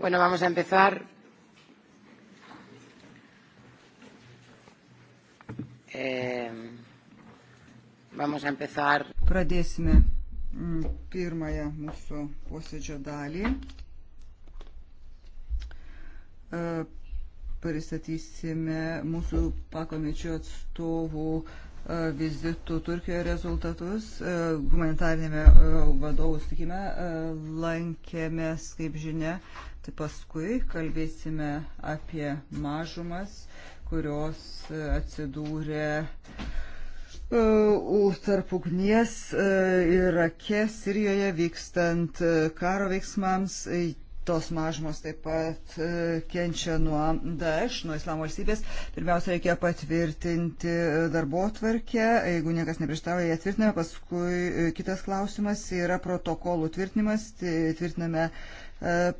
Bueno, vamos a empezar. Eh, vamos a empezar. Pradėsime mm, pirmąją mūsų posėdžio dalį. Eh, pristatysime mūsų pakomečio atstovų E, vizitų Turkijoje rezultatus. E, humanitarinėme e, vadovų sutikime lankėmės, kaip žinia, tai paskui kalbėsime apie mažumas, kurios atsidūrė tarp ugnies Irake, Sirijoje vykstant karo veiksmams tos mažmos taip pat e, kenčia nuo Daesh, nuo Islamo valstybės. Pirmiausia, reikia patvirtinti e, darbo tvarkę, jeigu niekas neprištavo, ją tvirtiname. Paskui e, kitas klausimas yra protokolų tvirtinimas, tvirtiname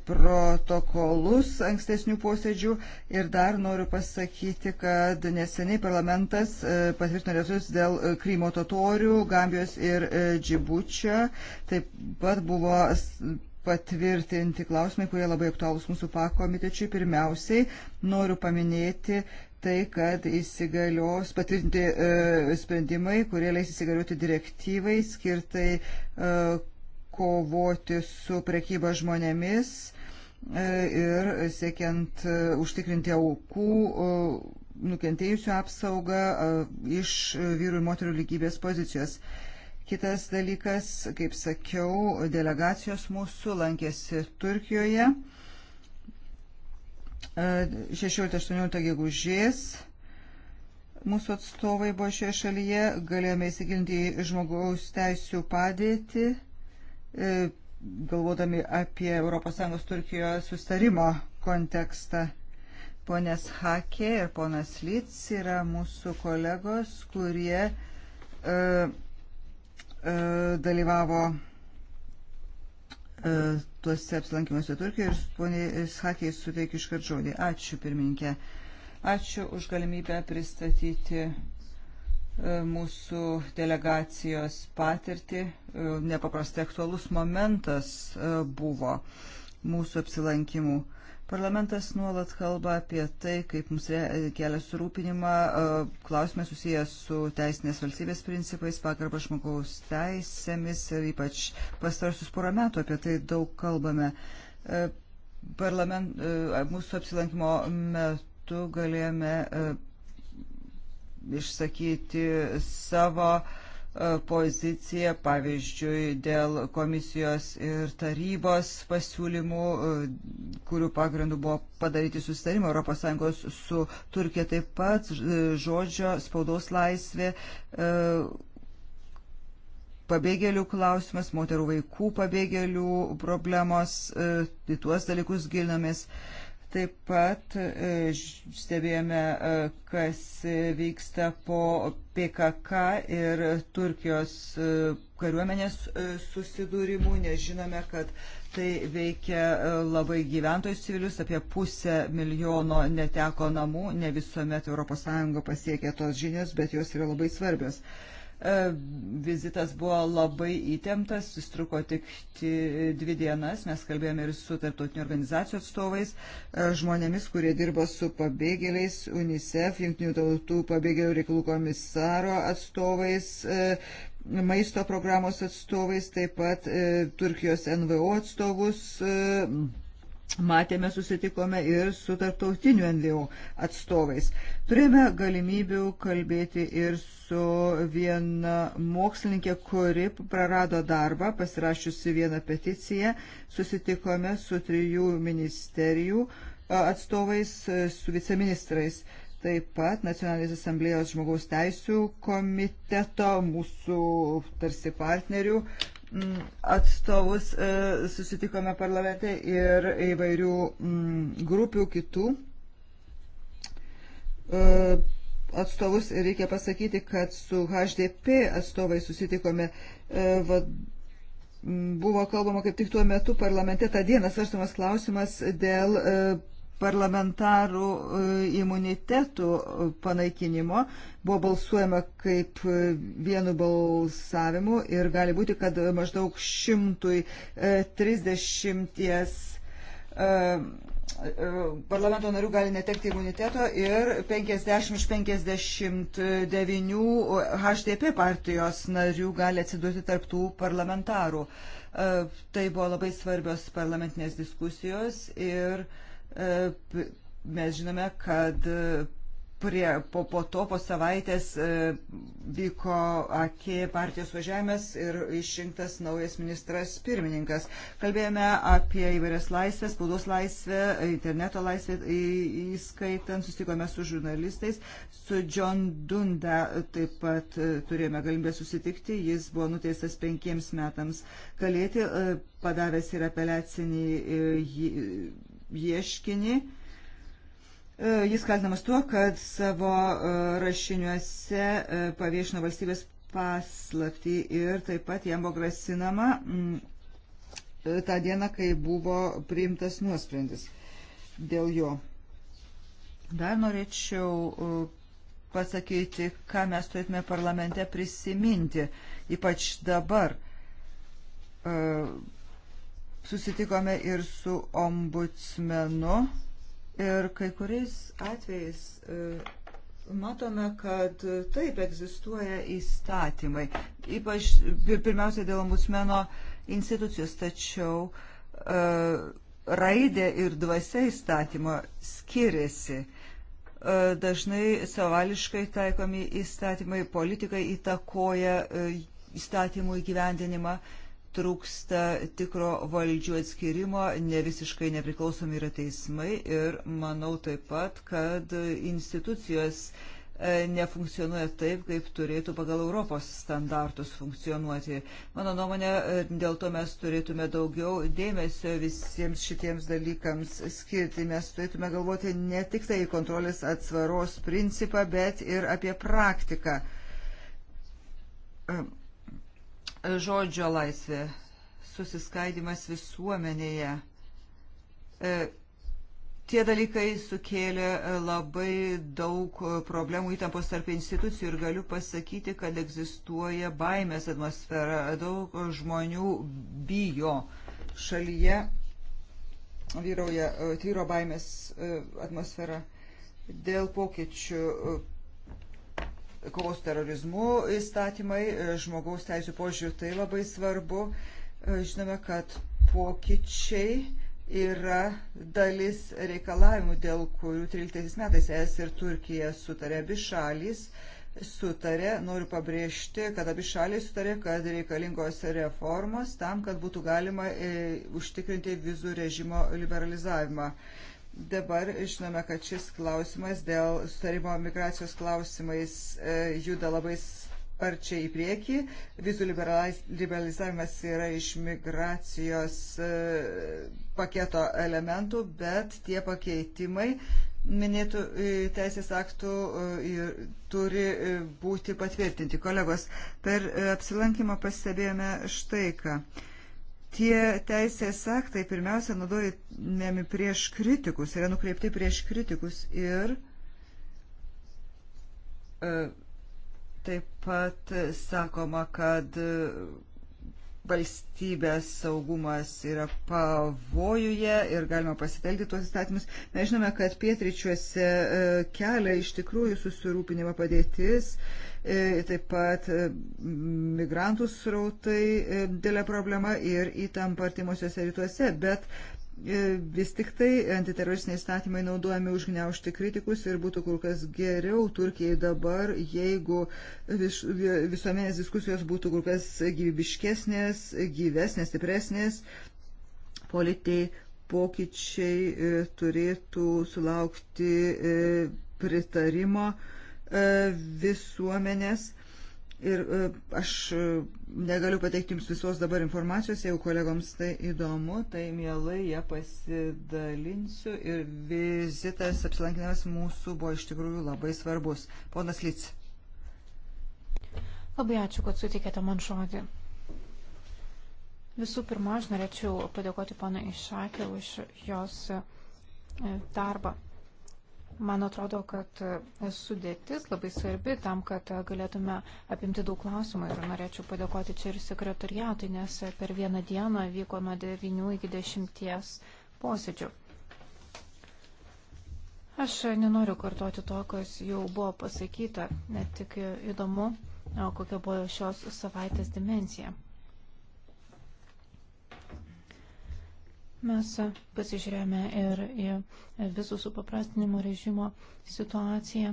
protokolus ankstesnių posėdžių ir dar noriu pasakyti, kad neseniai parlamentas patvirtino rezultatus dėl Krymo totorių, Gambijos ir Džibučio. Taip pat buvo patvirtinti klausimai, kurie labai aktualūs mūsų pakomitečiui. Pirmiausiai noriu paminėti tai, kad įsigalios patvirtinti e, sprendimai, kurie leis įsigalioti direktyvai skirtai e, kovoti su prekyba žmonėmis e, ir siekiant e, užtikrinti aukų. E, nukentėjusių apsaugą e, iš vyrų ir moterių lygybės pozicijos. E, Kitas dalykas, kaip sakiau, delegacijos mūsų lankėsi Turkijoje 16-18 e, gegužės. Mūsų atstovai buvo šioje šalyje, galėjome įsigilinti į žmogaus teisų padėtį, e, galvodami apie ES Turkijos sustarimo kontekstą. Ponės Hakė ir ponas Lyts yra mūsų kolegos, kurie uh, E, dalyvavo e, tuose apsilankimuose Turkijoje ir poniai Sakiai suteikiu iškart žodį. Ačiū pirmininkė. Ačiū už galimybę pristatyti e, mūsų delegacijos patirtį. Nepaprastai aktualus momentas buvo mūsų apsilankimų. Parlamentas nuolat kalba apie tai, kaip mums kelia surūpinimą e, klausimai susijęs su teisinės valstybės principais, pagarba žmogaus teisėmis ir ypač pastarusius porą metų apie tai daug kalbame. E, Parlament, e, mūsų apsilankimo metu galėjome išsakyti savo uh, E, poziciją, pavyzdžiui, dėl komisijos ir tarybos pasiūlymų, e, kurių pagrindų buvo padaryti susitarimą ES su Turkija taip pat, e, žodžio spaudos laisvė, pabėgėlių klausimas, moterų vaikų pabėgėlių problemos, į tuos dalykus gilinamės. Taip pat e, stebėjome, e, kas vyksta po PKK ir Turkijos e, kariuomenės susidūrimų, nes žinome, kad tai veikia labai gyventojus civilius, apie pusę milijono neteko namų, ne visuomet ES pasiekia tos žinios, bet jos yra labai svarbios. E, vizitas buvo labai įtemptas, jis truko tik dvi dienas, mes kalbėjome ir su tarptautinių organizacijų atstovais, e, žmonėmis, kurie dirbo su pabėgėliais, UNICEF, Junktinių tautų pabėgėlių reikalų komisaro atstovais, e, maisto programos atstovais, taip pat Turkijos NVO atstovus matėme, susitikome ir su tarptautiniu NVO atstovais. Turėjome galimybių kalbėti ir su viena mokslininkė, kuri prarado darbą, pasirašiusi vieną peticiją, susitikome su trijų ministerijų atstovais, su viceministrais. Taip pat Nacionalinės asamblėjos žmogaus teisų komiteto, mūsų tarsi partnerių atstovus e, susitikome parlamente ir įvairių grupių kitų e, atstovus ir reikia pasakyti, kad su HDP atstovai susitikome. E, buvo kalbama kaip tik tuo metu parlamente tą dieną svarstamas klausimas dėl parlamentarų e, imunitetų e, panaikinimo buvo balsuojama kaip e, vienu balsavimu ir gali būti, kad maždaug 130 parlamento narių gali netekti imuniteto ir 50 iš 59 HDP partijos narių gali atsidurti tarptų parlamentarų. Tai buvo labai svarbios parlamentinės diskusijos ir uh, E, mes žinome, kad prie, po, po to, po savaitės e, vyko akė partijos važiavimas ir išrinktas naujas ministras pirmininkas. Kalbėjome apie įvairias laisvės, spaudos laisvę, interneto laisvę įskaitant, susitikome su žurnalistais, su John Dunda taip pat e, turėjome galimybę susitikti, jis buvo nuteistas penkiems metams kalėti, padavęs ir apeliacinį ieškinį. E, jis kaltinamas tuo, kad savo e, rašiniuose e, paviešino valstybės paslapti ir taip pat jam buvo grasinama mm, tą dieną, kai buvo priimtas nuosprendis dėl jo. Dar norėčiau pasakyti, ką mes turėtume parlamente prisiminti, ypač dabar Susitikome ir su ombudsmenu ir kai kuriais atvejais e, matome, kad taip egzistuoja įstatymai, ypač pirmiausia dėl ombudsmeno institucijos, tačiau e, raidė ir dvasia įstatymo skiriasi. E, dažnai savališkai taikomi įstatymai, politikai įtakoja įstatymų įgyvendinimą trūksta tikro valdžių atskirimo, ne visiškai nepriklausomi yra teismai ir manau taip pat, kad institucijos e, nefunkcionuoja taip, kaip turėtų pagal Europos standartus funkcionuoti. Mano nuomonė, e, dėl to mes turėtume daugiau dėmesio visiems šitiems dalykams skirti. Mes turėtume galvoti ne tik tai kontrolės atsvaros principą, bet ir apie praktiką. Um Žodžio laisvė, susiskaidimas visuomenėje. E, tie dalykai sukėlė e, labai daug e, problemų įtampos tarp institucijų ir galiu pasakyti, kad egzistuoja baimės atmosfera. Daug žmonių bijo šalyje, vyrauja, e, tyro baimės atmosfera dėl pokyčių kovos terorizmu įstatymai, e, žmogaus teisų požiūrių, tai labai svarbu. E, žinome, kad pokyčiai yra dalis reikalavimų, dėl kurių 13 metais ES ir Turkija sutarė abi šalys. Sutarė, noriu pabrėžti, kad abi šaliai sutarė, kad reikalingos reformos tam, kad būtų galima e, užtikrinti vizų režimo liberalizavimą. E, Dabar žinome, kad šis klausimas dėl sutarimo migracijos klausimais e, juda labai sparčiai į priekį. Vizų liberalizavimas yra iš migracijos e, paketo elementų, bet tie pakeitimai minėtų e, teisės aktų turi būti patvirtinti. Kolegos, per apsilankymą pastebėjome štai ką. Tie teisės aktai pirmiausia naudojami prieš kritikus, yra nukreipti prieš kritikus ir e, taip pat sakoma, kad valstybės saugumas yra pavojuje ir galima pasitelkti tuos įstatymus. Mes žinome, kad pietričiuose e, kelia iš tikrųjų susirūpinimą padėtis, e, taip pat e, migrantų srautai dėlė problema ir įtampa artimuosiuose rytuose, bet E, vis tik tai antiteroristiniai statymai naudojami užgneušti kritikus ir būtų kur kas geriau Turkijai dabar, jeigu vis, visuomenės diskusijos būtų kur kas gyvybiškesnės, gyvesnės, stipresnės, politiai pokyčiai e, turėtų sulaukti e, pritarimo visuomenės Ir e, aš e, negaliu pateikti jums visos dabar informacijos, jeigu kolegoms tai įdomu, tai mielai ją pasidalinsiu. Ir vizitas apsilankinimas mūsų buvo iš tikrųjų labai svarbus. Ponas Lyts. Labai ačiū, kad sutikėte man žodį. Visų pirma, aš norėčiau padėkoti pana Išakė už jos e, darbą. Man atrodo, kad e, sudėtis labai svarbi tam, kad e, galėtume apimti daug klausimų ir norėčiau padėkoti čia ir sekretariatui, nes e, per vieną dieną vyko nuo 9 iki 10 posėdžių. Aš nenoriu kartoti to, kas jau buvo pasakyta, net tik įdomu, kokia buvo šios savaitės dimencija. Mes pasižiūrėjome ir į visų supaprastinimo režimo situaciją.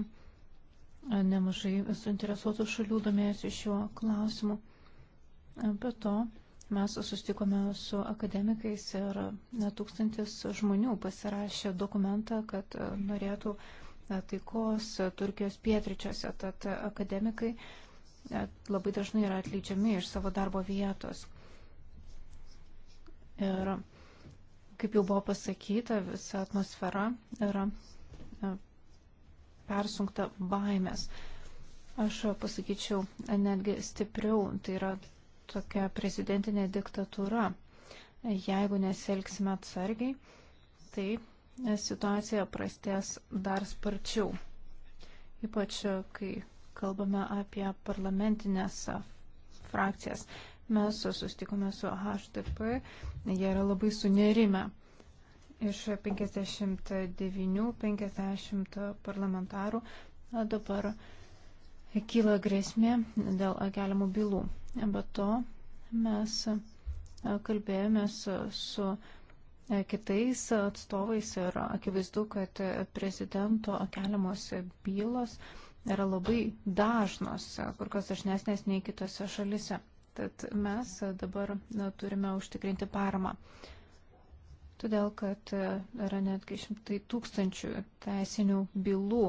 Nemažai suinteresuotų šalių domėjosi šiuo klausimu. Be to, mes sustikome su akademikais ir tūkstantis žmonių pasirašė dokumentą, kad e, norėtų e, taikos Turkijos pietričiuose. Tad akademikai e, labai dažnai yra atleidžiami iš savo darbo vietos. Ir Kaip jau buvo pasakyta, visa atmosfera yra persunkta baimės. Aš pasakyčiau netgi stipriau, tai yra tokia prezidentinė diktatūra. Jeigu nesielgsime atsargiai, tai situacija prastės dar sparčiau. Ypač, kai kalbame apie parlamentinės frakcijas. Mes sustikome su HTP, jie yra labai sunerime. Iš 59-50 parlamentarų dabar kyla grėsmė dėl keliamų bylų. Be to mes kalbėjomės su kitais atstovais ir akivaizdu, kad prezidento keliamos bylos yra labai dažnos, kur kas dažnesnės nei kitose šalise. Tad mes dabar na, turime užtikrinti paramą. Todėl, kad e, yra netgi šimtai tūkstančių teisinių bylų,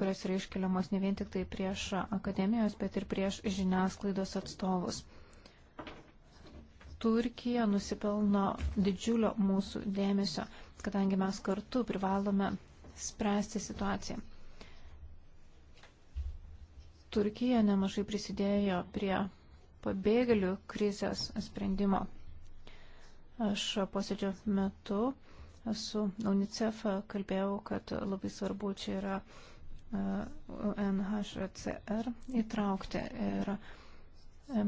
kurios yra iškeliamos ne vien tik tai prieš akademijos, bet ir prieš žiniasklaidos atstovus. Turkija nusipelno didžiulio mūsų dėmesio, kadangi mes kartu privalome spręsti situaciją. Turkija nemažai prisidėjo prie pabėgėlių krizės sprendimo. Aš posėdžio metu su UNICEF kalbėjau, kad labai svarbu čia yra e, UNHCR įtraukti. Ir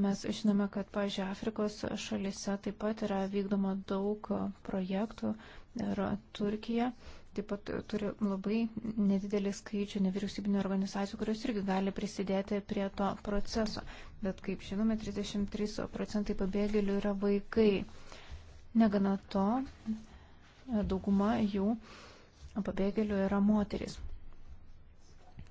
mes žinome, kad, pažiūrėjau, Afrikos šalise taip pat yra vykdoma daug projektų ir Turkija taip pat turi labai nedidelį skaičių nevyriausybinio organizacijų, kurios irgi gali prisidėti prie to proceso. Bet kaip žinome, 33 procentai pabėgėlių yra vaikai. Negana to, dauguma jų pabėgėlių yra moteris.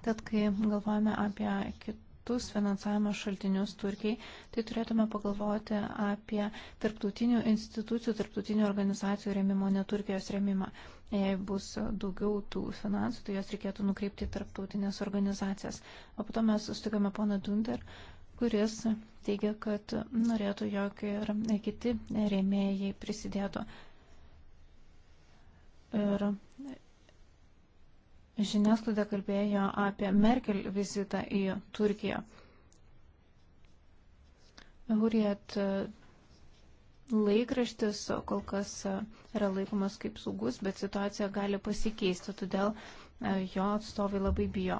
Tad, kai galvojame apie kitus finansavimo šaltinius Turkiai, tai turėtume pagalvoti apie tarptautinių institucijų, tarptautinių organizacijų remimo, ne Turkijos remimą. Jei bus daugiau tų finansų, tai jos reikėtų nukreipti į tarptautinės organizacijas. O po to mes sustikome poną Dunder, kuris teigia, kad norėtų, jog ir kiti rėmėjai prisidėtų. Ir žiniasklaida kalbėjo apie Merkel vizitą į Turkiją. Hurriet laikraštis kol kas e, yra laikomas kaip saugus, bet situacija gali pasikeisti, todėl e, jo atstovai labai bijo.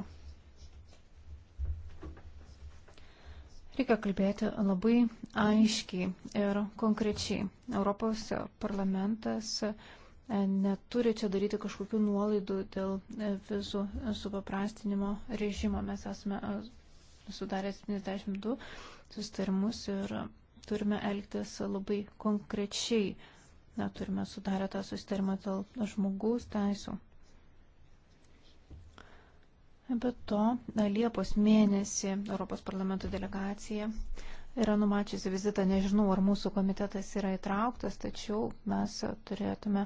Reikia kalbėti labai aiškiai ir konkrečiai. Europos parlamentas e, neturi čia daryti kažkokių nuolaidų dėl vizų supaprastinimo režimo. Mes esame sudarę 72 sustarimus ir turime elgtis labai konkrečiai. Na, turime sudarę tą susitarimą dėl žmogaus teisų. Be to, Liepos mėnesį Europos parlamento delegacija yra numačiusi vizitą, nežinau, ar mūsų komitetas yra įtrauktas, tačiau mes turėtume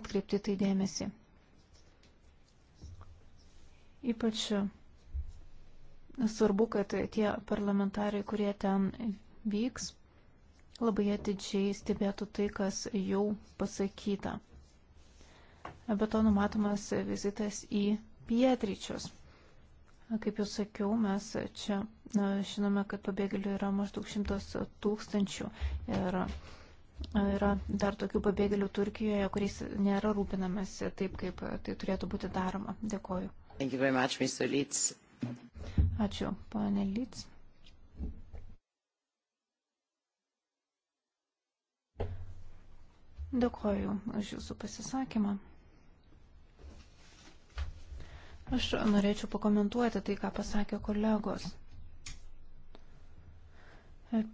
atkreipti tai dėmesį. Ypač svarbu, kad tie parlamentarai, kurie ten vyks, labai atidžiai stebėtų tai, kas jau pasakyta. Be to numatomas vizitas į pietryčius. Kaip jau sakiau, mes čia na, žinome, kad pabėgėlių yra maždaug šimtas tūkstančių ir yra dar tokių pabėgėlių Turkijoje, kuriais nėra rūpinamasi taip, kaip tai turėtų būti daroma. Dėkoju. Much, Ačiū, ponė Lyts. Dėkoju už Jūsų pasisakymą. Aš norėčiau pakomentuoti tai, ką pasakė kolegos.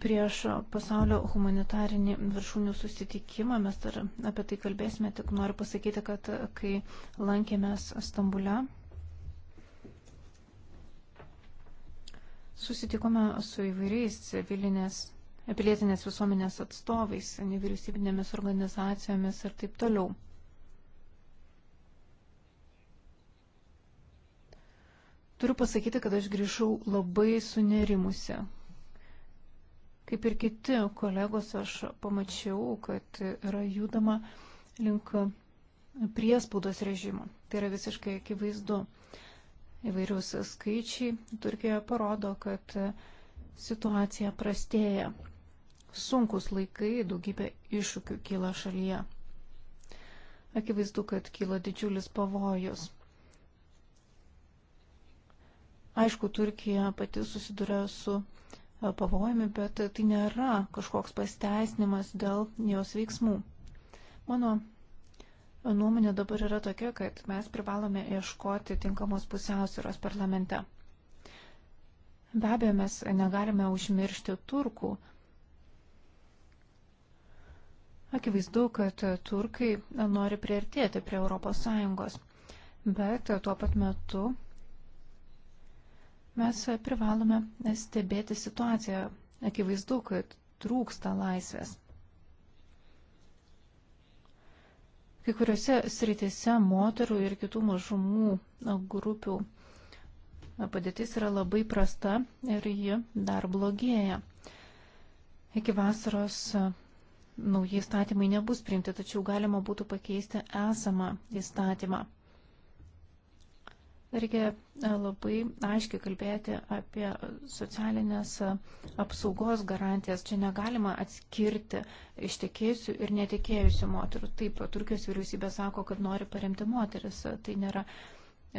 Prieš pasaulio humanitarinį viršūnių susitikimą mes dar apie tai kalbėsime, tik noriu pasakyti, kad kai lankėmės Stambule, susitikome su įvairiais civilinės pilietinės visuomenės atstovais, nevyriausybinėmis organizacijomis ir taip toliau. Turiu pasakyti, kad aš grįžau labai sunerimusi. Kaip ir kiti kolegos, aš pamačiau, kad yra judama link priespaudos režimo. Tai yra visiškai akivaizdu. Įvairius skaičiai Turkijoje parodo, kad situacija prastėja sunkus laikai, daugybė iššūkių kyla šalyje. Akivaizdu, kad kyla didžiulis pavojus. Aišku, Turkija pati susiduria su e, pavojami, bet tai nėra kažkoks pasteisnimas dėl jos veiksmų. Mano e, nuomonė dabar yra tokia, kad mes privalome ieškoti tinkamos pusiausvėros parlamente. Be abejo, mes negalime užmiršti turkų, Akivaizdu, kad turkai nori priartėti prie ES, bet tuo pat metu mes privalome stebėti situaciją. Akivaizdu, kad trūksta laisvės. Kai kuriuose sritise moterų ir kitų mažumų grupių padėtis yra labai prasta ir ji dar blogėja. Iki vasaros nauji įstatymai nebus priimti, tačiau galima būtų pakeisti esamą įstatymą. Reikia e, labai aiškiai kalbėti apie socialinės apsaugos garantijas. Čia negalima atskirti ištekėjusių ir netikėjusių moterų. Taip, Turkijos vyriausybė sako, kad nori paremti moteris. Tai nėra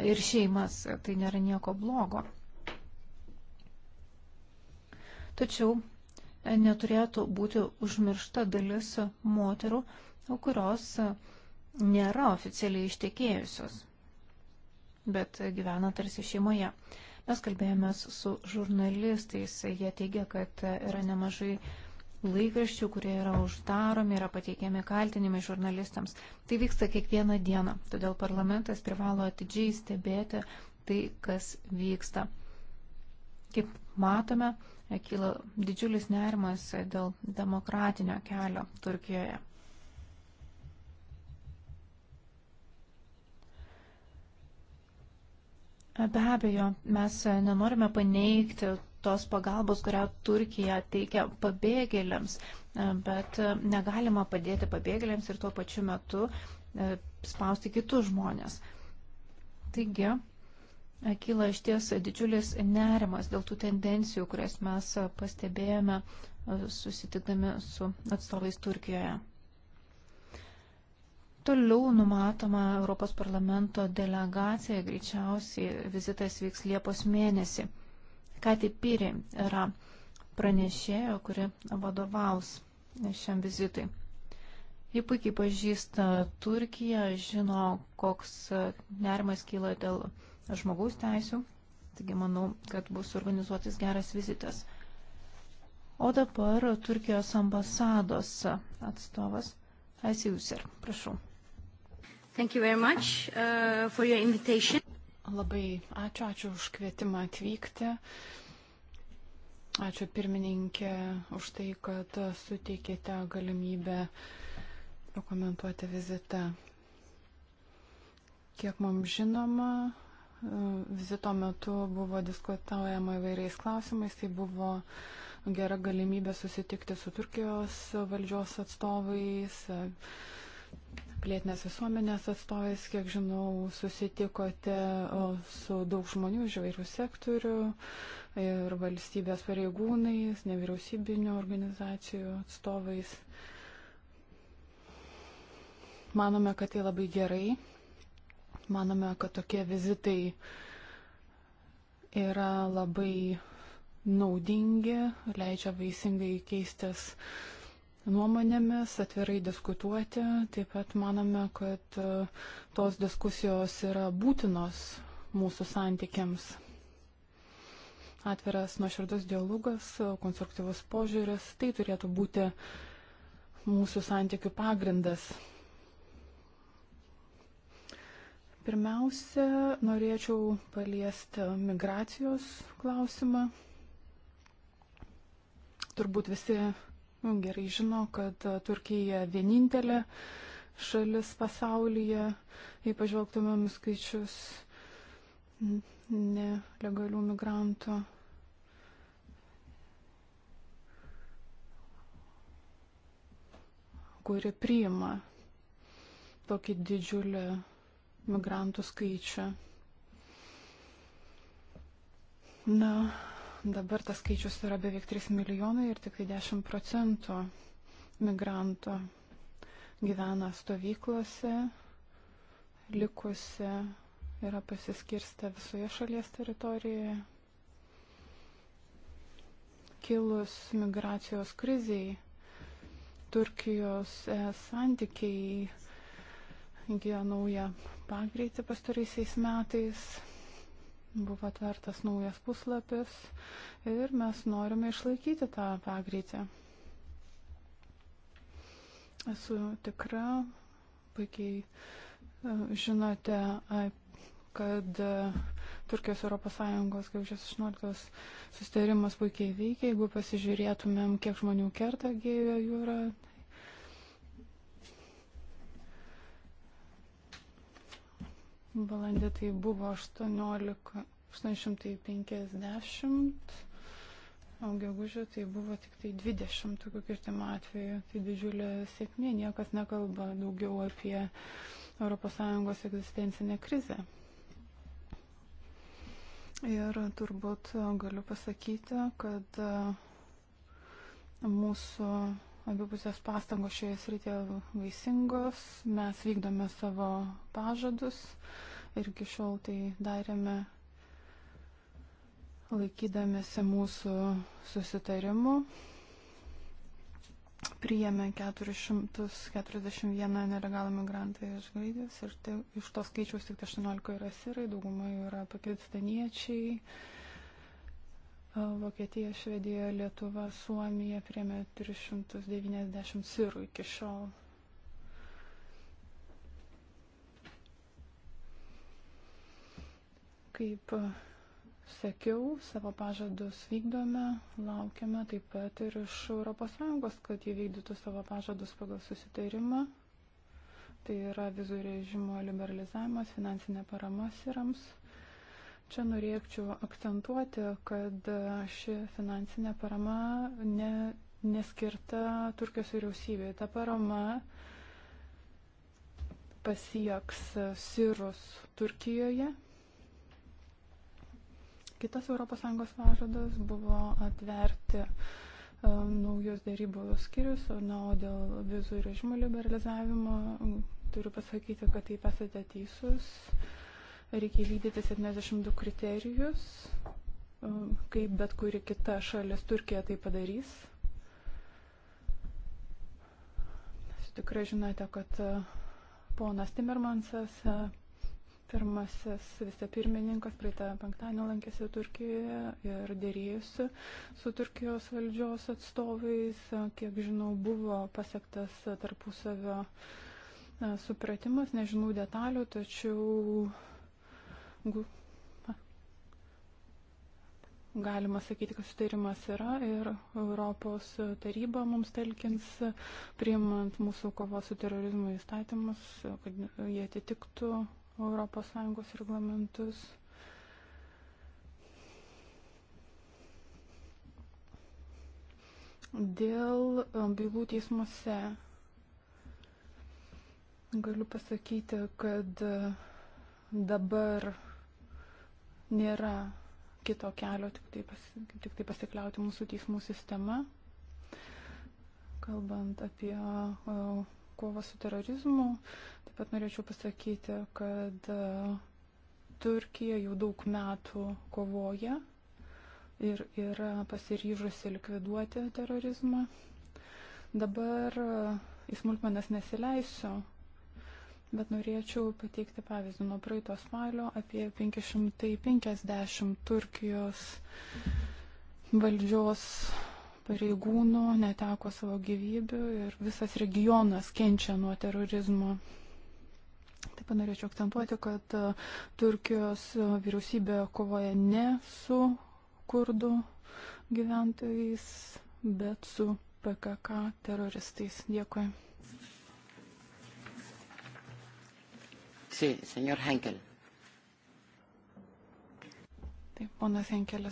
ir šeimas. Tai nėra nieko blogo. Tačiau neturėtų būti užmiršta dalis moterų, kurios nėra oficialiai ištekėjusios, bet gyvena tarsi šeimoje. Mes kalbėjomės su žurnalistais, jie teigia, kad yra nemažai laikraščių, kurie yra uždaromi, yra pateikiami kaltinimai žurnalistams. Tai vyksta kiekvieną dieną, todėl parlamentas privalo atidžiai stebėti tai, kas vyksta. Kaip matome, kyla didžiulis nerimas dėl demokratinio kelio Turkijoje. Be abejo, mes nenorime paneigti tos pagalbos, kurią Turkija teikia pabėgėliams, bet negalima padėti pabėgėliams ir tuo pačiu metu spausti kitus žmonės. Taigi, kyla iš ties didžiulis nerimas dėl tų tendencijų, kurias mes pastebėjome e, susitikdami su atstovais Turkijoje. Toliau numatoma Europos parlamento delegacija, greičiausiai vizitas vyks Liepos mėnesį. Kati Pyri yra pranešėjo, kuri vadovaus šiam vizitui. Ji puikiai pažįsta Turkiją, žino, koks nerimas kyla dėl žmogaus teisų. Taigi manau, kad bus organizuotas geras vizitas. O dabar Turkijos ambasados atstovas Aisiuser, prašau. Thank you very much uh, for your invitation. Labai ačiū, ačiū už kvietimą atvykti. Ačiū pirmininkė už tai, kad suteikėte galimybę dokumentuoti vizitą. Kiek mums žinoma, vizito metu buvo diskutuojama įvairiais klausimais. Tai buvo gera galimybė susitikti su Turkijos valdžios atstovais, plėtinės visuomenės atstovais. Kiek žinau, susitikote su daug žmonių iš įvairių sektorių ir valstybės pareigūnais, nevyriausybinio organizacijų atstovais. Manome, kad tai labai gerai Manome, kad tokie vizitai yra labai naudingi, leidžia vaisingai keistis nuomonėmis, atvirai diskutuoti. Taip pat manome, kad e, tos diskusijos yra būtinos mūsų santykiams. Atviras nuoširdus dialogas, konstruktyvus požiūris, tai turėtų būti mūsų santykių pagrindas Pirmiausia, norėčiau paliesti migracijos klausimą. Turbūt visi nu, gerai žino, kad Turkija vienintelė šalis pasaulyje, jei pažvelgtumėm skaičius nelegalių migrantų. kuri priima tokį didžiulį migrantų skaičių. Na, dabar tas skaičius yra beveik 3 milijonai ir tik 10 tai procentų migrantų gyvena stovyklose, likusi yra pasiskirsta visoje šalies teritorijoje. Kilus migracijos kriziai, Turkijos e, santykiai įgyjo naują pagreitį pastaraisiais metais, buvo atvertas naujas puslapis ir mes norime išlaikyti tą pagreitį. Esu tikra, puikiai e, žinote, kad e, Turkijos Europos Sąjungos gegužės 18 sustarimas puikiai veikia. Jeigu pasižiūrėtumėm, kiek žmonių kerta gėjo jūra, Balandė tai buvo 18, 850, o gegužė tai buvo tik tai 20 tokių kirtimo atvejų. Tai didžiulė sėkmė, niekas nekalba daugiau apie ES egzistencinę krizę. Ir turbūt galiu pasakyti, kad mūsų abipusės pastangos šioje srityje vaisingos, mes vykdome savo pažadus ir iki šiol tai darėme laikydamėsi mūsų susitarimų. Priėmė 441 nelegalą migrantą iš Graikijos ir tai, iš to skaičiaus tik 18 tai yra sirai, dauguma yra pakistaniečiai, Vokietija, Švedija, Lietuva, Suomija priemė 390 sirų iki šiol. Kaip sakiau, savo pažadus vykdome, laukiame taip pat ir iš ES, kad jie vykdytų savo pažadus pagal susitarimą. Tai yra vizų režimo liberalizavimas, finansinė parama sirams Čia norėčiau akcentuoti, kad ši finansinė parama ne, neskirta Turkijos vyriausybė. Ta parama pasieks sirus Turkijoje. Kitas ES pažadas buvo atverti um, naujus dėrybų skyrius, na, o dėl vizų režimo liberalizavimo turiu pasakyti, kad taip esate teisus. Uh, reikia vykdyti 72 kriterijus, e, kaip bet kuri kita šalis Turkija tai padarys. Tikrai žinote, kad e, ponas Timmermansas, e, pirmasis vicepirmininkas, praeitą penktadienį lankėsi Turkijoje ir dėrėjusi su Turkijos valdžios atstovais. Kiek žinau, buvo pasiektas tarpusavio supratimas, nežinau detalių, tačiau Galima sakyti, kad sutarimas yra ir Europos taryba mums telkins, priimant mūsų kovos su terorizmu įstatymus, kad jie atitiktų ES reglamentus. Dėl um, bylų teismuose galiu pasakyti, kad uh, dabar Nėra kito kelio, tik tai, pas, tik tai pasikliauti mūsų teismų sistema. Kalbant apie e, kovą su terorizmu, taip pat norėčiau pasakyti, kad e, Turkija jau daug metų kovoja ir yra pasiryžusi likviduoti terorizmą. Dabar e, į smulkmenas nesileisiu, bet norėčiau pateikti pavyzdį. Nuo praeito spalio apie 550 Turkijos valdžios pareigūnų neteko savo gyvybių ir visas regionas kenčia nuo terorizmo. Taip pat norėčiau akcentuoti, kad e, Turkijos e, vyriausybė kovoja ne su kurdų gyventojais, bet su PKK teroristais. Dėkui. Sí, señor Henkel. Taip, ponas Henkelis.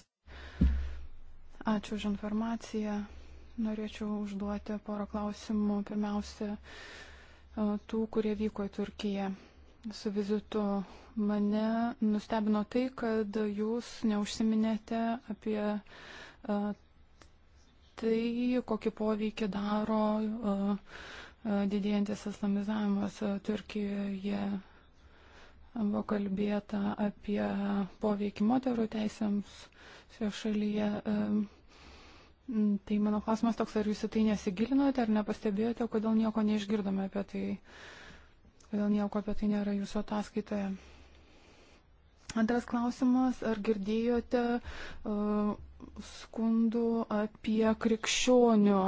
Ačiū už informaciją. Norėčiau užduoti porą klausimų. Pirmiausia, e, tų, kurie vyko į Turkiją su vizitu. Mane nustebino tai, kad jūs neužsiminėte apie e, tai, kokį poveikį daro e, didėjantis islamizavimas Turkijoje Buvo kalbėta apie poveikį moterų teisėms šioje šalyje. Tai mano klausimas toks, ar jūs į tai nesigilinote, ar nepastebėjote, kodėl nieko neišgirdome apie tai, kodėl nieko apie tai nėra jūsų ataskaitoje. Antras klausimas, ar girdėjote uh, skundų apie krikščionių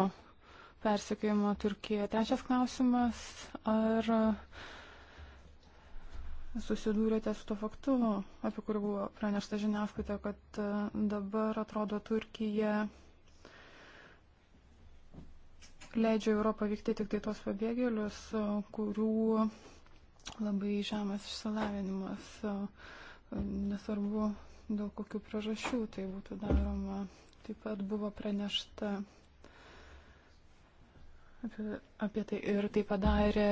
persikėjimą Turkijoje? Trečias klausimas, ar uh, susidūrėte su to faktu, apie kurį buvo pranešta žiniasklaida, kad e, dabar atrodo Turkija leidžia Europą vykti tik tai tos pabėgėlius, e, kurių labai žemas išsilavinimas, e, nesvarbu dėl kokių priežasčių tai būtų daroma. Taip pat buvo pranešta apie, apie tai ir tai padarė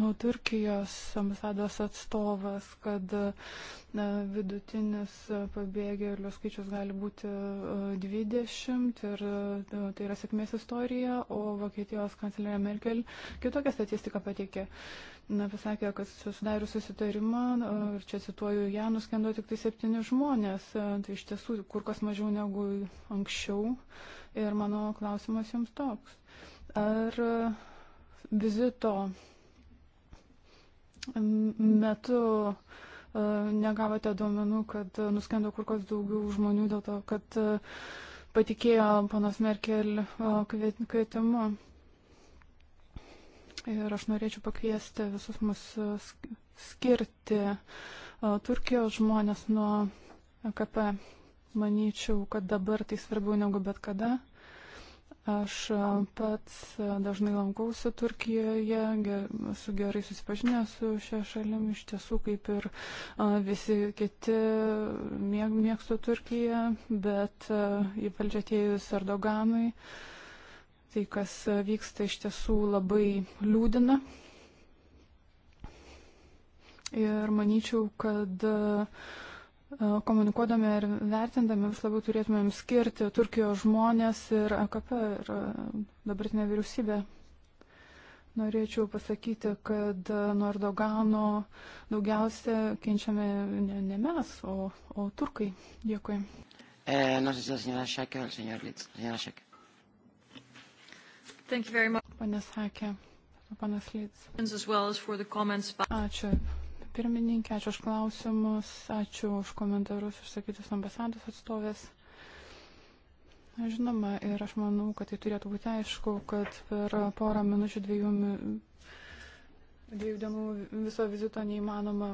nu, Turkijos ambasados atstovas, kad na, vidutinis pabėgėlių skaičius gali būti 20 ir tai yra sėkmės istorija, o Vokietijos kanclerė Merkel kitokią statistiką pateikė. Na, pasakė, kad susidarius susitarimą, ir čia cituoju, ją nuskendo tik tai septyni žmonės, tai iš tiesų kur kas mažiau negu anksčiau. Ir mano klausimas jums toks Ar e, vizito metu e, negavote duomenų, kad nuskendo kur kas daugiau žmonių dėl to, kad e, patikėjo panas Merkel kvietimu. Ir aš norėčiau pakviesti visus mus skirti Turkijos žmonės nuo KP. Manyčiau, kad dabar tai svarbiau negu bet kada. Aš e, pats e, dažnai lankausi Turkijoje, esu gerai susipažinęs su šia šalim, iš tiesų kaip ir e, visi kiti mėg, mėgstu Turkiją, bet į valdžią atėjus Erdoganui, tai kas vyksta iš tiesų labai liūdina. Ir manyčiau, kad uh, E, komunikuodami ir vertindami vis labiau turėtumėm skirti Turkijos žmonės ir AKP ir e, dabartinę vyriausybę. Norėčiau pasakyti, kad e, nuo Erdogano daugiausia kenčiame ne, ne mes, o, o turkai. Dėkui. Eh, no sé si la señora Schake o el señor Litz. Señora Schake. Thank you very much. Pane Sakė, panas Litz. As well as for the comments. Ačiū pirmininkė, ačiū už klausimus, ačiū už komentarus išsakytus ambasados atstovės. Žinoma, ir aš manau, kad tai turėtų būti aišku, kad per porą minučių dviejų, dviejų dienų viso vizito neįmanoma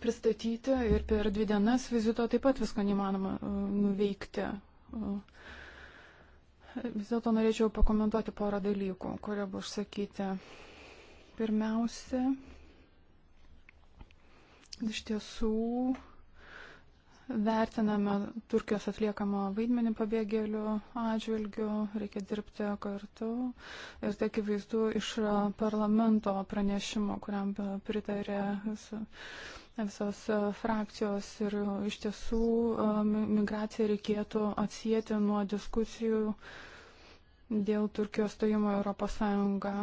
pristatyti ir per dvi dienas vizito taip pat visko neįmanoma e, nuveikti. E, vis dėlto norėčiau pakomentuoti porą dalykų, kurie buvo užsakyti. Pirmiausia, Iš tiesų vertiname Turkijos atliekamą vaidmenį pabėgėlių atžvilgių, reikia dirbti kartu. Ir tai akivaizdu iš parlamento pranešimo, kuriam pritarė visos frakcijos. Ir iš tiesų migraciją reikėtų atsijėti nuo diskusijų dėl Turkijos stojimo Europos Sąjungą.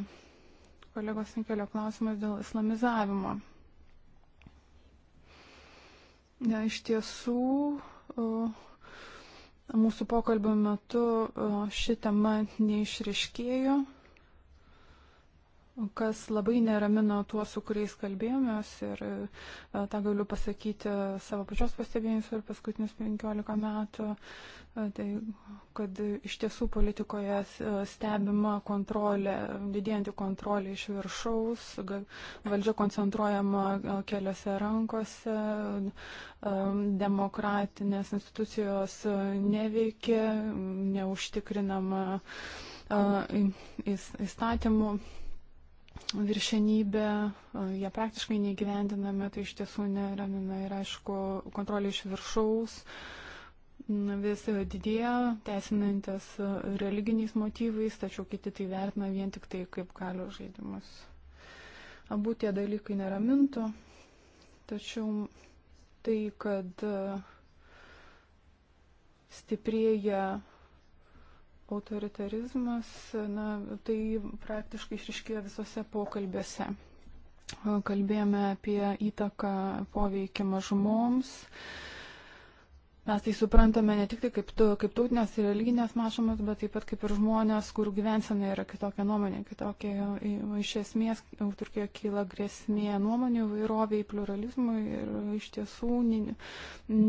Kolegos Nikelio klausimas dėl islamizavimo. Ja, iš tiesų, mūsų pokalbio metu ši tema neišriškėjo kas labai neramino tuos, su kuriais kalbėjomės ir e, tą galiu pasakyti savo pačios pastebėjimus per paskutinius 15 metų, e, tai kad iš tiesų politikoje e, stebima kontrolė, didėjanti kontrolė iš viršaus, valdžia koncentruojama keliose rankose, demokratinės institucijos neveikia, neužtikrinama įstatymų. Uh, viršenybė, jie praktiškai neįgyvendinami, tai iš tiesų neramina ir aišku, kontrolė iš viršaus vis didėja, teisinantis e, religiniais motyvais, tačiau kiti tai vertina vien tik tai kaip galio žaidimus. Abu tie dalykai neramintų, tačiau tai, kad e, stiprėja autoritarizmas, na, tai praktiškai išriškėjo visose pokalbėse. Kalbėjome apie įtaką poveikį mažumoms. Mm Mes tai suprantame ne tik tai kaip, kaip tautinės ir religinės mažumas, bet taip pat kaip ir žmonės, kurių gyvensena yra kitokia nuomonė, kitokia. Iš esmės, Turkijoje kyla grėsmė nuomonių įvairoviai, pluralizmui ir iš tiesų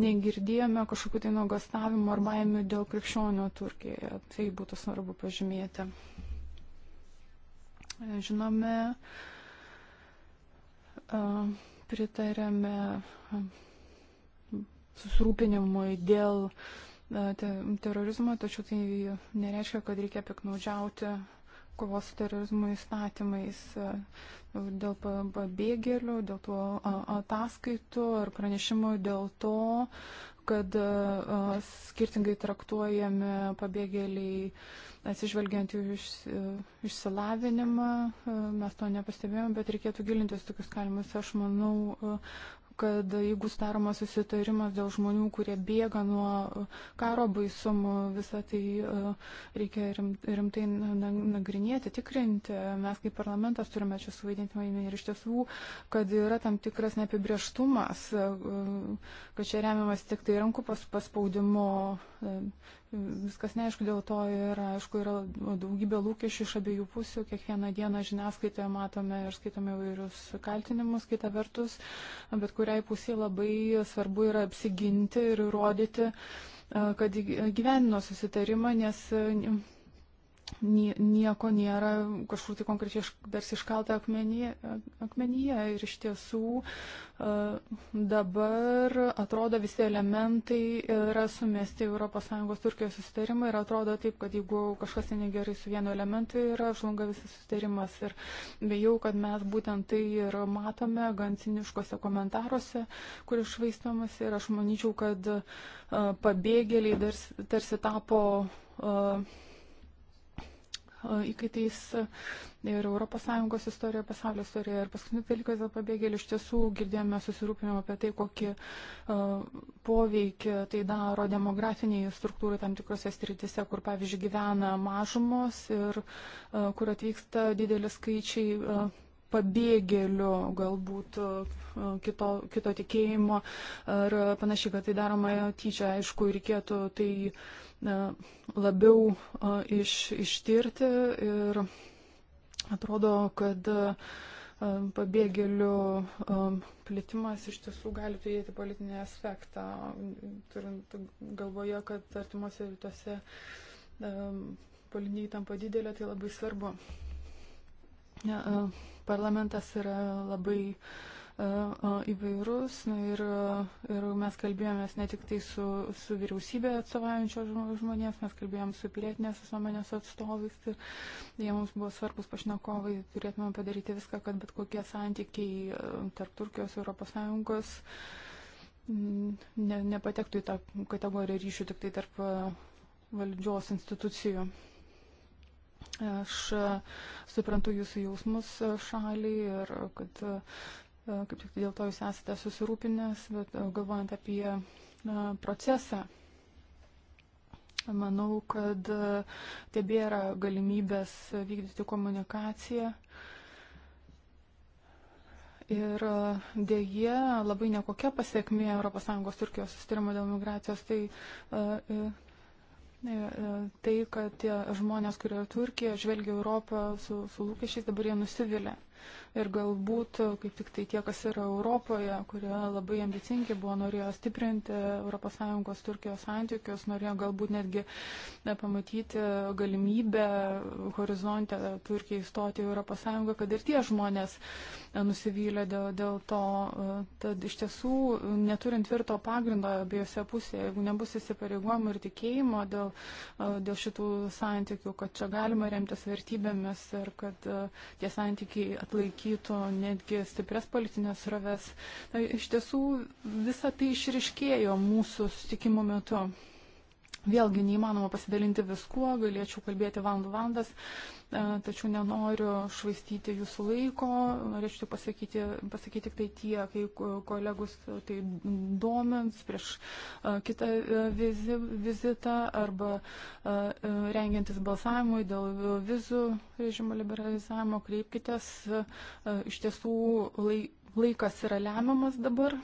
negirdėjome kažkokiu tai nuogastavimu ar baimiu dėl krikščionio Turkijoje. Tai būtų svarbu pažymėti. Žinome, pritarėme susirūpinimui dėl e, te, terorizmo, tačiau tai nereiškia, kad reikia piknaudžiauti kovos su terorizmu įstatymais e, dėl pabėgėlių, dėl tų ataskaitų ir pranešimų dėl to, kad e, skirtingai traktuojami pabėgėliai atsižvelgiant jų iš, išsilavinimą. Mes to nepastebėjome, bet reikėtų gilintis tokius kalimus. Aš manau, kad jeigu sudaromas susitarimas dėl žmonių, kurie bėga nuo karo baisumų, visą tai e, reikia rimtai nagrinėti, tikrinti. Mes kaip parlamentas turime čia suvaidinti vaidmenį ir iš tiesų, kad yra tam tikras neapibrieštumas, e, kad čia remiamas tik tai rankų pas, paspaudimu e, viskas neaišku, dėl to ir aišku yra daugybė lūkesčių iš abiejų pusių, kiekvieną dieną žiniasklaitoje matome ir skaitome įvairius kaltinimus, kita vertus, bet kuriai pusiai labai svarbu yra apsiginti ir įrodyti, kad gyvenino susitarimą, nes nieko nėra kažkur tai konkrečiai tarsi iškalta akmenyje, akmenyje. Ir iš tiesų e, dabar atrodo visi elementai yra sumesti ES Turkijos susitarimą ir atrodo taip, kad jeigu kažkas tai negerai su vienu elementu yra, žlunga visas susitarimas. Ir bejau, kad mes būtent tai ir matome gan ciniškose komentaruose, kur išvaistomas. Ir aš manyčiau, kad e, pabėgėliai tarsi tapo. Uh, įkaitais e, ir ES istorijoje, pasaulio istorijoje. Ir paskutinis dalykas dėl pabėgėlių, iš tiesų girdėjome susirūpinimą apie tai, kokį e, poveikį tai daro demografiniai struktūrai tam tikrose strityse, kur, pavyzdžiui, gyvena mažumos ir e, kur atvyksta didelis skaičiai pabėgėlių, galbūt e, kito, kito tikėjimo ar panašiai, kad tai daroma tyčia, aišku, reikėtų tai e, labiau e, iš, ištirti ir atrodo, kad pabėgėlių plėtimas iš tiesų gali turėti politinį aspektą, turint galvoje, kad artimuose rytuose politinė įtampa didelė, tai labai svarbu. Ja, uh Parlamentas yra labai e, e, įvairus nu, ir, e, ir mes kalbėjomės ne tik tai su, su vyriausybė atstovaujančio žmonės, mes kalbėjom su pilietinės visuomenės atstovais ir jie mums buvo svarbus pašnekovai, turėtume padaryti viską, kad bet kokie santykiai tarp Turkijos ir ES mm, ne, nepatektų į tą kategoriją ryšių tik tai tarp valdžios institucijų. Aš e, suprantu jūsų jausmus e, šaliai ir e, kad kaip tik dėl to jūs esate susirūpinęs, bet galvojant apie procesą, manau, kad tebėra galimybės vykdyti komunikaciją. Ir dėje labai nekokia pasiekmė ES Turkijos sustarimo dėl migracijos, tai E, tai, kad tie žmonės, kurie Turkija žvelgia Europą su, su lūkesčiais, dabar jie nusivilia ir galbūt kaip tik tai tie, kas yra Europoje, kurie labai ambicingi buvo, norėjo stiprinti ES Turkijos santykius, norėjo galbūt netgi pamatyti galimybę horizonte Turkijai įstoti į ES, kad ir tie žmonės e, nusivylė dėl, dėl to. E, tad iš tiesų neturint tvirto pagrindo abiejose pusėje, jeigu nebus įsipareigojimų ir tikėjimo dėl, e, dėl šitų santykių, kad čia galima remtis vertybėmis ir kad tie santykiai atlaikyti išlaikytų netgi stipres politinės raves. Iš tiesų visą tai išriškėjo mūsų sustikimo metu. Vėlgi neįmanoma pasidalinti viskuo, galėčiau kalbėti valandų valandas, e, tačiau nenoriu švaistyti jūsų laiko, norėčiau tik pasakyti, pasakyti tik tai tie, kai kolegus tai domins prieš e, kitą e, vizi, vizitą arba rengiantis balsavimui dėl vizų režimo liberalizavimo, kreipkitės, iš tiesų laikas yra lemiamas dabar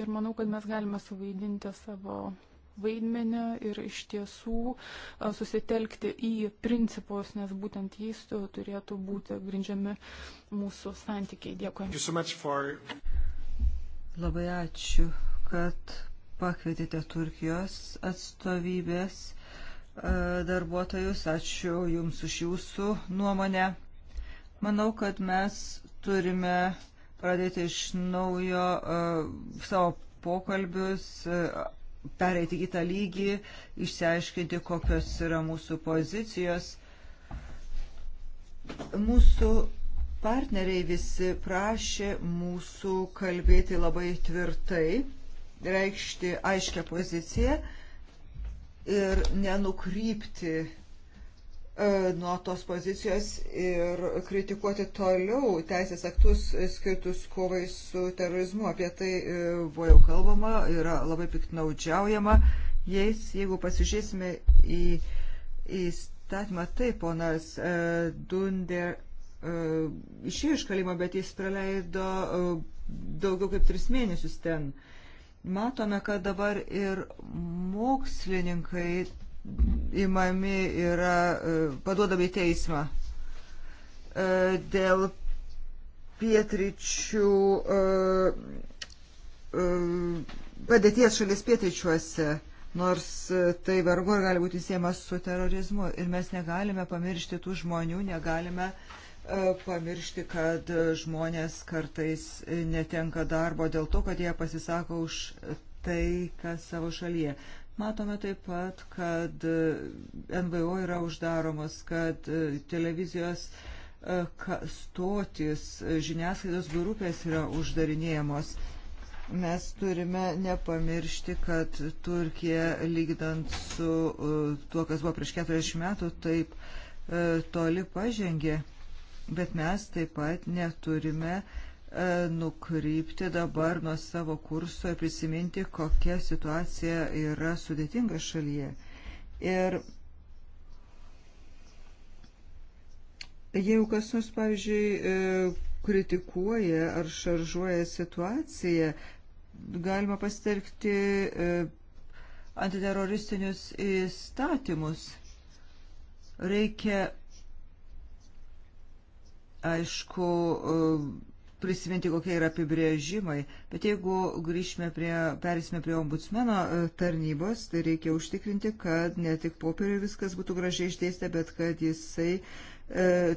ir manau, kad mes galime suvaidinti savo vaidmenį ir iš tiesų susitelkti į principus, nes būtent jais turėtų būti grindžiami mūsų santykiai. Dėkui. So for... Labai ačiū, kad pakvietėte Turkijos atstovybės darbuotojus. Ačiū Jums už Jūsų nuomonę. Manau, kad mes turime pradėti iš naujo uh, savo pokalbius, uh, pereiti į tą lygį, išsiaiškinti, kokios yra mūsų pozicijos. Mūsų partneriai visi prašė mūsų kalbėti labai tvirtai, reikšti aiškę poziciją ir nenukrypti E, nuo tos pozicijos ir kritikuoti toliau teisės aktus skirtus kovai su terorizmu. Apie tai e, buvo jau kalbama, yra labai piktnaudžiaujama jais. Jeigu pasižiūrėsime į įstatymą, tai ponas e, Dunder išėjo iš kalimo, bet jis praleido daugiau kaip tris mėnesius ten. Matome, kad dabar ir mokslininkai imami yra e, paduodami į teismą. E, dėl pietryčių e, padėties šalies pietryčiuose, nors tai vargu ar gali būti siemas su terorizmu ir mes negalime pamiršti tų žmonių, negalime uh, pamiršti, kad žmonės kartais netenka darbo dėl to, kad jie pasisako už tai, kas savo šalyje. Matome taip pat, kad e, NVO yra uždaromos, kad e, televizijos e, stotis, žiniasklaidos grupės yra uždarinėjamos. Mes turime nepamiršti, kad Turkija, lyginant su tuo, kas buvo prieš 40 metų, taip toli pažengė. Bet mes taip pat neturime uh, E, nukrypti dabar nuo savo kurso ir prisiminti, kokia situacija yra sudėtinga šalyje. Ir jeigu kas nors, pavyzdžiui, e, kritikuoja ar šaržuoja situaciją, galima pasitelkti e, antiteroristinius įstatymus. Reikia, aišku, prisiminti, kokie yra apibrėžimai. Bet jeigu grįžime prie, perėsime prie ombudsmeno e, tarnybos, tai reikia užtikrinti, kad ne tik popieriui viskas būtų gražiai išdėstę, bet kad jisai, e,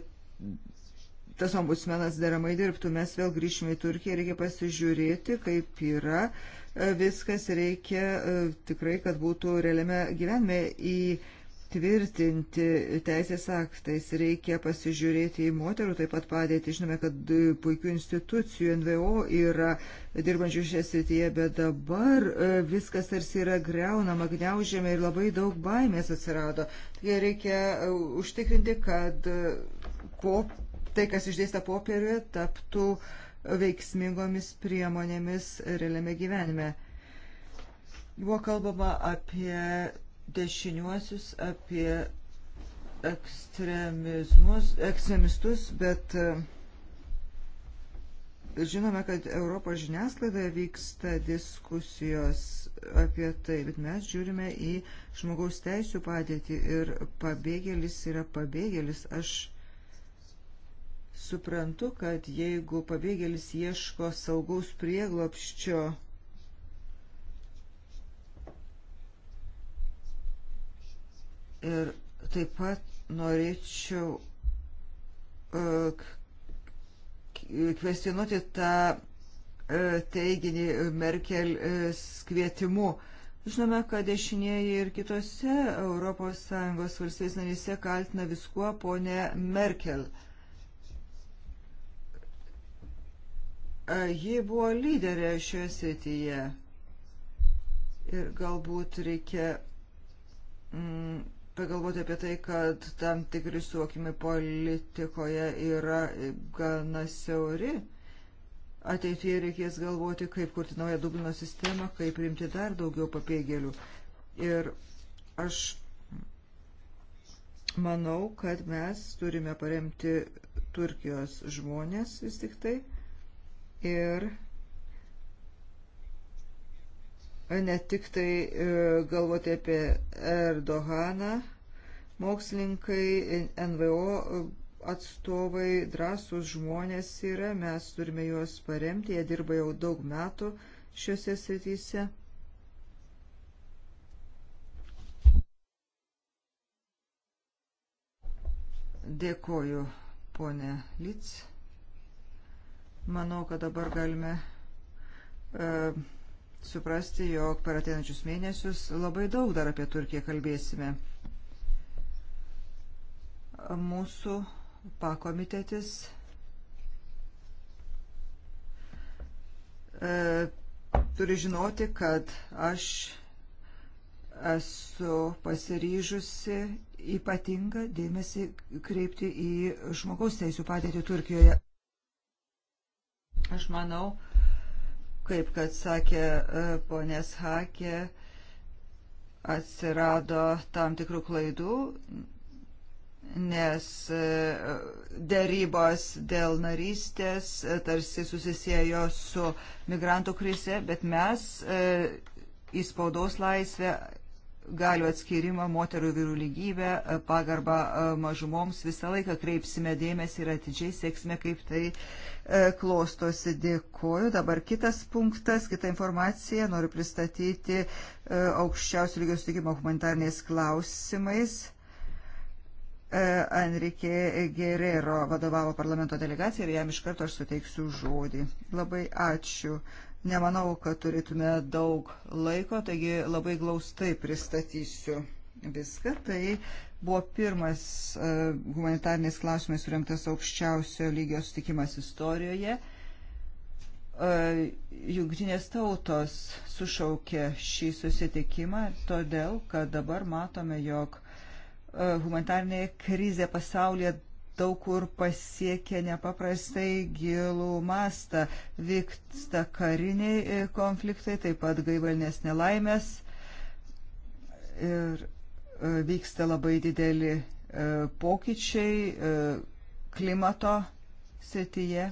tas ombudsmenas deramai dirbtų. Mes vėl grįžime į Turkiją, reikia pasižiūrėti, kaip yra e, viskas, reikia e, tikrai, kad būtų realiame gyvenime į tvirtinti teisės aktais, reikia pasižiūrėti į moterų taip pat padėti. Žinome, kad puikių institucijų NVO yra dirbančių šią srityje, bet dabar e, viskas tarsi yra greunama, gniaužiame ir labai daug baimės atsirado. Taigi reikia e, užtikrinti, kad e, po, tai, kas išdėsta popieriuje, taptų veiksmingomis priemonėmis realiame gyvenime. Buvo kalbama apie dešiniuosius, apie ekstremistus, bet e, žinome, kad Europos žiniasklaidoje vyksta diskusijos apie tai, bet mes žiūrime į žmogaus teisų padėtį ir pabėgėlis yra pabėgėlis. Aš suprantu, kad jeigu pabėgėlis ieško saugaus prieglopščio, Ir taip pat norėčiau e, kvestionuoti tą e, teiginį Merkel skvietimu. E, Žinome, kad dešinieji ir kitose ES valstybės narėse kaltina viskuo ponę Merkel. Ji buvo lyderė šioje srityje ir galbūt reikia mm, pagalvoti apie tai, kad tam tikri suvokimai politikoje yra gana siauri. Ateityje reikės galvoti, kaip kurti naują Dublino sistemą, kaip priimti dar daugiau papėgėlių. Ir aš manau, kad mes turime paremti Turkijos žmonės vis tik tai ir ne tik tai e, galvoti apie Erdoganą, mokslininkai, NVO atstovai, drąsūs žmonės yra, mes turime juos paremti, jie dirba jau daug metų šiuose srityse. Dėkoju, ponė Lic. Manau, kad dabar galime uh, suprasti, jog per ateinančius mėnesius labai daug dar apie Turkiją kalbėsime. Mūsų pakomitetis e, turi žinoti, kad aš esu pasiryžusi ypatingą dėmesį kreipti į žmogaus teisų padėtį Turkijoje. Aš manau, kaip kad sakė e, ponės Hakė, atsirado tam tikrų klaidų, nes e, dėrybos dėl narystės e, tarsi susisėjo su migrantų krize, bet mes į spaudos laisvę galių atskirimą, moterų vyrų lygybę, e, pagarbą e, mažumoms visą laiką kreipsime dėmesį ir atidžiai sėksime, kaip tai e, klostosi. Dėkoju. Dabar kitas punktas, kita informacija. Noriu pristatyti aukščiausių lygio sutikimo humanitarniais klausimais. Enrique Guerrero vadovavo parlamento delegaciją ir jam iš karto aš suteiksiu žodį. Labai ačiū. Nemanau, kad turėtume daug laiko, taigi labai glaustai pristatysiu viską. Tai buvo pirmas e, humanitariniais klausimais surinktas aukščiausio lygio sutikimas istorijoje. E, jungtinės tautos sušaukė šį susitikimą todėl, kad dabar matome, jog e, humanitarinė krizė pasaulyje daug kur pasiekė nepaprastai gilų mastą. Vyksta kariniai e, konfliktai, taip pat gaivalinės nelaimės ir e, vyksta labai dideli e, pokyčiai klimato srityje.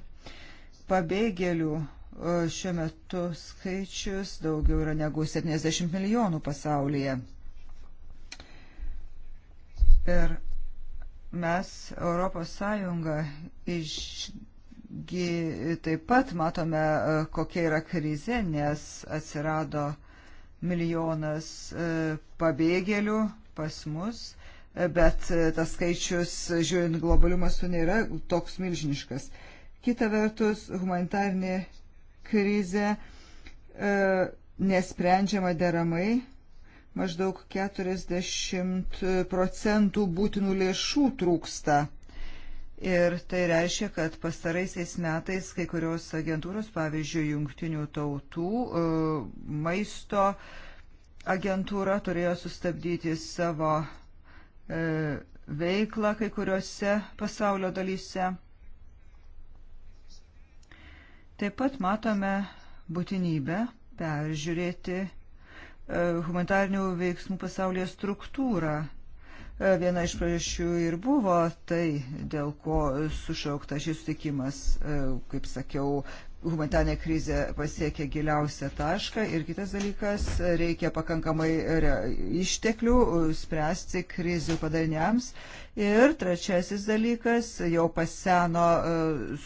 Pabėgėlių šiuo metu skaičius daugiau yra negu 70 milijonų pasaulyje. Ir Mes Europos Sąjungą išgi taip pat matome, e, kokia yra krizė, nes atsirado milijonas e, pabėgėlių pas mus e, bet tas skaičius, žiūrint globalių mastų, nėra toks milžiniškas. Kita vertus, humanitarnė krizė e, nesprendžiama deramai maždaug 40 procentų būtinų lėšų trūksta. Ir tai reiškia, kad pastaraisiais metais kai kurios agentūros, pavyzdžiui, jungtinių tautų e, maisto agentūra turėjo sustabdyti savo e, veiklą kai kuriuose pasaulio dalyse. Taip pat matome būtinybę peržiūrėti humanitarnių veiksmų pasaulyje struktūrą. E, viena iš priežasčių ir buvo tai, dėl ko sušaukta šis sutikimas, e, kaip sakiau, humanitarnė krizė pasiekė giliausią tašką ir kitas dalykas, reikia pakankamai išteklių e, spręsti krizių padariniams. Ir trečiasis dalykas, jau paseno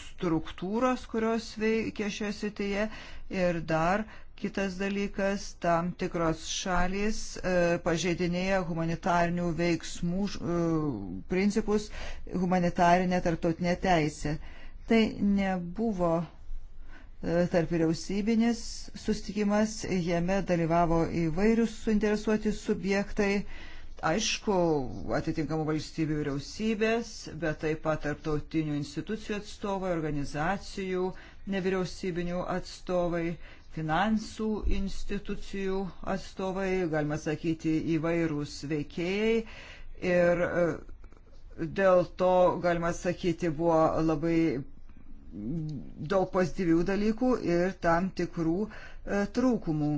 struktūros, kurios veikia šioje srityje ir dar uh, Kitas dalykas, tam tikros šalys e, pažeidinėja humanitarnių veiksmų e, principus, humanitarinę tarptautinę teisę. Tai nebuvo e, tarp vyriausybinis sustikimas, jame dalyvavo įvairius suinteresuoti subjektai, aišku, atitinkamų valstybių vyriausybės, bet taip pat tarptautinių institucijų atstovai, organizacijų, nevyriausybinių atstovai, finansų institucijų atstovai, galima sakyti, įvairūs veikėjai. Ir e, dėl to, galima sakyti, buvo labai daug pozityvių dalykų ir tam tikrų e, trūkumų.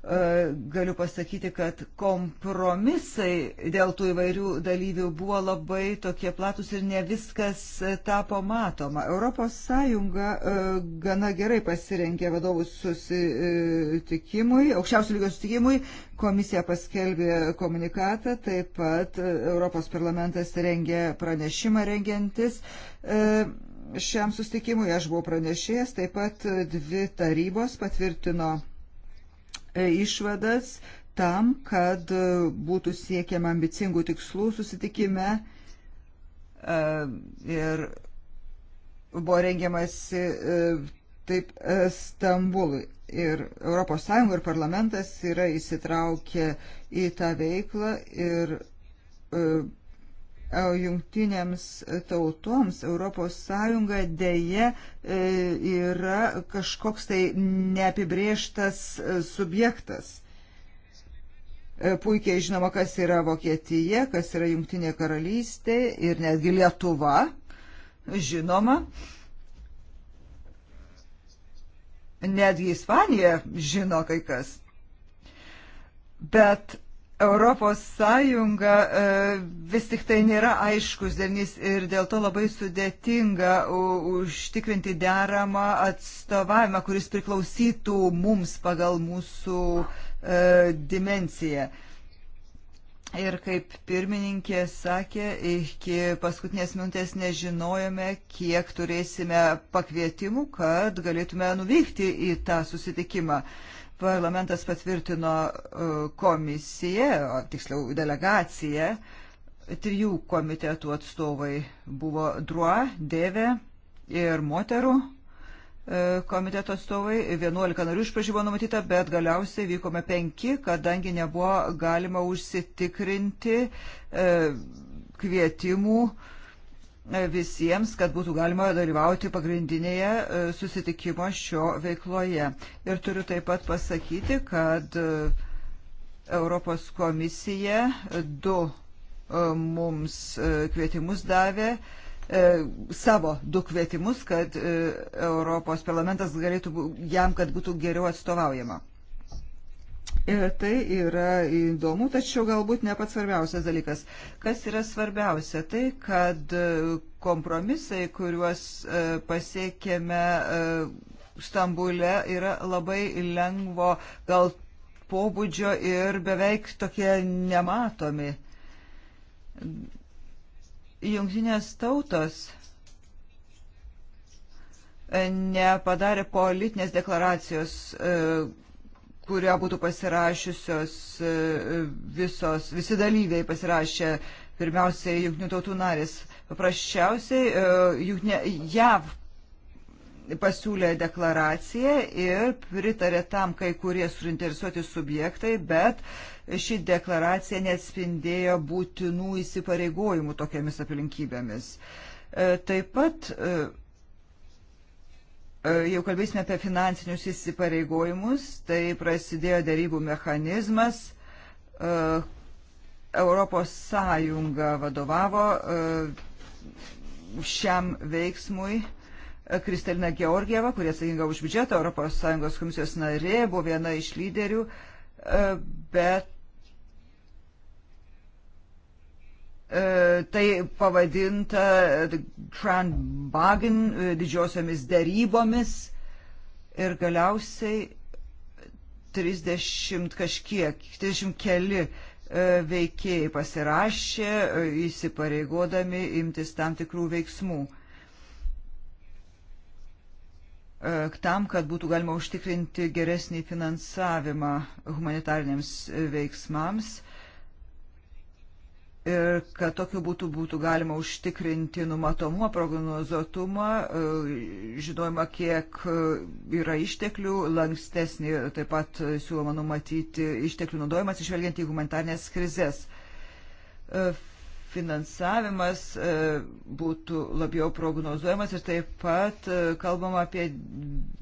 E, galiu pasakyti, kad kompromisai dėl tų įvairių dalyvių buvo labai tokie platus ir ne viskas e, tapo matoma. Europos Sąjunga e, gana gerai pasirengė vadovų susitikimui, aukščiausių lygio susitikimui, komisija paskelbė komunikatą, taip pat Europos parlamentas rengė pranešimą rengiantis šiam susitikimui, aš buvau pranešėjęs, taip pat dvi tarybos patvirtino E, išvadas tam, kad e, būtų siekiama ambicingų tikslų susitikime e, ir buvo rengiamasi taip Stambului. Ir ES ir parlamentas yra įsitraukę į tą veiklą ir jungtinėms tautoms ES dėje e, yra kažkoks tai neapibrieštas e, subjektas. E, puikiai žinoma, kas yra Vokietija, kas yra Jungtinė karalystė ir netgi Lietuva, žinoma. Netgi Ispanija žino kai kas. Bet Europos Sąjunga e, vis tik tai nėra aiškus dernys ir dėl to labai sudėtinga užtikrinti deramą atstovavimą, kuris priklausytų mums pagal mūsų e, dimenciją. Ir kaip pirmininkė sakė, iki paskutinės minutės nežinojome, kiek turėsime pakvietimų, kad galėtume nuvykti į tą susitikimą. Parlamentas patvirtino e, komisiją, tiksliau delegaciją, trijų komitetų atstovai buvo Drua, Dėvė ir moterų e, komiteto atstovai, 11 narių iš pradžių buvo numatyta, bet galiausiai vykome 5, kadangi nebuvo galima užsitikrinti e, kvietimų visiems, kad būtų galima dalyvauti pagrindinėje e, susitikimo šio veikloje. Ir turiu taip pat pasakyti, kad e, Europos komisija e, du mums kvietimus davė savo du kvietimus, kad Europos parlamentas galėtų jam, kad būtų geriau atstovaujama. Ir tai yra įdomu, tačiau galbūt ne pats svarbiausias dalykas. Kas yra svarbiausia? Tai, kad e, kompromisai, kuriuos e, pasiekėme e, Stambule, yra labai lengvo gal pobūdžio ir beveik tokie nematomi. Jungtinės tautos nepadarė politinės deklaracijos kurią būtų pasirašiusios e, visos, visi dalyviai pasirašė pirmiausiai jungtinių tautų narės. Paprasčiausiai e, jungtinė, JAV pasiūlė deklaraciją ir pritarė tam kai kurie surinteresuoti subjektai, bet ši deklaracija neatspindėjo būtinų įsipareigojimų tokiamis aplinkybėmis. E, taip pat E, jau kalbėsime apie finansinius įsipareigojimus, tai prasidėjo darybų mechanizmas. E, Europos Sąjunga vadovavo e, šiam veiksmui. Kristalina Georgieva, kurie atsakinga už biudžetą, Europos Sąjungos komisijos narė, buvo viena iš lyderių, bet E, tai pavadinta Kranbagen e, didžiosiomis darybomis ir galiausiai 30 kažkiek, 30 keli e, veikėjai pasirašė įsipareigodami imtis tam tikrų veiksmų tam, kad būtų galima užtikrinti geresnį finansavimą humanitariniams veiksmams ir kad tokiu būtų būtų galima užtikrinti numatomą prognozuotumą, e, žinojama, kiek e, yra išteklių, lankstesnį taip pat siūloma numatyti išteklių naudojimas, išvelgiant į humanitarnės krizės. E, finansavimas būtų labiau prognozuojamas ir taip pat kalbama apie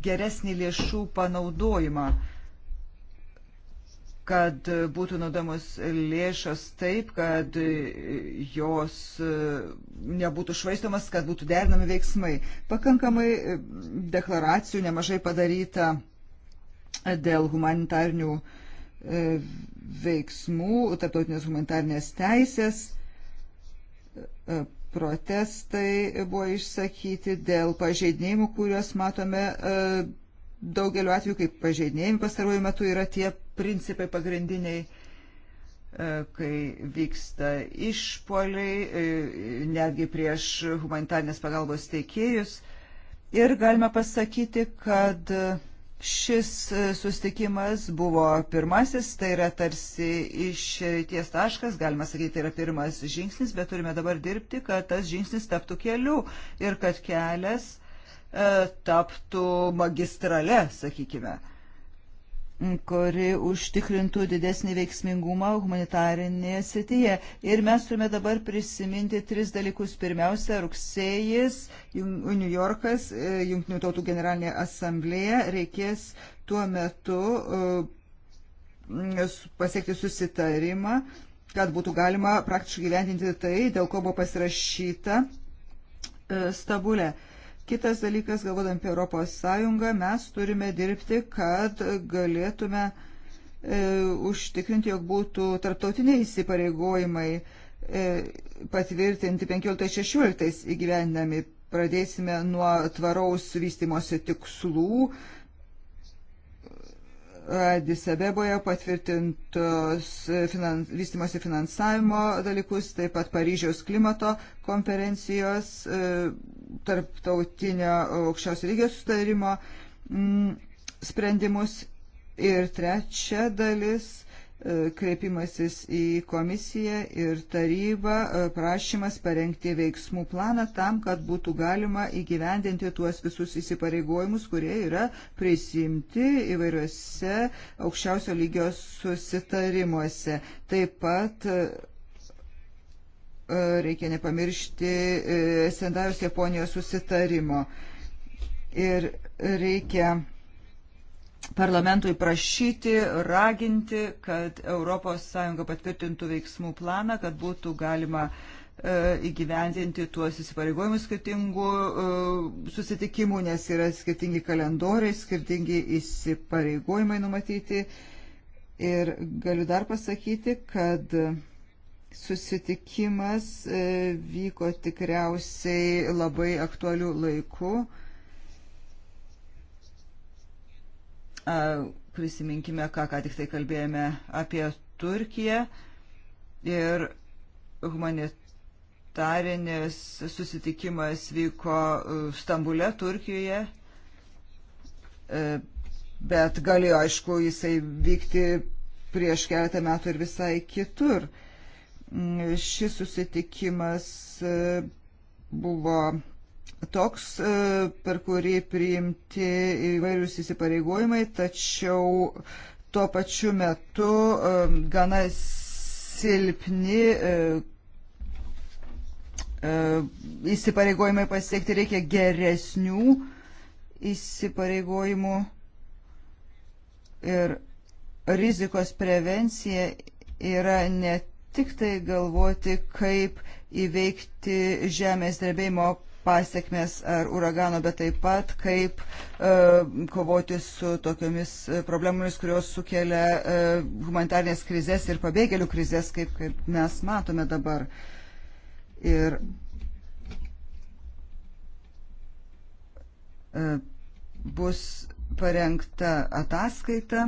geresnį lėšų panaudojimą kad būtų naudojamos lėšos taip, kad jos e, nebūtų švaistomas, kad būtų derinami veiksmai. Pakankamai e, deklaracijų nemažai padaryta dėl humanitarnių e, veiksmų, tarptautinės humanitarnės teisės. Protestai buvo išsakyti dėl pažeidinimų, kuriuos matome daugeliu atveju, kaip pažeidinėjami pastaruoju metu, yra tie principai pagrindiniai, e, kai vyksta išpoliai, e, netgi prieš humanitarnės pagalbos teikėjus. Ir galime pasakyti, kad šis e, sustikimas buvo pirmasis, tai yra tarsi išties taškas, galima sakyti, tai yra pirmas žingsnis, bet turime dabar dirbti, kad tas žingsnis taptų keliu ir kad kelias E, taptų magistrale, sakykime, kuri užtikrintų didesnį veiksmingumą humanitarinėje srityje. Ir mes turime dabar prisiminti tris dalykus. Pirmiausia, rugsėjais New Yorkas, e, Junktinių tautų generalinė asamblėje reikės tuo metu e, pasiekti susitarimą, kad būtų galima praktiškai gyventinti tai, dėl ko buvo pasirašyta Stabulė. E, Kitas dalykas, galvodami apie Europos Sąjungą, mes turime dirbti, kad galėtume e, užtikrinti, jog būtų tarptautiniai įsipareigojimai e, patvirtinti 15-16 įgyvendinami. Pradėsime nuo tvaraus vystimosi tikslų, e, Disabeboje patvirtintos finans, vystimosi finansavimo dalykus, taip pat Paryžiaus klimato konferencijos, e, tarptautinio aukščiausio lygio sustarimo mm, sprendimus. Ir trečia dalis E, kreipimasis į komisiją ir tarybą e, prašymas parengti veiksmų planą tam, kad būtų galima įgyvendinti tuos visus įsipareigojimus, kurie yra prisimti įvairiuose aukščiausio lygio susitarimuose. Taip pat e, reikia nepamiršti Sendajos Japonijos susitarimo. Ir reikia parlamentui prašyti, raginti, kad ES patvirtintų veiksmų planą, kad būtų galima e, įgyvendinti tuos įsipareigojimus skirtingų e, susitikimų, nes yra skirtingi kalendoriai, skirtingi įsipareigojimai numatyti. Ir galiu dar pasakyti, kad susitikimas e, vyko tikriausiai labai aktualių laikų. Prisiminkime, ką ką tik tai kalbėjome apie Turkiją ir humanitarinis susitikimas vyko e, Stambule, Turkijoje, e, bet galėjo, aišku, jisai vykti prieš keletą metų ir visai kitur. Mm, šis susitikimas e, buvo toks, e, per kurį priimti įvairius įsipareigojimai, tačiau tuo pačiu metu e, gana silpni e, įsipareigojimai pasiekti reikia geresnių įsipareigojimų ir rizikos prevencija yra ne tik tai galvoti, kaip įveikti žemės drebėjimo pasiekmes ar uragano, bet taip pat kaip e, kovoti su tokiomis e, problemomis, kurios sukelia e, humanitarnės krizės ir pabėgėlių krizės, kaip, kaip mes matome dabar. Ir bus parengta ataskaita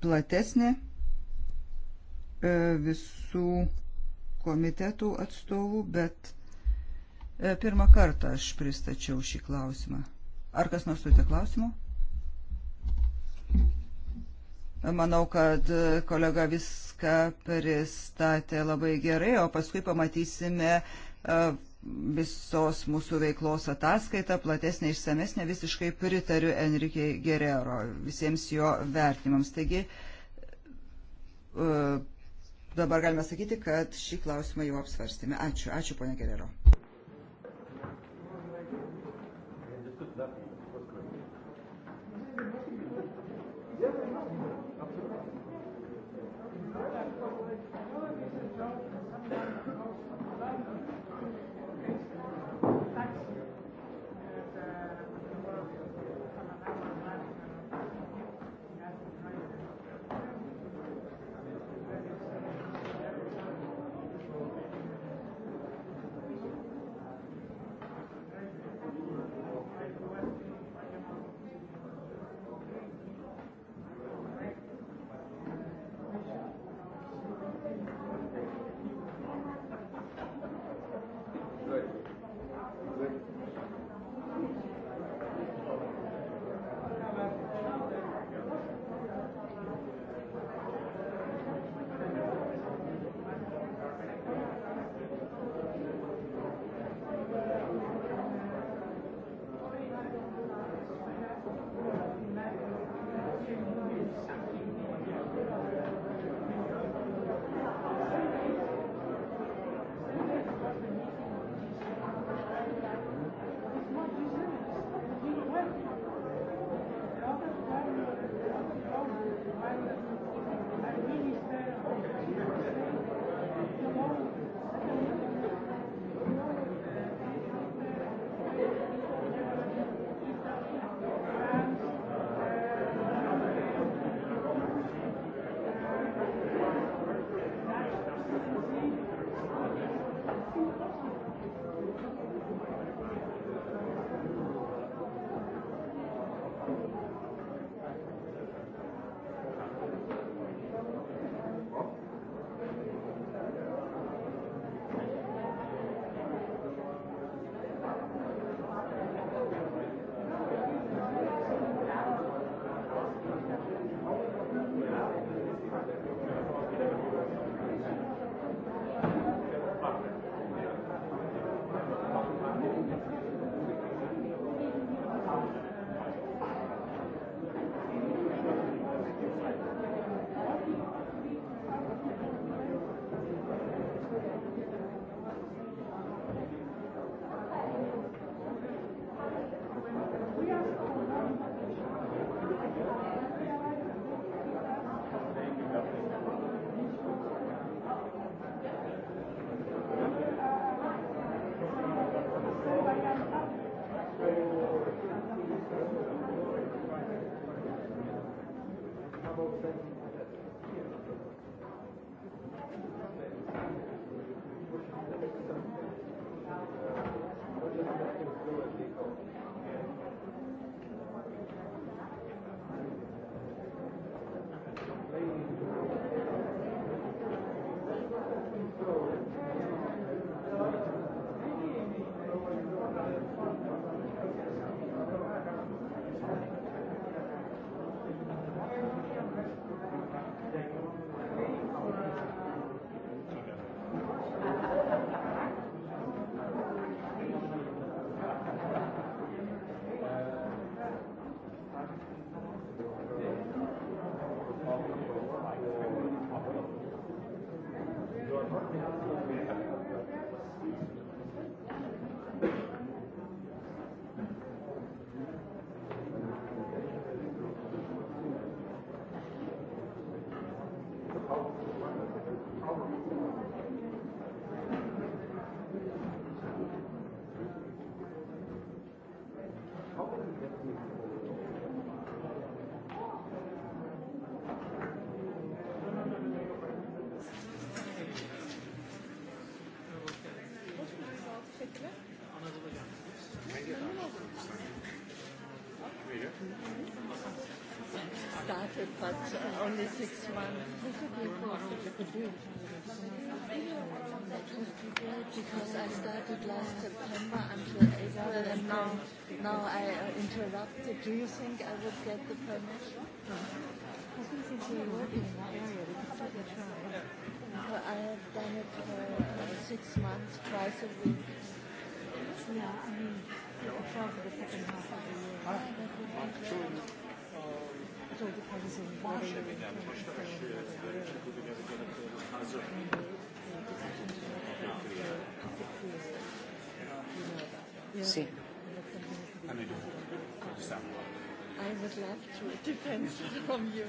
platesnė visų komitetų atstovų, bet e, pirmą kartą aš pristačiau šį klausimą. Ar kas nors turite klausimų? Manau, kad e, kolega viską pristatė labai gerai, o paskui pamatysime e, visos mūsų veiklos ataskaitą, platesnė, išsamesnė, visiškai pritariu Enrique Gerero visiems jo vertinimams. Taigi, dabar galime sakyti, kad šį klausimą jau apsvarstėme. Ačiū, ačiū ponia Gerero. it, but uh, only six months. Because I started last September until April, and now, now I uh, interrupted. Do you think I would get the permission? I think since you're working in that area, we can still try. But I have done it for uh, six months, twice a week. Yeah, I mean, try for the second half of the year. That ah, would be great. Hazır maaş vereceğim. Başka başı böyle çıkıldı gezdikleri hazır. Sì. I would love to. It depends from you.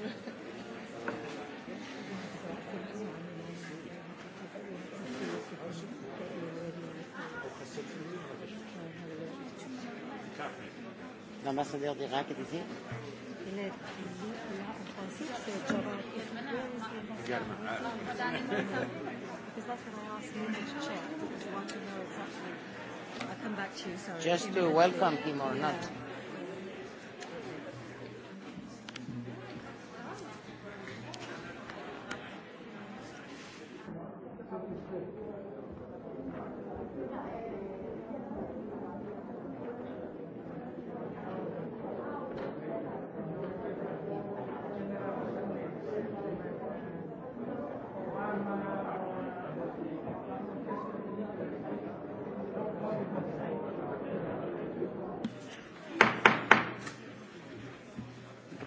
L'ambassadeur d'Irak est ici Yeah, because that's what I asked Linda to check, because I want to know exactly. I'll come back to you, sorry. Just to welcome him or yeah. not.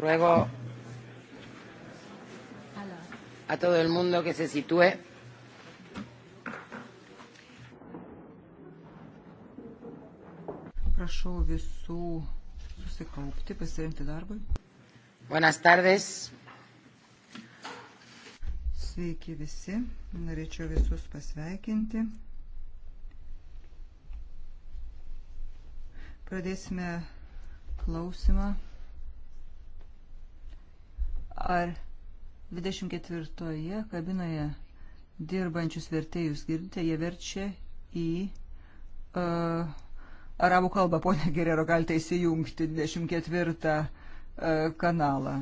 Ruego a todo el mundo que se sitúe. Prašau visų susikaupti, pasirinkti darbui. Buenas tardes. Sveiki visi. Norėčiau visus pasveikinti. Pradėsime klausimą. Ar 24 kabinoje dirbančius vertėjus girdite, jie verčia į uh, arabų kalbą. Pone Gerero, galite įsijungti 24 uh, e, kanalą.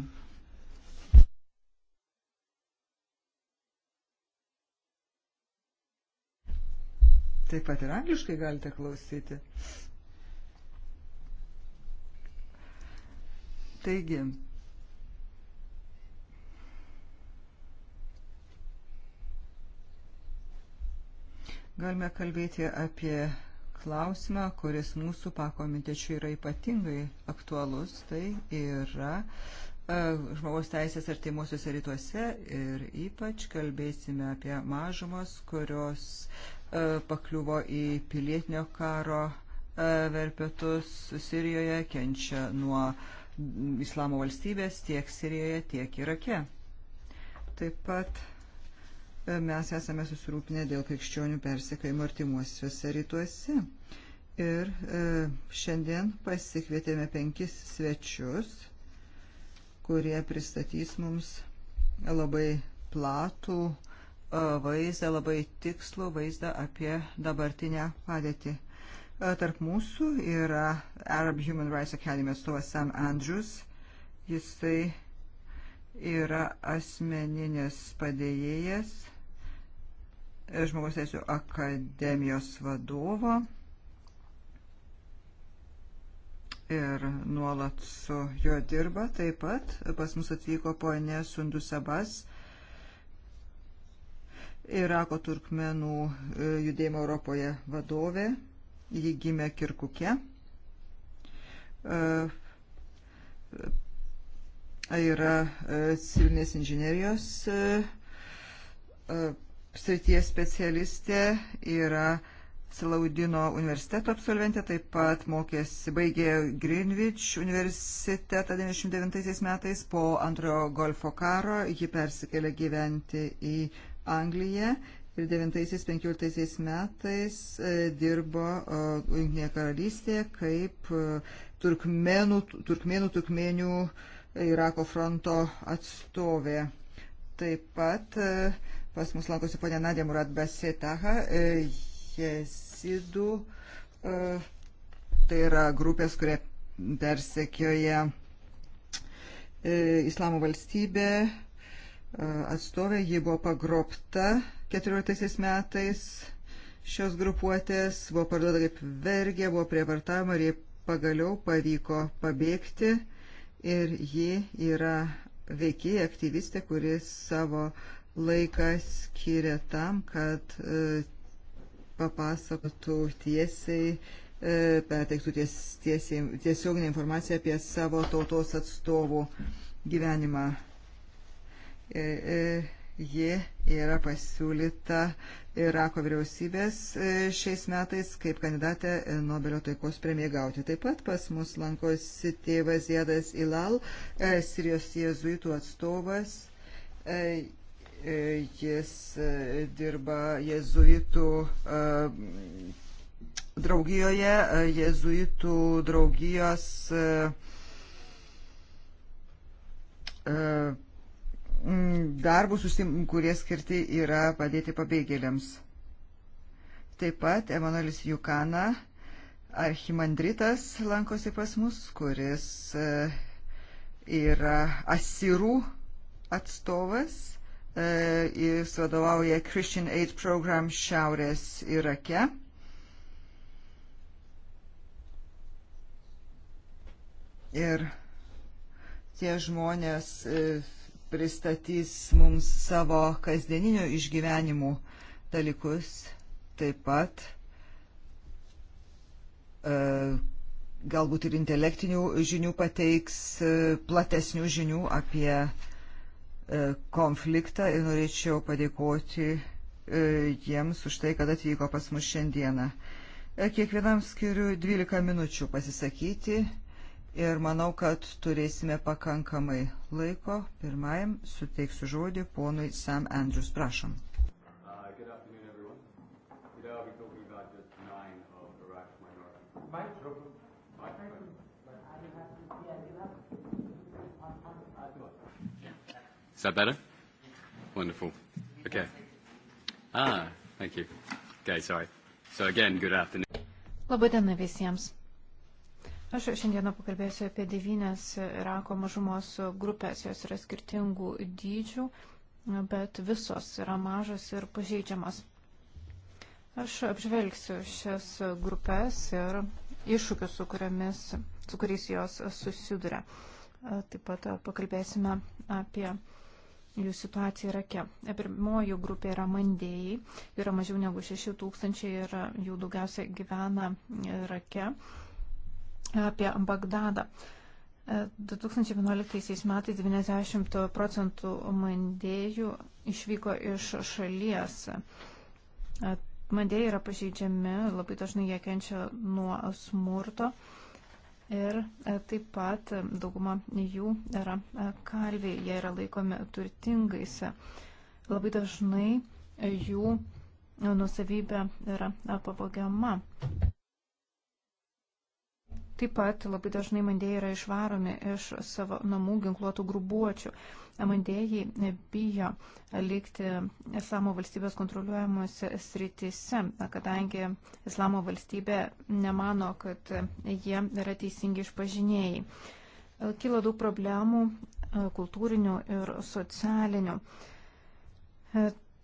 Taip pat ir angliškai galite klausyti. Taigi, Galime kalbėti apie klausimą, kuris mūsų pakomitečių yra ypatingai aktualus. Tai yra e, žmogaus teisės artimuosiuose rytuose ir ypač kalbėsime apie mažumas, kurios e, pakliuvo į pilietinio karo e, verpetus Sirijoje, kenčia nuo islamo valstybės tiek Sirijoje, tiek Irake. Taip pat mes esame susirūpinę dėl krikščionių persekėjimo artimuosiuose rytuose. Ir e, šiandien pasikvietėme penkis svečius, kurie pristatys mums labai platų e, vaizdą, labai tikslų vaizdą apie dabartinę padėtį. E, tarp mūsų yra Arab Human Rights Academy atstovas Sam Andrews. Jisai yra asmeninis padėjėjas e, Žmogaus Teisų akademijos vadovo ir nuolat su juo dirba. Taip pat pas mus atvyko ponė Sundusabas, Irako turkmenų e, judėjimo Europoje vadovė. Ji gimė Kirkuke e, yra e, civilinės inžinerijos e, e, srities specialistė, yra Silaudino universiteto absolventė, taip pat mokėsi, baigė Greenwich universitetą 99 metais po antrojo golfo karo, ji persikėlė gyventi į Angliją ir 9-15 metais dirbo Junktinėje karalystėje kaip turkmenų, turkmenų, turkmenių Irako fronto atstovė. Taip pat e, pas mus lankosi ponė Nadė Murat Basetaha, e, jesidų, e, tai yra grupės, kurie persekioja Islamo valstybė atstovė, ji buvo pagrobta 14 metais šios grupuotės, buvo parduota kaip vergė, buvo prievartavimo ir jie pagaliau pavyko pabėgti ir ji yra veikiai aktyvistė, kuris savo laiką skiria tam, kad e, papasakotų tiesiai, e, perteiktų ties, tiesiai, tiesioginę informaciją apie savo tautos atstovų gyvenimą. E, e, Ji yra pasiūlyta Irako vyriausybės e, šiais metais kaip kandidatė e, Nobelio taikos premiją gauti. Taip pat pas mus lankosi tėvas Jadas Ilal, e, Sirijos jėzuitų atstovas jis dirba jezuitų draugijoje, jezuitų draugijos Mm, darbus, kurie skirti yra padėti pabėgėliams. Taip pat Emanuelis Jukana, archimandritas, lankosi pas mus, kuris e, yra asirų atstovas. E, jis vadovauja Christian Aid Program Šiaurės Irake. Ir tie žmonės e, pristatys mums savo kasdieninių išgyvenimų dalykus, taip pat e, galbūt ir intelektinių žinių pateiks, e, platesnių žinių apie e, konfliktą ir norėčiau padėkoti jiems už tai, kad atvyko pas mus šiandieną. Kiekvienam skiriu 12 minučių pasisakyti ir manau, kad turėsime pakankamai laiko. Pirmajam suteiksiu žodį ponui Sam Andrews. Prašom. Uh, Is that better? Wonderful. Okay. Ah, thank you. Okay, sorry. So again, good afternoon. Labadiena visiems. Aš šiandieną pakalbėsiu apie devynės Irako mažumos grupės, jos yra skirtingų dydžių, bet visos yra mažos ir pažeidžiamas. Aš apžvelgsiu šias grupės ir iššūkius, su, kuriamis, su kuriais jos susiduria. Taip pat pakalbėsime apie jų situaciją Irake. Pirmoji grupė yra mandėjai, yra mažiau negu 6 tūkstančiai ir jų daugiausia gyvena Irake. Ir apie Bagdadą. 2011 e, metais 90 procentų mandėjų išvyko iš šalies. E, mandėjai yra pažeidžiami, labai dažnai jie kenčia nuo smurto ir e, taip pat dauguma jų yra kalviai, jie yra laikomi turtingais. Labai dažnai jų nusavybė yra pavogiama. Taip pat labai dažnai mandėjai yra išvaromi iš savo namų ginkluotų grubuočių. Mandėjai bijo likti islamo valstybės kontroliuojamuose sritise, kadangi islamo valstybė nemano, kad jie yra teisingi išpažinėjai. Kilo daug problemų kultūrinių ir socialinių.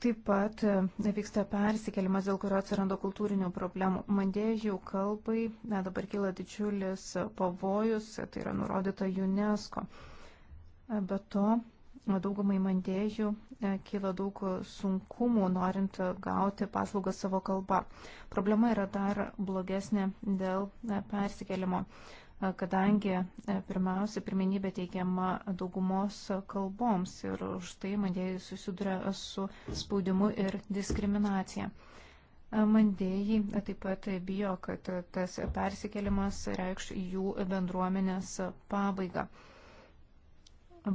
Taip pat e, vyksta persikėlimas, dėl kurio atsiranda kultūrinių problemų. Mandėjų kalbai na, dabar kyla didžiulis pavojus, tai yra nurodyta UNESCO. E, be to, daugumai mandėjų e, kyla daug sunkumų, norint gauti paslaugas savo kalba. Problema yra dar blogesnė dėl persikėlimo kadangi e, pirmiausia pirmenybė teikiama daugumos kalboms ir už tai mandėjai susiduria su spaudimu ir diskriminacija. Mandėjai taip pat bijo, kad tas persikelimas reikš jų bendruomenės pabaigą.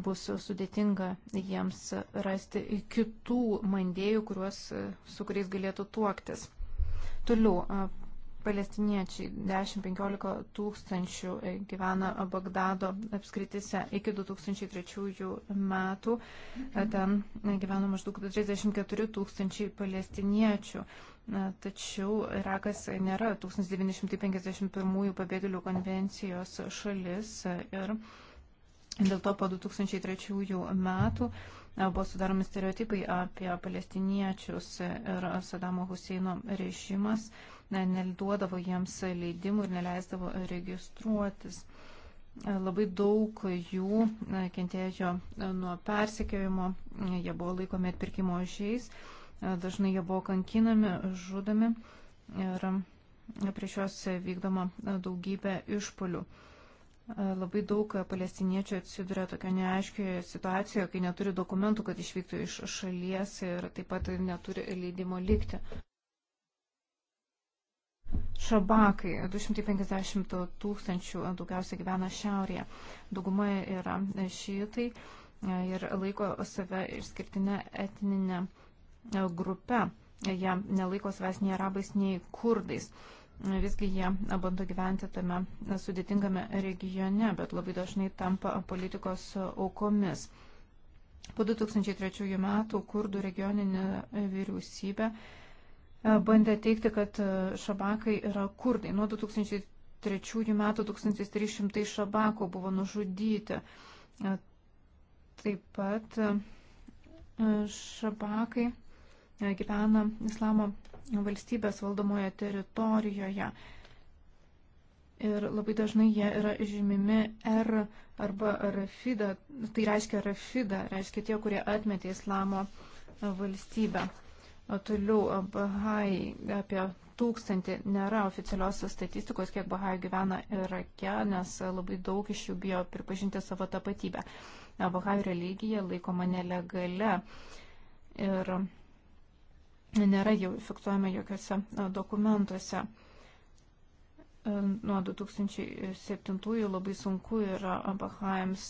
Bus sudėtinga jiems rasti kitų mandėjų, kuriuos, su kuriais galėtų tuoktis. Toliau palestiniečiai 10-15 tūkstančių e, gyvena Bagdado apskritise. Iki 2003 metų e, ten e, gyveno maždaug 34 tūkstančiai palestiniečių. Tačiau Irakas nėra 1951 pabėgėlių konvencijos šalis ir dėl to po 2003 metų buvo sudaromi stereotipai apie palestiniečius ir Sadamo Huseino režimas neduodavo jiems leidimų ir neleisdavo registruotis. Labai daug jų kentėjo nuo persekiojimo, jie buvo laikomi atpirkimo žiais, dažnai jie buvo kankinami, žudomi ir prieš juos vykdoma daugybė išpolių. Labai daug palestiniečių atsiduria tokio neaiškioje situacijoje, kai neturi dokumentų, kad išvyktų iš šalies ir taip pat neturi leidimo likti. Šabakai, 250 tūkstančių daugiausia gyvena šiaurėje. Dauguma yra šitai ir laiko save išskirtinę etninę grupę. Jie nelaiko savęs nei arabais, nei kurdais visgi jie bando gyventi tame sudėtingame regione, bet labai dažnai tampa politikos aukomis. Po 2003 metų kurdų regioninė vyriausybė e, bandė teikti, kad e, šabakai yra kurdai. Nuo 2003 metų 1300 šabakų buvo nužudyti. E, taip pat šabakai gyvena islamo valstybės valdomoje teritorijoje. Ir labai dažnai jie yra žymimi R arba Rafida, tai reiškia Rafida, reiškia tie, kurie atmetė islamo valstybę. O toliau Bahai apie tūkstantį nėra oficialios statistikos, kiek Bahai gyvena Irake, nes labai daug iš jų bijo pripažinti savo tapatybę. Bahai religija laikoma nelegale. Ir nėra jau fiksuojama jokiuose dokumentuose. E, nuo 2007 labai sunku yra Bahaims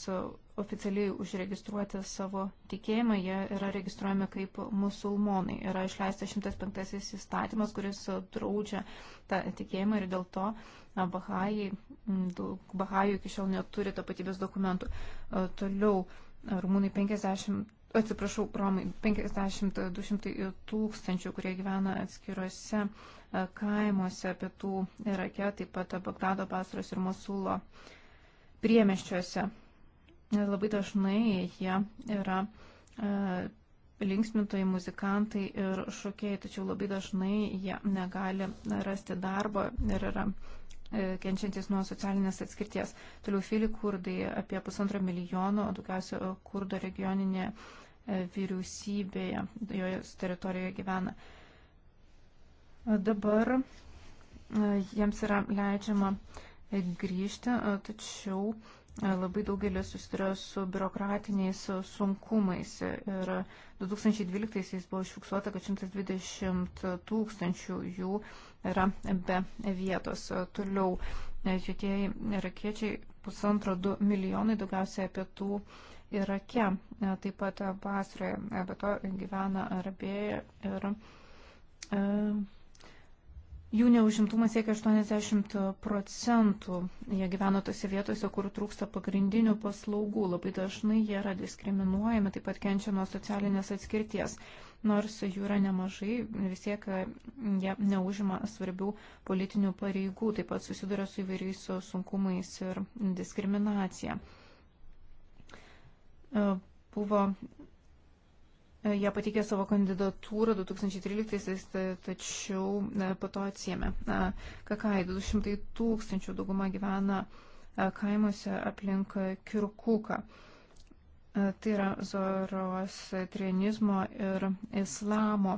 oficialiai užregistruoti savo tikėjimą, jie yra registruojami kaip musulmonai. Yra išleistas 105 įstatymas, kuris draudžia tą tikėjimą ir dėl to Bahajai, Bahajai iki šiol neturi tapatybės dokumentų. Toliau, rumūnai 50 atsiprašau, romai, 50-200 tūkstančių, kurie gyvena atskiruose e, kaimuose pietų Irake, taip pat Bagdado, Basros ir Mosulo priemeščiuose. Labai dažnai jie yra e, linksmintojai, muzikantai ir šokėjai, tačiau labai dažnai jie negali rasti darbo ir yra e, kenčiantis nuo socialinės atskirties. Toliau fili kurdai apie pusantro milijono, daugiausia kurdo regioninė vyriausybėje, joje teritorijoje gyvena. Dabar e, jiems yra leidžiama grįžti, e, tačiau e, labai daugelis susiduria su biurokratiniais sunkumais. Ir 2012-aisiais buvo išfiksuota, kad 120 tūkstančių jų yra be vietos. Toliau judėjai irakiečiai pusantro du milijonai, daugiausiai pietų Irake, e, taip pat Basroje, be to gyvena Arabėje ir e, jų neužimtumas siekia 80 procentų. Jie gyvena tose vietose, kur trūksta pagrindinių paslaugų. Labai dažnai jie yra diskriminuojami, taip pat kenčia nuo socialinės atskirties. Nors jų yra nemažai, vis tiek e, jie neužima svarbių politinių pareigų, taip pat susiduria su įvairiais sunkumais ir diskriminacija. E, buvo, e, jie patikė savo kandidatūrą 2013-aisiais, tačiau e, po to atsiemė. Kakai, 200 tūkstančių dauguma gyvena kaimuose aplink Kirkuką. Tai yra zoroastrianizmo ir islamo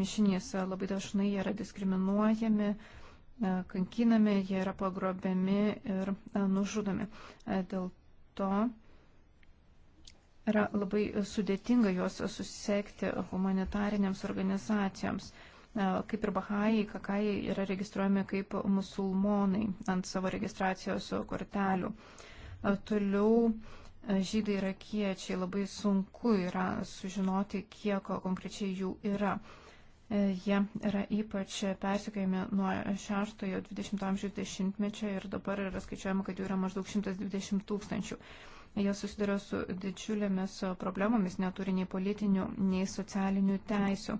mišinys. Labai dažnai jie yra diskriminuojami, kankinami, jie yra pagrobiami ir nužudomi. Dėl to yra labai sudėtinga juos susisekti humanitarinėms organizacijoms. E, kaip ir Bahajai, Kakajai yra registruojami kaip musulmonai ant savo registracijos kortelių. E, toliau e, žydai irakiečiai labai sunku yra sužinoti, kiek konkrečiai jų yra. Jie yra ypač persikėjami nuo 6-ojo 20-ojo amžiaus dešimtmečio ir dabar yra skaičiuojama, kad jų yra maždaug 120 tūkstančių. Jie susiduria su didžiulėmis e, problemomis, neturi nei politinių, nei socialinių teisių.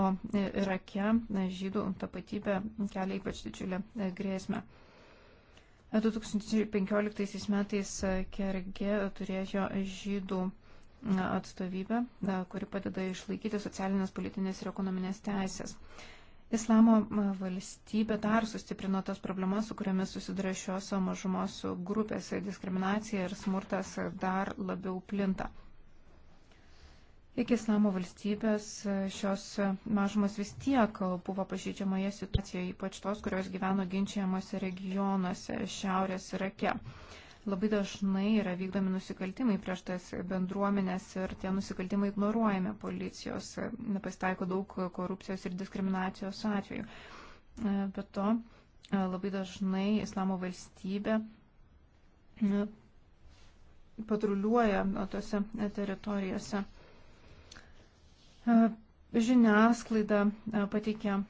O e, Irake e, žydų tapatybė kelia ypač didžiulę grėsmę. 2015 metais Kergė turėjo žydų atstovybę, kuri padeda išlaikyti socialinės, politinės ir ekonominės teisės. Islamo valstybė dar sustiprino tas problemas, su kuriamis susiduria šios mažumos grupės diskriminacija ir smurtas dar labiau plinta. Iki islamo valstybės šios mažumos vis tiek buvo pažydžiamoje situacijoje, ypač tos, kurios gyveno ginčiamuose regionuose šiaurės Irake. Ir labai dažnai yra vykdomi nusikaltimai prieš tas bendruomenės ir tie nusikaltimai ignoruojami policijos, e, pasitaiko daug korupcijos ir diskriminacijos atvejų. E, be to, e, labai dažnai islamo valstybė patruliuoja tose teritorijose. Žiniasklaida pateikia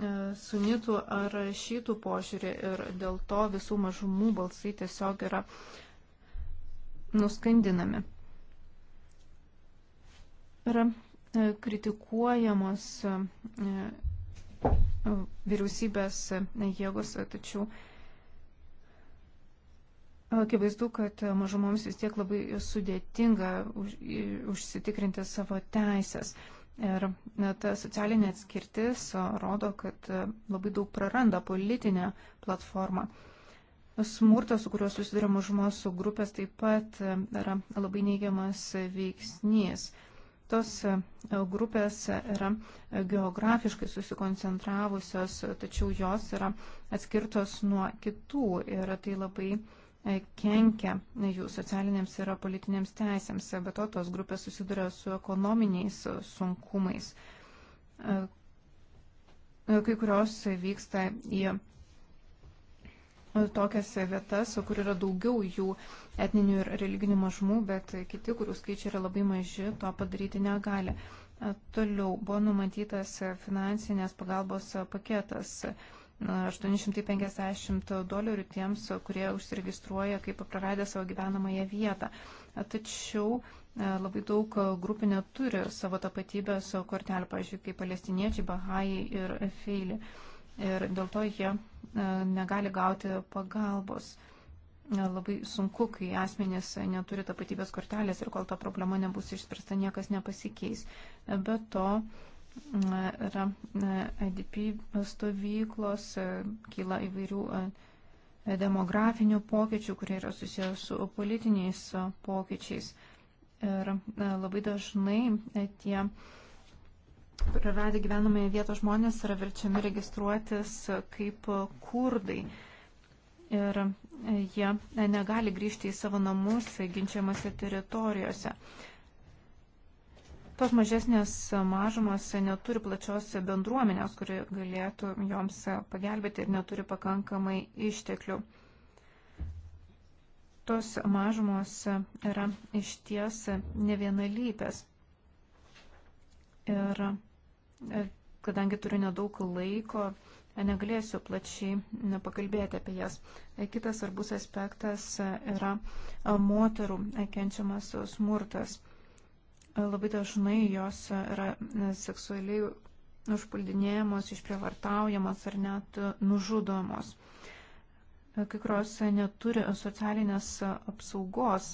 E, sunitų ar šytų požiūrį ir dėl to visų mažumų balsai tiesiog yra nuskandinami. Yra e, kritikuojamos e, vyriausybės jėgos, tačiau akivaizdu, kad mažumoms vis tiek labai sudėtinga už, užsitikrinti savo teisės. Ir ta socialinė atskirtis rodo, kad e, labai daug praranda politinę platformą. Smurtas, su kuriuo susiduria mažumos grupės, taip pat e, yra labai neigiamas veiksnys. Tos e, grupės yra geografiškai susikoncentravusios, tačiau jos yra atskirtos nuo kitų ir tai labai E, kenkia jų socialinėms ir politinėms teisėms. Be to, tos grupės susiduria su ekonominiais sunkumais. E, e, kai kurios vyksta į tokias vietas, kur yra daugiau jų etninių ir religinių mažumų, bet kiti, kurių skaičiai yra labai maži, to padaryti negali. Toliau buvo numatytas finansinės pagalbos paketas 850 dolerių tiems, kurie užsiregistruoja kaip praradę savo gyvenamąją vietą. Tačiau e, labai daug grupių neturi savo tapatybės kortelių, pavyzdžiui, kaip palestiniečiai, bahajai ir feili. Ir dėl to jie e, negali gauti pagalbos. E, labai sunku, kai asmenys neturi tapatybės kortelės ir kol ta problema nebus išspręsta, niekas nepasikeis. Be to, yra IDP stovyklos, e, kyla įvairių e, demografinių pokyčių, kurie yra susijęs su politiniais e, pokyčiais. Ir labai dažnai tie praradę gyvenamąją vietą žmonės yra verčiami registruotis kaip kurdai. Ir jie negali grįžti į savo namus ginčiamose teritorijose. Tos mažesnės mažumos neturi plačios bendruomenės, kuri galėtų joms pagelbėti ir neturi pakankamai išteklių. Tos mažumos yra išties nevienalypės. Ir e, kadangi turiu nedaug laiko, negalėsiu plačiai pakalbėti apie jas. E, kitas svarbus aspektas yra e, moterų kenčiamas smurtas labai dažnai jos yra seksualiai užpuldinėjamos, išprievartaujamos ar net nužudomos. Kai kurios neturi socialinės apsaugos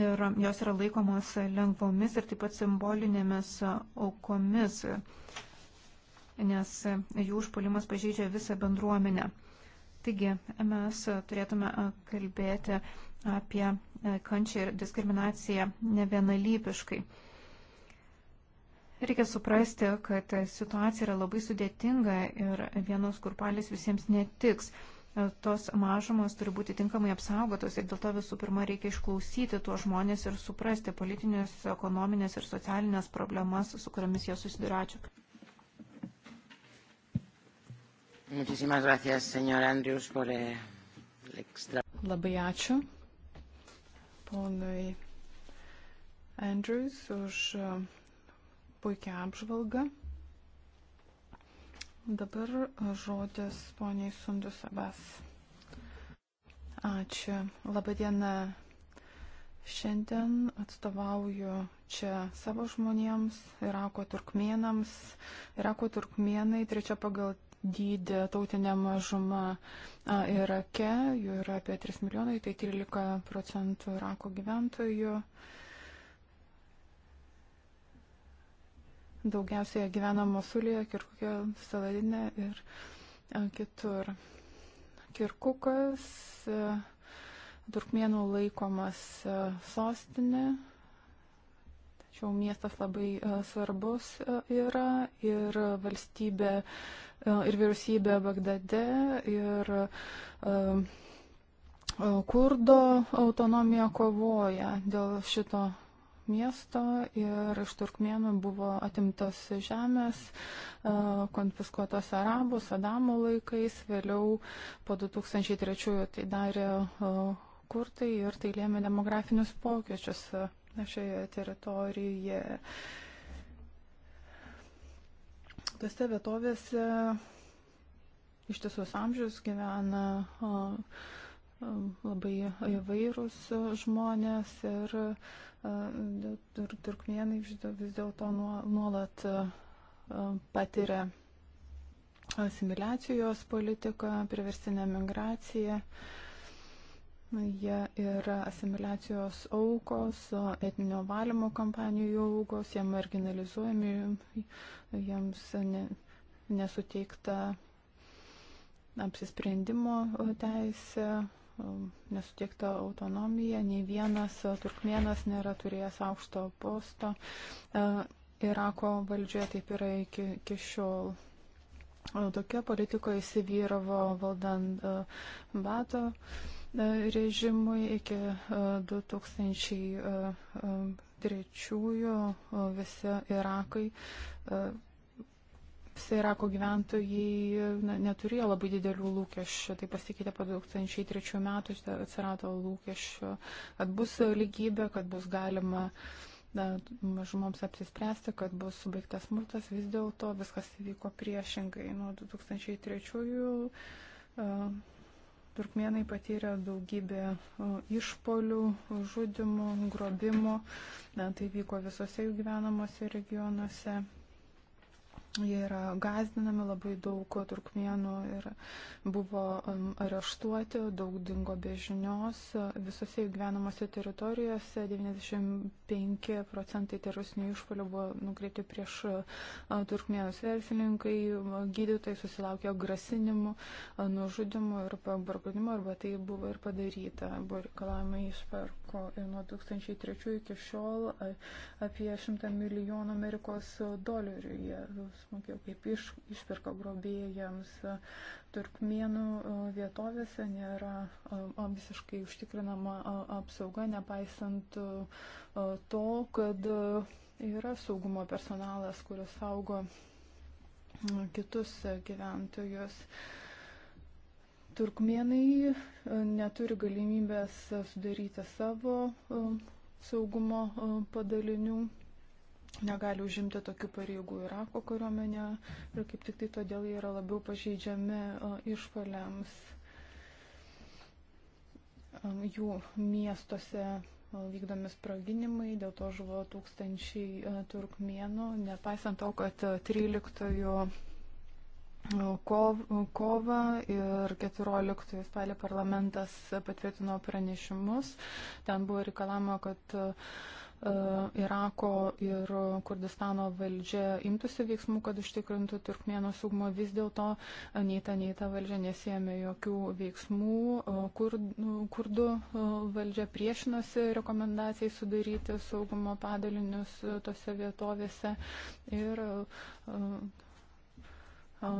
ir jos yra laikomos lengvomis ir taip pat simbolinėmis aukomis, nes jų užpuolimas pažeidžia visą bendruomenę. Taigi mes turėtume kalbėti apie E, kančią ir diskriminaciją nevienalypiškai. Reikia suprasti, kad situacija yra labai sudėtinga ir vienos kurpalis visiems netiks. E, tos mažumos turi būti tinkamai apsaugotos ir dėl to visų pirma reikia išklausyti tuos žmonės ir suprasti politinės, ekonominės ir socialinės problemas, su kuriamis jie susiduria. Ačiū. Labai ačiū ponui Andrews už e, puikią apžvalgą. Dabar žodis poniai Sundus Abas. Ačiū. Labadiena. Šiandien atstovauju čia savo žmonėms, Irako turkmenams. Irako turkmenai trečia pagal dydį tautinę mažumą Irake, jų yra apie 3 milijonai, tai 13 procentų Irako gyventojų. Daugiausiai gyvena Mosulėje, Kirkukė, Saladinė ir kitur. Kirkukas, Turkmėnų laikomas sostinė Šiau miestas labai e, svarbus e, yra ir valstybė, e, ir vyriausybė Bagdade, ir kurdo autonomija kovoja dėl šito miesto ir iš turkmėnų buvo atimtos žemės, konfiskuotos arabų, Sadamo laikais, vėliau po 2003 tai darė kurtai ir tai lėmė demografinius pokyčius šioje teritorijoje. Tose vietovėse ištisus amžius gyvena labai įvairūs žmonės ir turkmėnai vis dėlto nuolat patiria asimiliacijos politiką, priversinę migraciją. Uh, Jie yra asimiliacijos aukos, etninio valymo kampanijų aukos, jie marginalizuojami, jiems ne, nesuteikta apsisprendimo teisė, nesuteikta autonomija, nei vienas turkmėnas nėra turėjęs aukšto posto. Irako valdžioje taip yra iki, iki šiol. Tokia politika įsivyravo valdant Bato. Uh, režimui iki 2003-ųjų e, e, e, visi Irakai. Visi Irako gyventojai na, neturėjo labai didelių lūkesčių, tai pasikeitė po 2003 metų, atsirado lūkesčių, kad bus lygybė, kad bus galima uh, na, mažumoms apsispręsti, kad bus subaigtas smurtas, vis dėlto viskas įvyko priešingai. Nuo 2003-ųjų uh, Turkmenai patyrė daugybę išpolių, žudimų, grobimų. Na, tai vyko visose jų gyvenamosi regionuose. Jie yra gazdinami labai daug turkmėnų ir buvo um, areštuoti, daug dingo be žinios. Visose jų gyvenamose teritorijose 95 procentai teroristinių išpolių buvo nukreipti prieš uh, turkmėnus verslininkai, uh, gydytojai susilaukė grasinimų, uh, nužudimų ir pabargudimų, arba tai buvo ir padaryta, buvo reikalavimai iš per įvyko ir nuo 2003 iki šiol apie 100 milijonų Amerikos dolerių jie smokėjo kaip iš, išpirka grobėjams. Turkmėnų vietovėse nėra visiškai užtikrinama apsauga, nepaisant to, kad yra saugumo personalas, kuris saugo kitus gyventojus. Uh, Turkmenai e, neturi galimybės sudaryti savo e, saugumo e, padalinių, negali užimti tokių pareigų Irako kariuomenė ir kaip tik tai todėl jie yra labiau pažeidžiami išvaliams jų miestuose vykdomi sproginimai, dėl to žuvo tūkstančiai turkmėnų, nepaisant to, kad 13 kovą ir 14 spalį parlamentas patvirtino pranešimus. Ten buvo reikalama, kad e, Irako ir Kurdistano valdžia imtųsi veiksmų, kad užtikrintų Turkmėno saugumo. Vis dėlto nei ta, nei ta valdžia nesėmė jokių veiksmų. E, kur, kurdų e, valdžia priešinosi rekomendacijai sudaryti saugumo padalinius tose vietovėse. Ir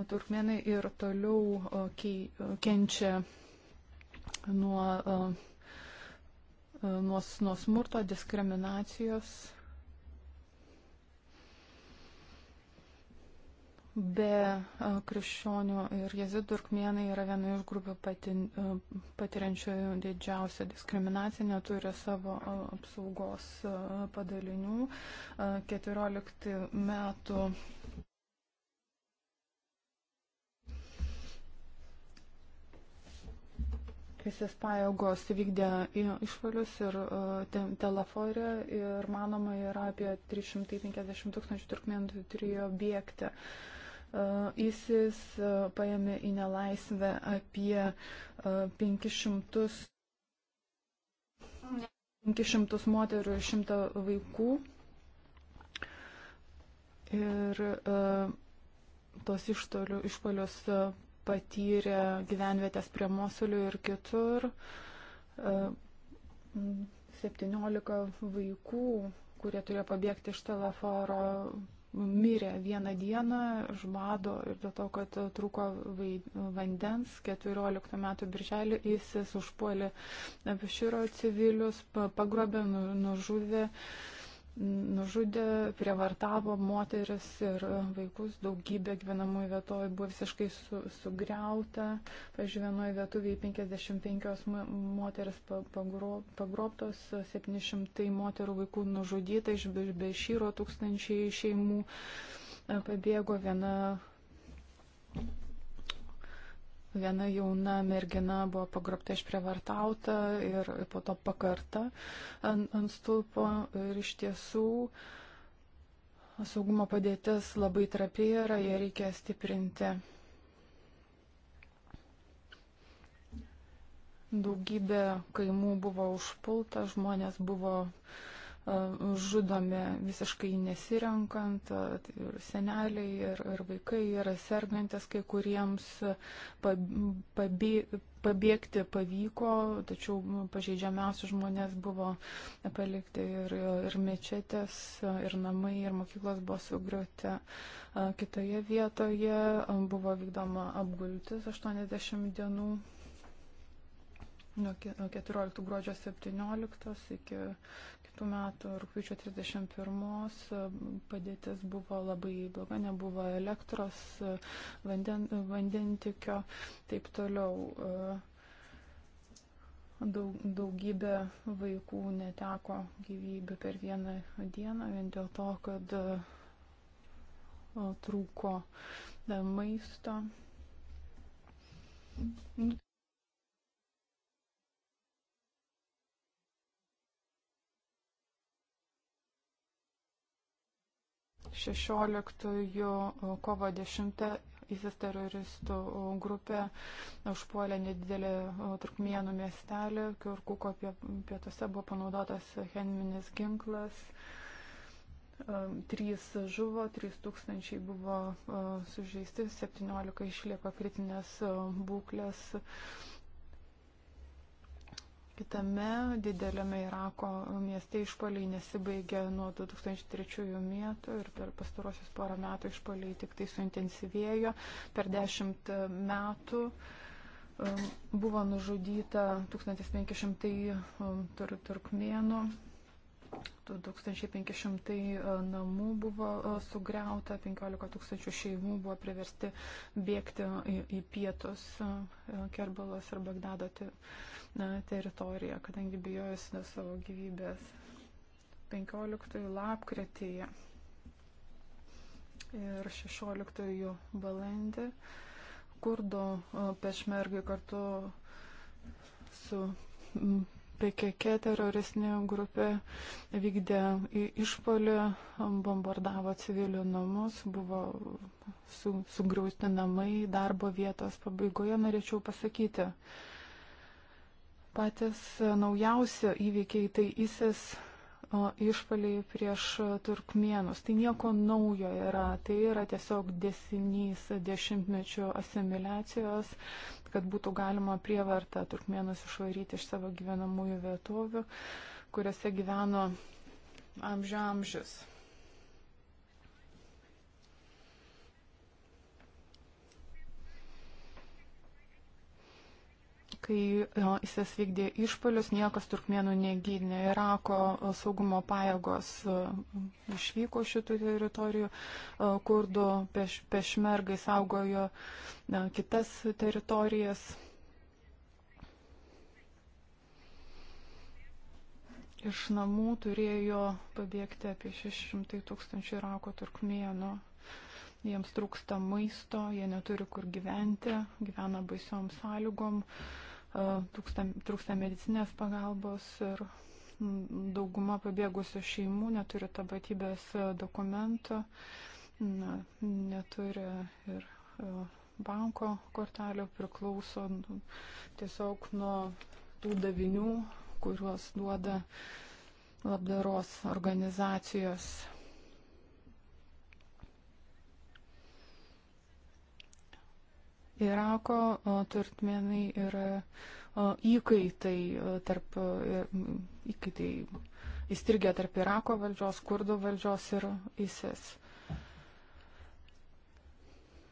turkmenai ir toliau kenčia nuo, nuo, nuo smurto, diskriminacijos. Be krikščionių ir jezidų turkmenai yra viena iš grupių patiriančių didžiausią diskriminaciją, neturi savo apsaugos padalinių. 14 metų Teisės pajėgos vykdė išvalius ir e, teleforę ir manoma yra apie 350 tūkstančių turkmenų turėjo bėgti. E, ISIS e, paėmė į nelaisvę apie 500, 500 moterų ir 100 vaikų. Ir tos ištolių išpalius patyrė gyvenvietės prie Mosulių ir kitur. 17 e, vaikų, kurie turėjo pabėgti iš teleforo, mirė vieną dieną iš bado ir dėl to, kad trūko vandens. 14 metų birželį įsis užpuolė apširo civilius, pagrobė, nu, nužudė. Nu nužudė, prievartavo moteris ir vaikus, daugybė gyvenamųjų vietovių buvo visiškai su, sugriauta. Pavyzdžiui, vienoje vietuvėje 55 moteris pagro, pagrobtos, 700 moterų vaikų nužudyta, iš Bešyro tūkstančiai šeimų e, pabėgo viena Viena jauna mergina buvo pagrobta išprievartauta ir po to pakarta ant, ant stulpo ir iš tiesų saugumo padėtis labai trapi yra, ją reikia stiprinti. Daugybė kaimų buvo užpulta, žmonės buvo uh, žudomi visiškai nesirenkant, tai ir seneliai, ir, ir vaikai yra sergantis, kai kuriems pabė, pabėgti pavyko, tačiau pažeidžiamiausi žmonės buvo palikti ir, ir mečetės, ir namai, ir mokyklos buvo sugriauti. Kitoje vietoje buvo vykdoma apgultis 80 dienų nuo 14 gruodžio 17 iki 2015 metų rūpiučio 31 e, padėtis buvo labai bloga, nebuvo elektros, e, vanden, vandentikio, taip toliau. E. Daug, daugybė vaikų neteko gyvybių per vieną dieną vien dėl to, kad trūko maisto. 16 kovo 10 ISIS teroristų grupė užpuolė nedidelį Turkmėnų miestelį, kur kuko pietuose buvo panaudotas cheminis ginklas. Trys žuvo, 3000 buvo sužeisti, 17 išlieka kritinės būklės. Kitame dideliame Irako mieste išpoliai nesibaigė nuo 2003 metų ir per pastarosius porą metų išpoliai tik tai suintensyvėjo. Per dešimt metų um, buvo nužudyta 1500 um, turkmėnų. Tur 2500 e, namų buvo e, sugriauta, 15 tūkstančių šeimų buvo priversti bėgti į, į pietus e, Kerbalos ir Bagdado teritoriją, kadangi bijojusi dėl savo gyvybės. 15 lapkrityje ir 16 balandį kurdo pešmergai kartu su PKK teroristinė grupė vykdė išpolį, bombardavo civilių namus, buvo su, sugriauti namai, darbo vietos. Pabaigoje norėčiau pasakyti, patys naujausi įvykiai tai ISIS išpaliai prieš turkmėnus. Tai nieko naujo yra. Tai yra tiesiog desinys dešimtmečio asimiliacijos, kad būtų galima prievartą turkmenus išvaryti iš savo gyvenamųjų vietovių, kuriuose gyveno amžių amžius. kai ISIS vykdė išpolius, niekas turkmenų negynė. Irako e, saugumo pajėgos e, išvyko šitų teritorijų, e, kurdų peš, pešmergai saugojo kitas teritorijas. Iš namų turėjo pabėgti apie 600 tūkstančių Irako turkmėnų jiems trūksta maisto, jie neturi kur gyventi, gyvena baisiom sąlygom. Uh, trūksta medicinės pagalbos ir dauguma pabėgusių šeimų neturi tapatybės dokumento, neturi ir e, banko kortelio, priklauso tiesiog nuo tų davinių, kuriuos duoda labdaros organizacijos Irako turtmenai yra įkaitai tarp, įkaitai įstrigę tarp Irako valdžios, kurdų valdžios ir ISIS.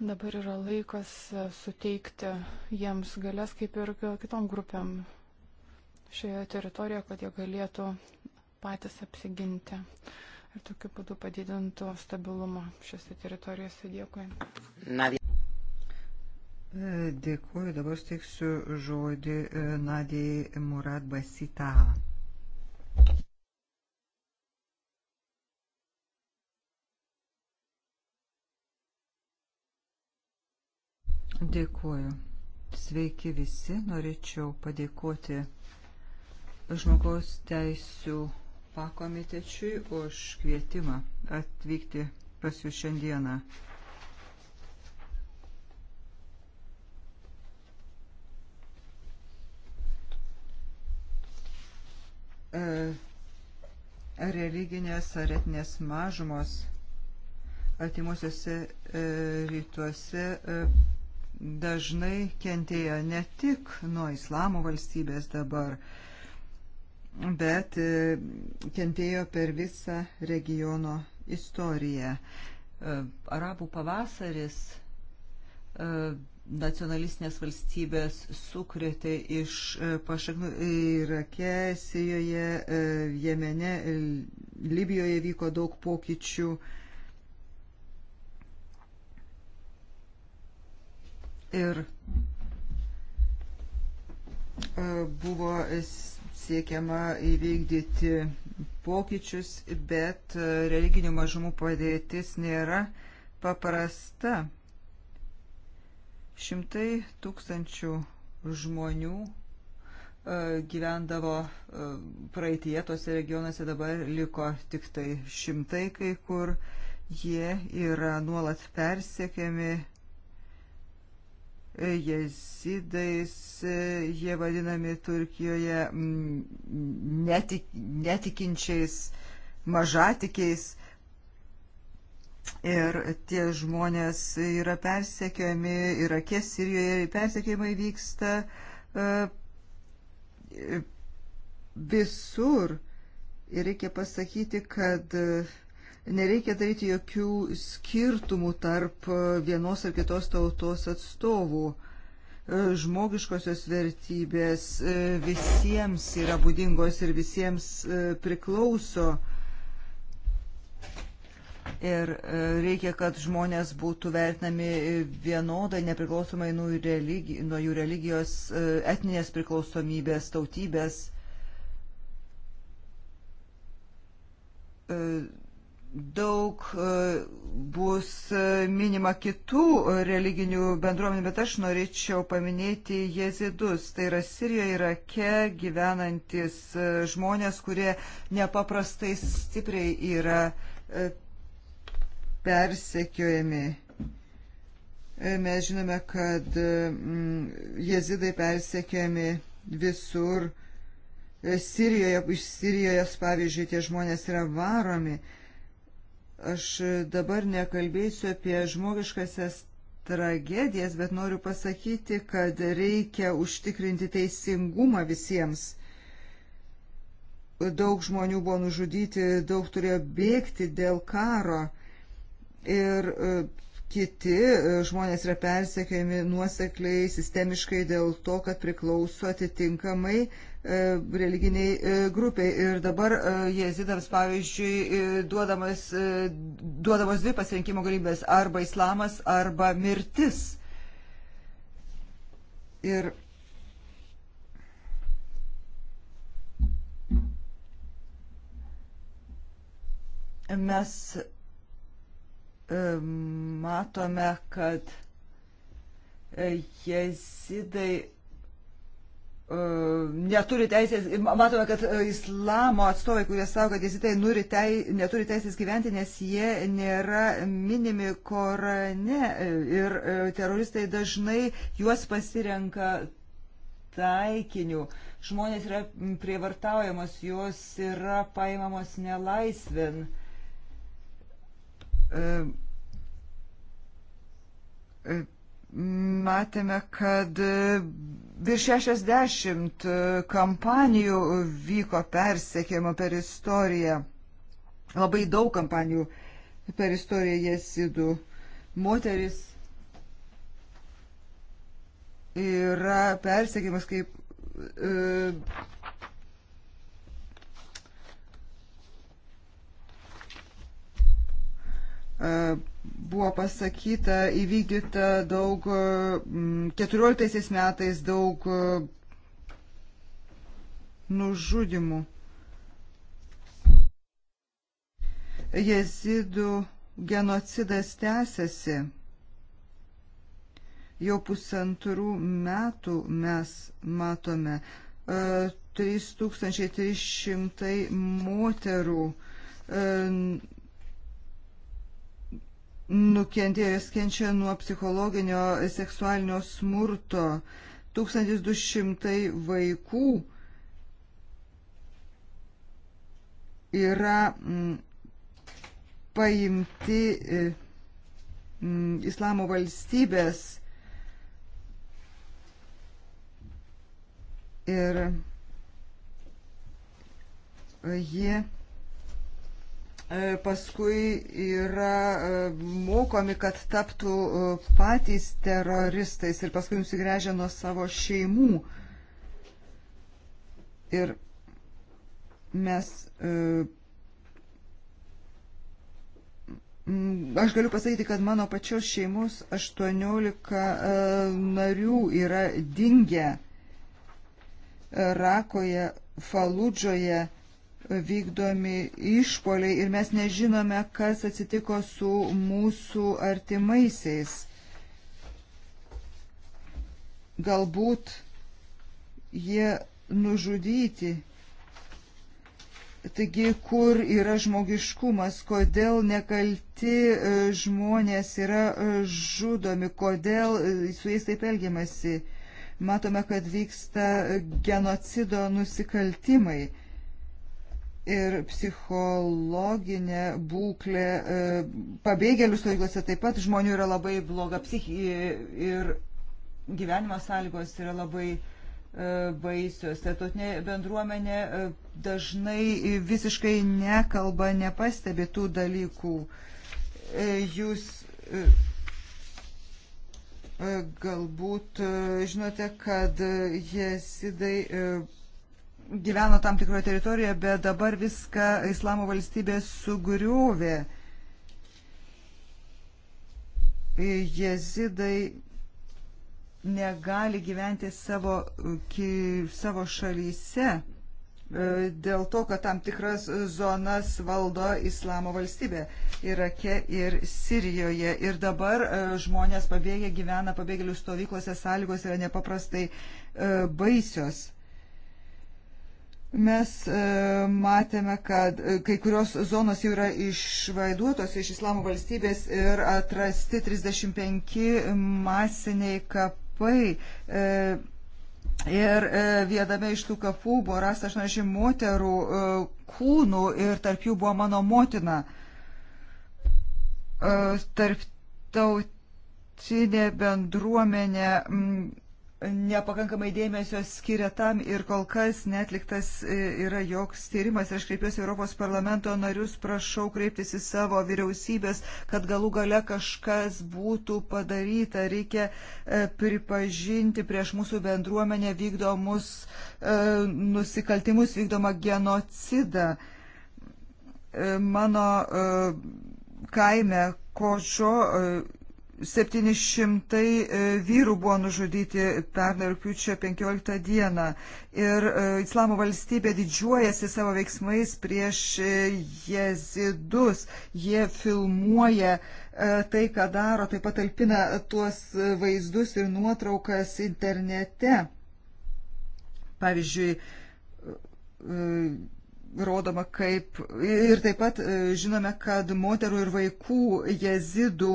Dabar yra laikas e, suteikti jiems galės kaip ir kitom grupėm šioje teritorijoje, kad jie galėtų patys apsiginti ir tokiu būdu padidintų stabilumą šiose teritorijose. Dėkui. E, dėkuoju, dabar steiksiu žodį e, Nadijai Murad Basita. Dėkuoju. Sveiki visi, norėčiau padėkoti žmogaus teisų pakomitečiui už kvietimą atvykti pas jūs šiandieną. E, religinės ar etinės mažumos atimuosiuose e, rytuose e, dažnai kentėjo ne tik nuo islamo valstybės dabar, bet kentėjo per visą regiono istoriją. Arabų pavasaris nacionalistinės valstybės sukrėtė iš e, pašaknų Irake, Sijoje, e, Jemene, Libijoje vyko daug pokyčių. Ir e, buvo siekiama įvykdyti pokyčius, bet religinių mažumų padėtis nėra paprasta. Šimtai tūkstančių žmonių e, gyvendavo e, praeitie tose regionuose, dabar liko tik tai šimtai kai kur. Jie yra nuolat persiekiami e, jezidais, jie vadinami Turkijoje netik, netikinčiais, mažatikiais. Ir tie žmonės yra persekiojami, Irake, Sirijoje persekiojimai vyksta e, visur. Ir reikia pasakyti, kad e, nereikia daryti jokių skirtumų tarp e, vienos ar kitos tautos atstovų. Žmogiškosios vertybės visiems yra būdingos ir visiems priklauso Ir e, reikia, kad žmonės būtų vertinami e, vienodai, nepriklausomai nuo, religi, nuo jų religijos, e, etninės priklausomybės, tautybės. Daug bus minima kitų religinių bendruomenių, bet aš norėčiau paminėti jezidus. Tai yra Sirijoje, Irake gyvenantis žmonės, kurie nepaprastai stipriai yra persekiojami. E, mes žinome, kad mm, jezidai persekiojami visur. E, Sirijoje, iš Sirijos, pavyzdžiui, tie žmonės yra varomi. Aš dabar nekalbėsiu apie žmogiškasias tragedijas, bet noriu pasakyti, kad reikia užtikrinti teisingumą visiems. Daug žmonių buvo nužudyti, daug turėjo bėgti dėl karo ir e, kiti e, žmonės yra persekiojami nuosekliai, sistemiškai dėl to, kad priklauso atitinkamai e, religiniai grupiai. Ir dabar jezidams, pavyzdžiui, duodamas, duodamas dvi pasirinkimo galimybės - arba islamas, arba mirtis. Ir mes E, matome, kad e, jezidai e, neturi teisės, matome, kad islamo atstovai, kurie savo, kad jezidai tei, neturi teisės gyventi, nes jie nėra minimi Korane ir teroristai dažnai juos pasirenka taikiniu. Žmonės yra prievartaujamos, jos yra paimamos nelaisvin. Uh, matėme, kad e, virš 60 e, kampanijų vyko persekėjimo per istoriją. Labai daug kampanijų per istoriją jesidų. Moteris yra persekėjimas kaip e, E, buvo pasakyta, įvykdyta daug, 14 e, metais daug e, nužudimų. Jezidų genocidas tęsiasi. Jau pusantrų metų mes matome 3300 moterų nukentėjęs kenčia nuo psichologinio seksualinio smurto. 1200 vaikų yra mm, paimti e, mm, islamo valstybės ir jie E, paskui yra e, mokomi, kad taptų e, patys teroristais ir paskui nusigręžia nuo savo šeimų. Ir mes. Aš galiu pasakyti, kad mano pačios šeimos 18 narių yra dingę Rakoje, Faludžoje vykdomi išpoliai ir mes nežinome, kas atsitiko su mūsų artimaisiais. Galbūt jie nužudyti. Taigi, kur yra žmogiškumas, kodėl nekalti e, žmonės yra e, žudomi, kodėl e, su jais taip elgiamasi. Matome, kad vyksta genocido nusikaltimai ir psichologinė būklė e, pabėgėlių stovyklose taip pat žmonių yra labai bloga psichija ir gyvenimo sąlygos yra labai e, baisios. Tarptautinė bendruomenė e, dažnai visiškai nekalba, nepastebi tų dalykų. Jūs galbūt žinote, kad jesidai gyveno tam tikroje teritorijoje, bet dabar viską islamo valstybė sugriuvė. Jezidai negali gyventi savo, ki, savo šalyse e, dėl to, kad tam tikras zonas valdo islamo valstybė Irake ir Sirijoje. Ir dabar e, žmonės pabėgė, gyvena pabėgėlių stovyklose, sąlygos yra nepaprastai e, baisios. Mes e, matėme, kad e, kai kurios zonos jau yra išvaiduotos iš islamo valstybės ir atrasti 35 masiniai kapai. E, ir viename iš tų kapų buvo rasta 80 moterų kūnų ir tarp jų buvo mano motina. Tarptautinė bendruomenė nepakankamai dėmesio skiria tam ir kol kas netliktas e, yra joks tyrimas. Aš kreipiuosi Europos parlamento narius, prašau kreiptis į savo vyriausybės, kad galų gale kažkas būtų padaryta. Reikia e, pripažinti prieš mūsų bendruomenę vykdomus e, nusikaltimus, vykdomą genocidą. Mano kaime kočio 700 e, vyrų buvo nužudyti pernai rūpiučio 15 dieną. Ir e, Islamo valstybė didžiuojasi savo veiksmais prieš e, jezidus. Jie filmuoja tai, ką daro, taip pat talpina tuos vaizdus ir nuotraukas internete. Pavyzdžiui, rodoma kaip. Ir taip pat e, žinome, kad moterų ir vaikų jezidų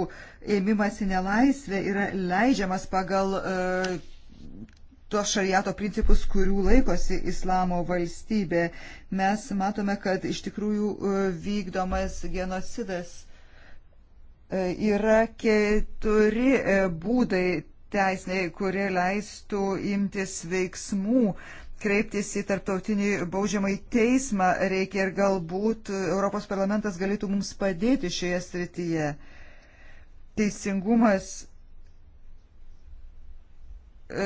ėmimas į nelaisvę yra leidžiamas pagal e, tuos šariato principus, kurių laikosi islamo valstybė. Mes matome, kad iš tikrųjų e, vykdomas genocidas. Yra keturi būdai teisiniai, kurie leistų imtis veiksmų kreiptis į tarptautinį baudžiamą į teismą reikia ir galbūt Europos parlamentas galėtų mums padėti šioje srityje. Teisingumas, e,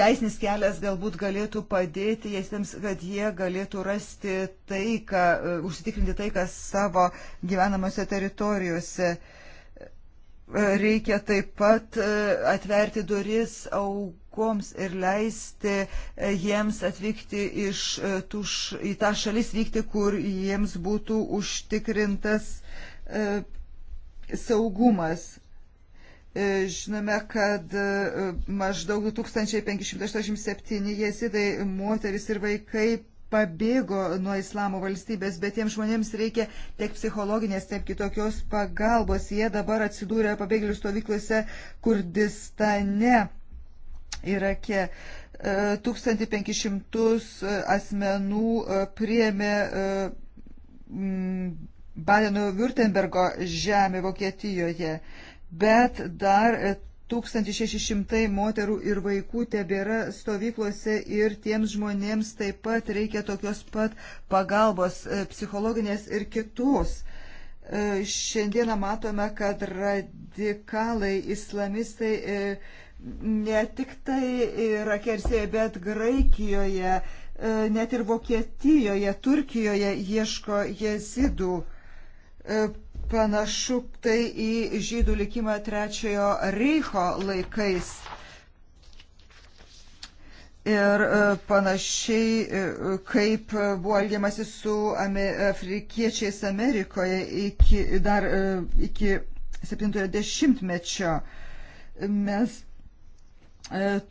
teisnis kelias galbūt galėtų padėti jiems, kad jie galėtų rasti taiką, e, užsitikrinti taiką savo gyvenamosi teritorijose. Reikia taip pat e, atverti duris aukoms ir leisti e, jiems atvykti iš e, tų, į tą šalis vykti, kur jiems būtų užtikrintas saugumas. Žinome, kad maždaug 2587 jezidai moteris ir vaikai pabėgo nuo islamo valstybės, bet tiems žmonėms reikia tiek psichologinės, tiek kitokios pagalbos. Jie dabar atsidūrė pabėgėlių stovyklose Kurdistane, Irake. 1500 e, e, asmenų e, priemė Badeno-Württembergo žemė Vokietijoje, bet dar 1600 moterų ir vaikų tebėra stovyklose ir tiems žmonėms taip pat reikia tokios pat pagalbos e, psichologinės ir kitos. E, šiandieną matome, kad radikalai islamistai e, ne tik tai Irake ir Sirijoje, bet Graikijoje, net ir Vokietijoje, Turkijoje ieško jezidų panašu tai į žydų likimą trečiojo Reicho laikais. Ir e, panašiai e, kaip buvo elgiamasi su afrikiečiais Amerikoje iki, dar e, iki 70-mečio, mes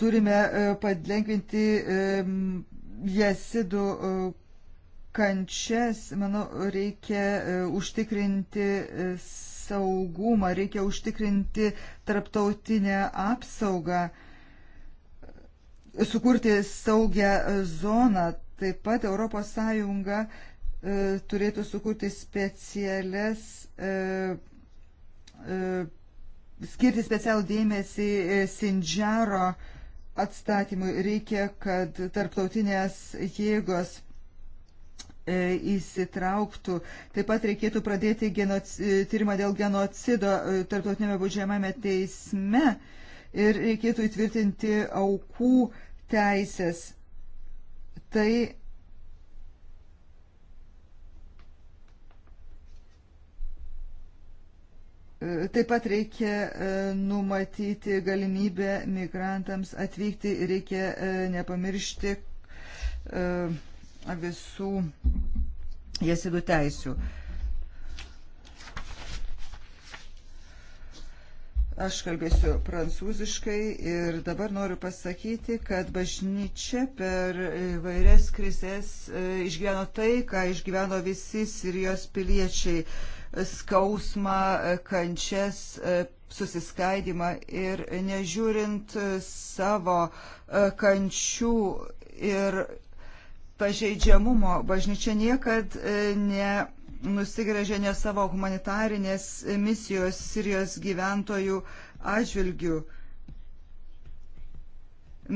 turime padlengvinti jasidų kančias, manau, reikia e, užtikrinti e, saugumą, reikia užtikrinti tarptautinę apsaugą, sukurti saugią zoną. Taip pat ES e, turėtų sukurti specialias, skirti specialų dėmesį Sinjaro atstatymui. Reikia, kad tarptautinės jėgos E, įsitrauktų. Taip pat reikėtų pradėti e, tyrimą dėl genocido e, tarptautinėme baudžiamame teisme ir reikėtų įtvirtinti aukų teisės. Tai Taip pat reikia numatyti galimybę migrantams atvykti ir reikia nepamiršti uh, visų jesidų teisių. Aš kalbėsiu prancūziškai ir dabar noriu pasakyti, kad bažnyčia per vairias krizės e, išgyveno tai, ką išgyveno visi Sirijos piliečiai - skausmą, kančias, e, susiskaidimą ir nežiūrint savo e, kančių ir pažeidžiamumo bažnyčia niekad e, ne nusigrėžė ne savo humanitarinės misijos Sirijos gyventojų atžvilgių.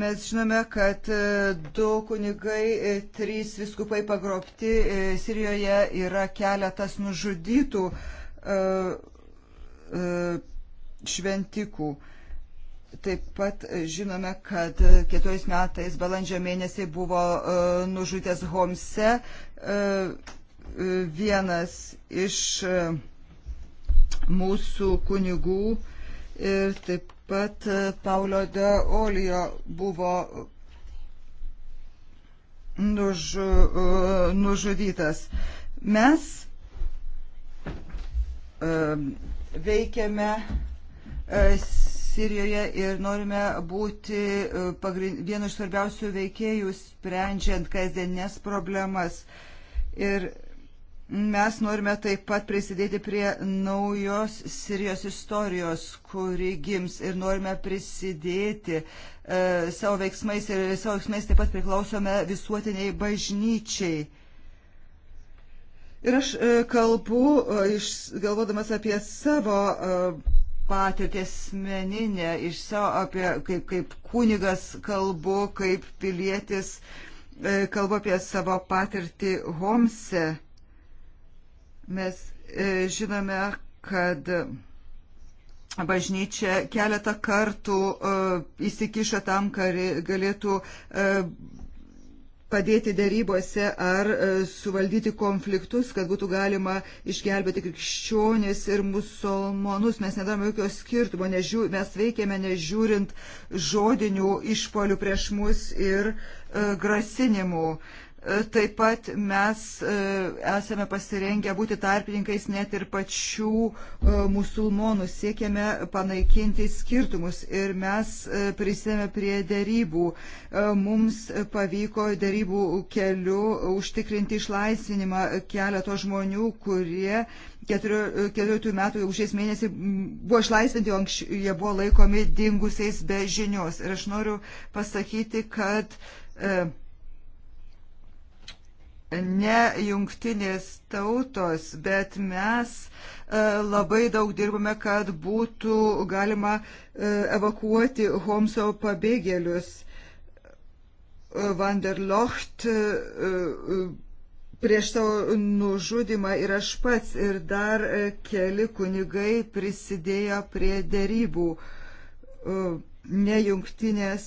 Mes žinome, kad e, du kunigai, e, trys viskupai pagrobti Sirijoje yra keletas nužudytų šventikų. Uh, uh, šventikų. Taip pat e, žinome, kad e, kitais metais balandžio mėnesį buvo e, nužudytas Homse vienas iš mūsų kunigų ir taip pat Paulio de Olio buvo nužu, nužudytas. Mes veikiame Sirijoje ir norime būti e, vienu iš svarbiausių veikėjų sprendžiant kasdienės problemas. Ir mes norime taip pat prisidėti prie naujos Sirijos istorijos, kuri gims ir norime prisidėti e, savo veiksmais ir savo veiksmais taip pat priklausome visuotiniai bažnyčiai. Ir aš e, kalbu, e, galvodamas apie savo patirtį asmeninę iš savo, apie, kaip, kaip kunigas kalbu, kaip pilietis e, kalbu apie savo patirtį Homse. Mes e, žinome, kad bažnyčia keletą kartų e, įsikišo tam, kad galėtų padėti dėrybose ar e, suvaldyti konfliktus, kad būtų galima išgelbėti krikščionis ir musulmonus. Mes nedarome jokio skirtumo, nežiū, mes veikiame nežiūrint žodinių išpolių prieš mus ir e, grasinimų. E, Taip pat mes e, esame pasirengę būti tarpininkais net ir pačių e, musulmonų, siekiame panaikinti skirtumus ir mes e, prisėmė prie dėrybų. Mums pavyko dėrybų keliu užtikrinti išlaisvinimą keleto žmonių, kurie 14 metų jau šiais mėnesį buvo išlaisvinti, o anksčiau jie buvo laikomi dingusiais be žinios. Ir aš noriu pasakyti, kad e, ne jungtinės tautos, bet mes e, labai daug dirbame, kad būtų galima e, evakuoti Homso pabėgėlius. E, van der Locht prieš savo nužudimą ir aš pats ir dar keli kunigai prisidėjo prie dėrybų. Ne jungtinės,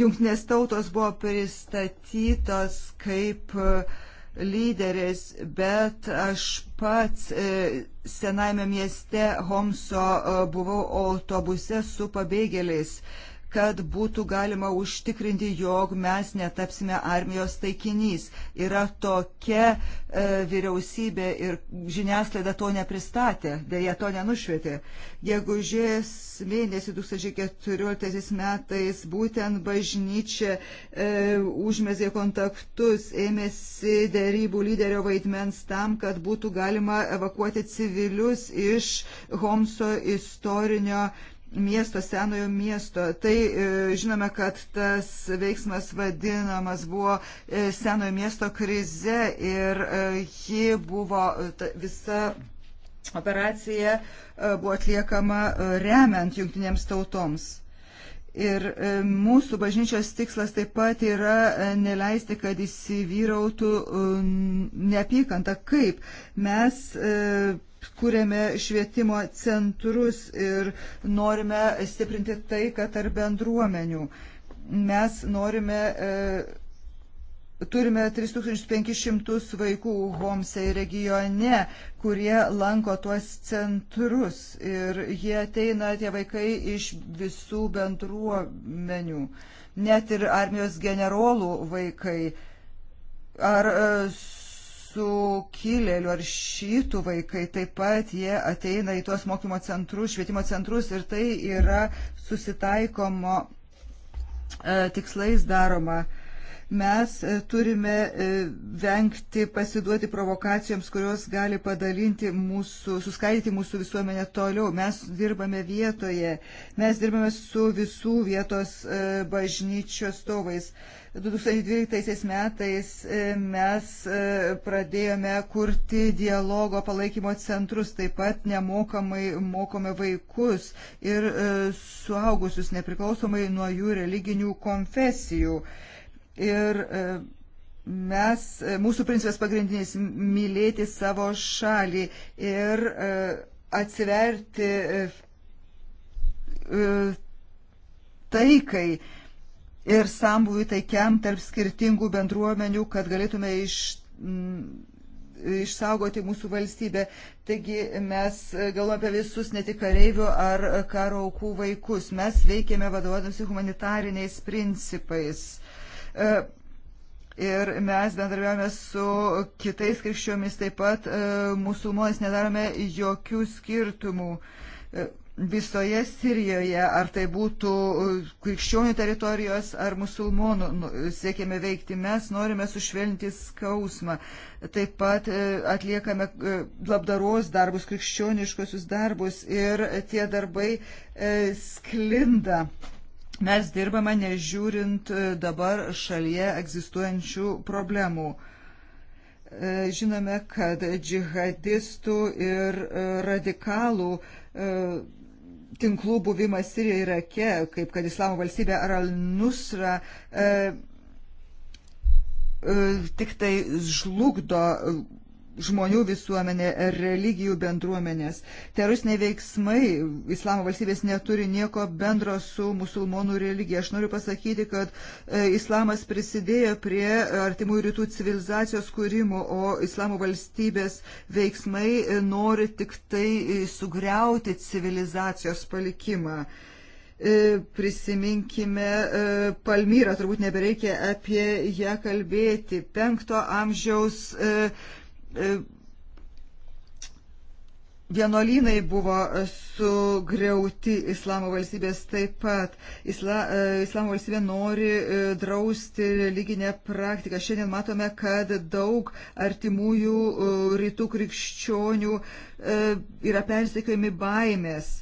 jungtinės tautos buvo pristatytos kaip uh, lyderis, bet aš pats e, senajame mieste Homso e, buvau autobuse su pabėgėliais kad būtų galima užtikrinti, jog mes netapsime armijos taikinys. Yra tokia e, vyriausybė ir žiniasklaida to nepristatė, dėja to nenušvietė. Gegužės mėnesį 2014 metais būtent bažnyčia e, užmezė kontaktus, ėmėsi dėrybų lyderio vaidmens tam, kad būtų galima evakuoti civilius iš Homso istorinio e, miesto, senojo miesto. Tai e, žinome, kad tas veiksmas vadinamas buvo e, senojo miesto krize ir e, ji buvo visa operacija buvo atliekama remiant jungtinėms tautoms. Ir mūsų bažnyčios tikslas taip pat yra neleisti, kad įsivyrautų neapykanta. Kaip mes kūrėme švietimo centrus ir norime stiprinti tai, kad tarp bendruomenių. Mes norime, e, turime 3500 vaikų Homsei regione, kurie lanko tuos centrus ir jie ateina, tie vaikai, iš visų bendruomenių. Net ir armijos generolų vaikai. Ar e, sukilėlių ar šytų vaikai, taip pat jie ateina į tuos mokymo centrus, švietimo centrus ir tai yra susitaikomo e, tikslais daroma. E, Mes e, turime e, vengti pasiduoti provokacijoms, kurios gali padalinti mūsų, suskaidyti mūsų visuomenę toliau. Mes dirbame vietoje, mes dirbame su visų vietos e, bažnyčios stovais. 2012 metais mes pradėjome kurti dialogo palaikymo centrus, taip pat nemokamai mokome vaikus ir suaugusius nepriklausomai nuo jų religinių konfesijų. Ir e, mes, e, mūsų principas pagrindinis - mylėti savo šalį ir e, atsiverti taikai ir sambūviui taikiam tarp skirtingų bendruomenių, kad galėtume iš, m, išsaugoti mūsų valstybę. Taigi mes galvojame apie visus, ne tik kareivių ar karo aukų vaikus. Mes veikėme vadovodamsi humanitariniais principais. E, ir mes bendradarbiavame su kitais krikščiomis taip pat, e, musulmonės nedarome jokių skirtumų e, visoje Sirijoje, ar tai būtų krikščionių teritorijos ar musulmonų, nu, siekėme veikti, mes norime sušvelninti skausmą. Taip pat atliekame labdaros darbus, krikščioniškosius darbus ir tie darbai sklinda mes dirbame nežiūrint e, dabar šalyje egzistuojančių problemų. E, žinome, kad džihadistų ir e, radikalų tinklų buvimas Sirijoje ir Irake, kaip kad Islamo valstybė ar Al-Nusra, e, e, tik tai žlugdo žmonių visuomenė, religijų bendruomenės. Teroristiniai veiksmai Islamo valstybės neturi nieko bendro su musulmonų religija. Aš noriu pasakyti, kad e, Islamas prisidėjo prie artimų rytų civilizacijos kūrimo, o Islamo valstybės veiksmai e, nori tik tai e, sugriauti civilizacijos palikimą prisiminkime Palmyrą, turbūt nebereikia apie ją kalbėti. Penkto amžiaus E, vienuolynai buvo sugriauti islamo valstybės taip pat. Isla, e, islamo valstybė nori e, drausti religinę praktiką. Šiandien matome, kad daug artimųjų rytų krikščionių yra persekiojami baimės.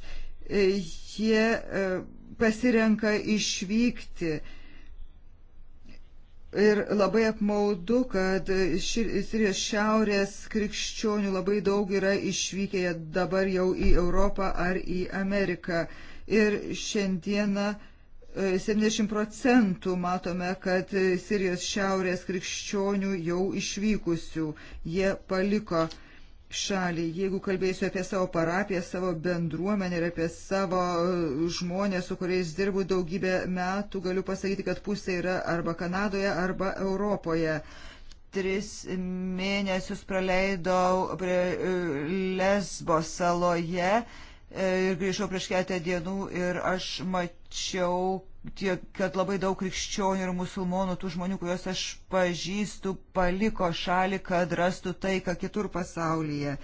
Jie pasirenka išvykti Ir labai apmaudu, kad Sirijos šiaurės krikščionių labai daug yra išvykę dabar jau į Europą ar į Ameriką. Ir šiandieną 70 e, procentų matome, kad Sirijos šiaurės krikščionių jau išvykusių jie paliko šalį. Jeigu kalbėsiu apie savo parapiją, savo bendruomenę ir apie savo e, žmonės, su kuriais dirbu daugybę metų, galiu pasakyti, kad pusė yra arba Kanadoje, arba Europoje. Tris mėnesius praleidau prie e, Lesbo saloje e, ir grįžau prieš keletą dienų ir aš mačiau, tiek, kad labai daug krikščionių ir musulmonų, tų žmonių, kuriuos aš pažįstu, paliko šalį, kad rastų taiką kitur pasaulyje.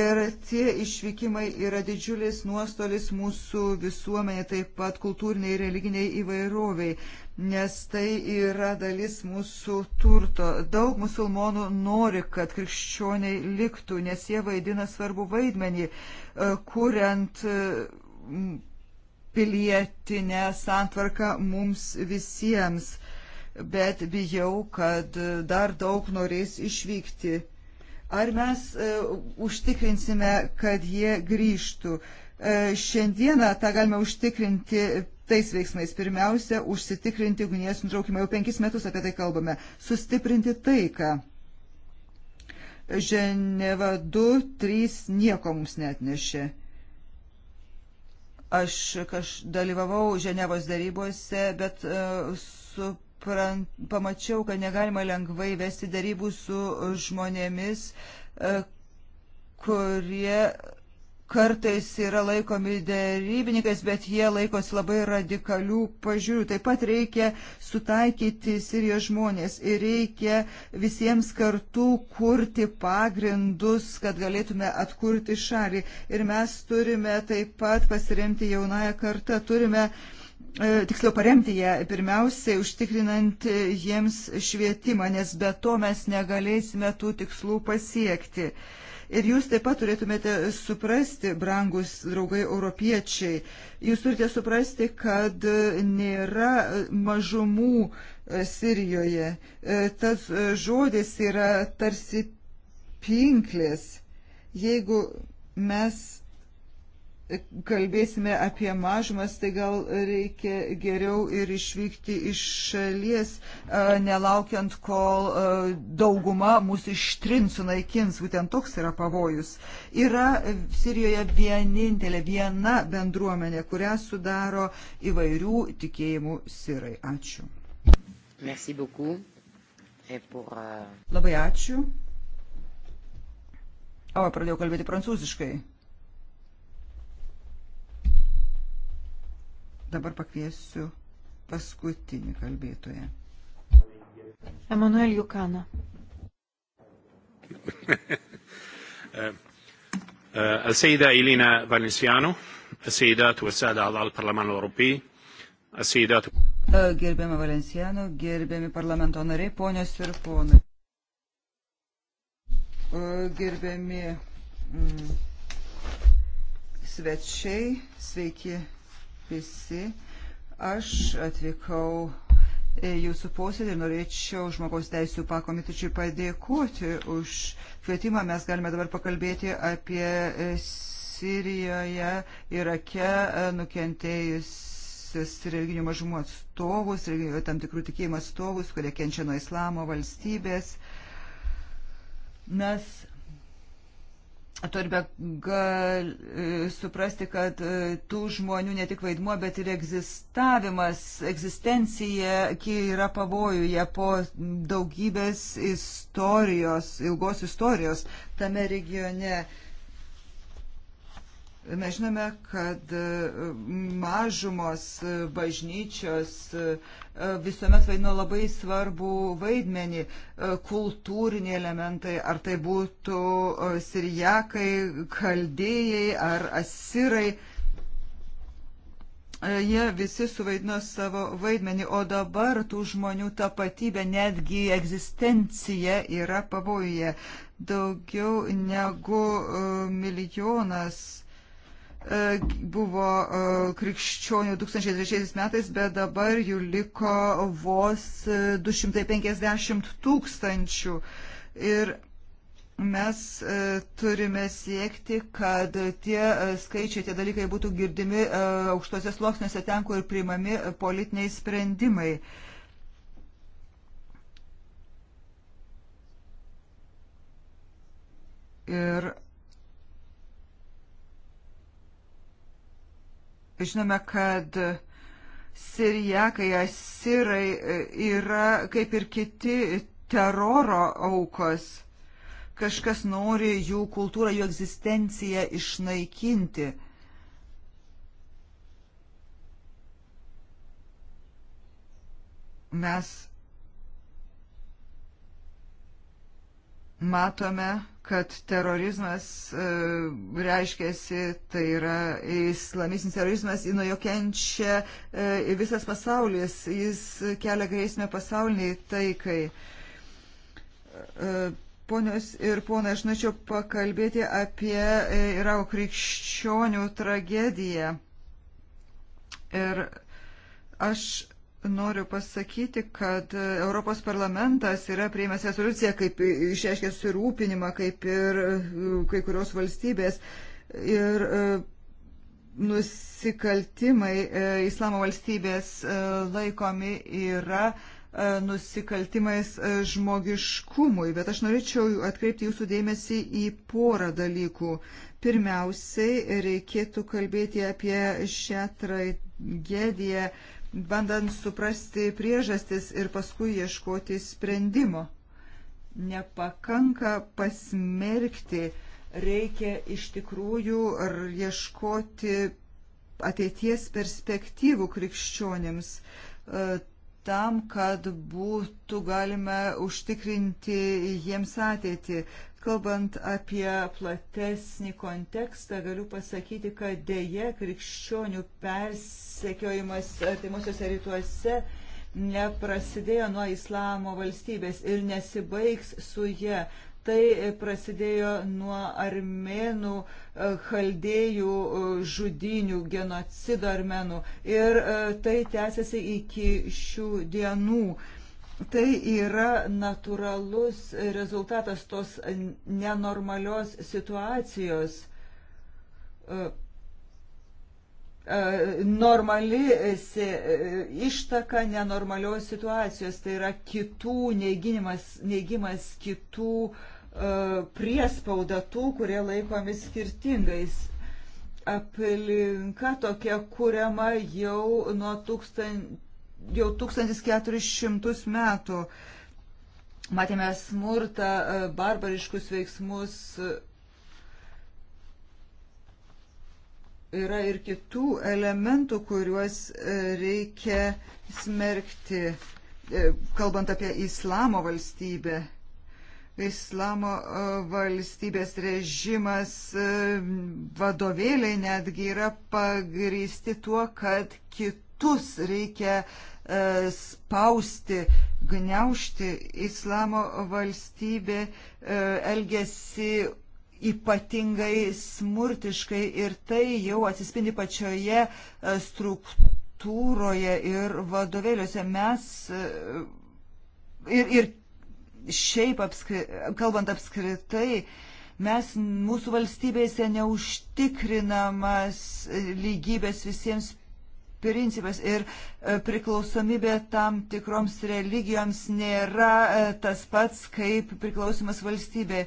Ir tie išvykimai yra didžiulis nuostolis mūsų visuomenė, taip pat kultūriniai ir religiniai įvairoviai, nes tai yra dalis mūsų turto. Daug musulmonų nori, kad krikščioniai liktų, nes jie vaidina svarbu vaidmenį, e, kuriant pilietinę santvarką mums visiems, bet bijau, kad dar daug norės išvykti. Ar mes e, užtikrinsime, kad jie grįžtų? E, šiandieną tą galime užtikrinti tais veiksmais. Pirmiausia, užsitikrinti ugnies nutraukimą. Jau penkis metus apie tai kalbame. Sustiprinti taiką. Ženeva 2, 3 nieko mums net nešė. Aš kaž, dalyvavau Ženevos darybose, bet uh, e, suprant, pamačiau, kad negalima lengvai vesti darybų su žmonėmis, uh, kurie kartais yra laikomi dėrybininkais, bet jie laikosi labai radikalių pažiūrų. Taip pat reikia sutaikyti Sirijos žmonės ir reikia visiems kartu kurti pagrindus, kad galėtume atkurti šalį. Ir mes turime taip pat pasiremti jaunąją kartą, turime e, tiksliau paremti ją pirmiausiai, užtikrinant jiems švietimą, nes be to mes negalėsime tų tikslų pasiekti. Uh, Ir jūs taip pat turėtumėte suprasti, brangus draugai europiečiai, jūs turite suprasti, kad nėra mažumų e, Sirijoje. E, tas e, žodis yra tarsi pinklės. Jeigu mes kalbėsime apie mažumas, tai gal reikia geriau ir išvykti iš šalies, nelaukiant, kol dauguma mūsų ištrins, sunaikins. Būtent toks yra pavojus. Yra Sirijoje vienintelė, viena bendruomenė, kurią sudaro įvairių tikėjimų sirai. Ačiū. Merci beaucoup. Pour... Euh, Labai ačiū. O, pradėjau kalbėti prancūziškai. Dabar pakviesiu paskutinį kalbėtoją. Emanuel Jukana. السيدة إلينا فالنسيانو السيدات والسادة أعضاء البرلمان الأوروبي السيدات Gerbiama Valenciano, gerbiami parlamento nariai, ponios ir ponai. Eh, gerbiami mm, svečiai, sveiki visi. Aš atvykau jūsų posėdį ir norėčiau žmogaus teisų pakomitečiui padėkoti už kvietimą. Mes galime dabar pakalbėti apie e, Sirijoje, Irake e, nukentėjusius religinių mažumų atstovus, tam tikrų tikėjimų atstovus, kurie kenčia nuo islamo valstybės. Mes turime gal, e, suprasti, kad e, tų žmonių ne tik vaidmuo, bet ir egzistavimas, egzistencija yra pavojuje po daugybės istorijos, ilgos istorijos tame regione. Mes žinome, kad e, mažumos e, bažnyčios e, visuomet vaidino labai svarbu vaidmenį, kultūriniai elementai, ar tai būtų sirijakai, kaldėjai ar asirai. Jie visi suvaidino savo vaidmenį, o dabar tų žmonių tapatybė, netgi egzistencija yra pavojuje. Daugiau negu milijonas E, buvo e, krikščionių 2003 metais, bet dabar jų liko vos 250 e, tūkstančių. Ir mes turime siekti, kad tie skaičiai, tie dalykai būtų girdimi aukštose sluoksniuose ten, kur priimami politiniai sprendimai. Ir Žinome, kad sirijakai, asirai e, yra kaip ir kiti teroro aukos. Kažkas nori jų kultūrą, jų egzistenciją išnaikinti. Mes matome, kad terorizmas e, reiškiasi, tai yra islamistinis terorizmas, nuo jo kenčia e, visas pasaulis, jis kelia grėsmę pasauliniai taikai. E, ponios ir ponai, aš norėčiau pakalbėti apie e, Irako krikščionių tragediją. Ir aš noriu pasakyti, kad Europos parlamentas yra prieimęs rezoliuciją, kaip išreiškė susirūpinimą, kaip ir e, kai kurios valstybės. Ir e, nusikaltimai e, islamo valstybės laikomi yra nusikaltimais žmogiškumui, bet aš norėčiau atkreipti jūsų dėmesį į porą dalykų. Pirmiausiai reikėtų kalbėti apie šią tragediją bandant suprasti priežastis ir paskui ieškoti sprendimo. Nepakanka pasmerkti, reikia iš tikrųjų ar ieškoti ateities perspektyvų krikščionėms e, tam, kad būtų galima užtikrinti jiems ateitį. Kalbant apie platesnį kontekstą, galiu pasakyti, kad dėje krikščionių persekiojimas artimuosiuose rytuose neprasidėjo nuo islamo valstybės ir nesibaigs su jie. Tai prasidėjo nuo armenų, e, chaldėjų e, žudinių, genocido armenų. Ir e, tai tęsiasi iki šių dienų Tai yra natūralus rezultatas tos nenormalios situacijos. E, e, normali e, ištaka nenormalios situacijos, tai yra kitų neiginimas, neigimas kitų priespauda tų, kurie laikomi skirtingais aplinka tokia kuriama jau nuo 1000 jau 1400 metų. Matėme smurtą, e, barbariškus veiksmus. Yra ir kitų elementų, kuriuos e, reikia smerkti, e, kalbant apie islamo valstybę. Islamo valstybės režimas vadovėliai netgi yra pagrysti tuo, kad kitus reikia E, spausti, gniaušti islamo valstybė e, elgesi ypatingai smurtiškai ir tai jau atsispindi pačioje e, struktūroje ir vadovėliuose. Mes ir, ir šiaip apskri, kalbant apskritai, mes mūsų valstybėse neužtikrinamas lygybės visiems principas ir e, priklausomybė tam tikroms religijoms nėra e, tas pats kaip priklausimas valstybė.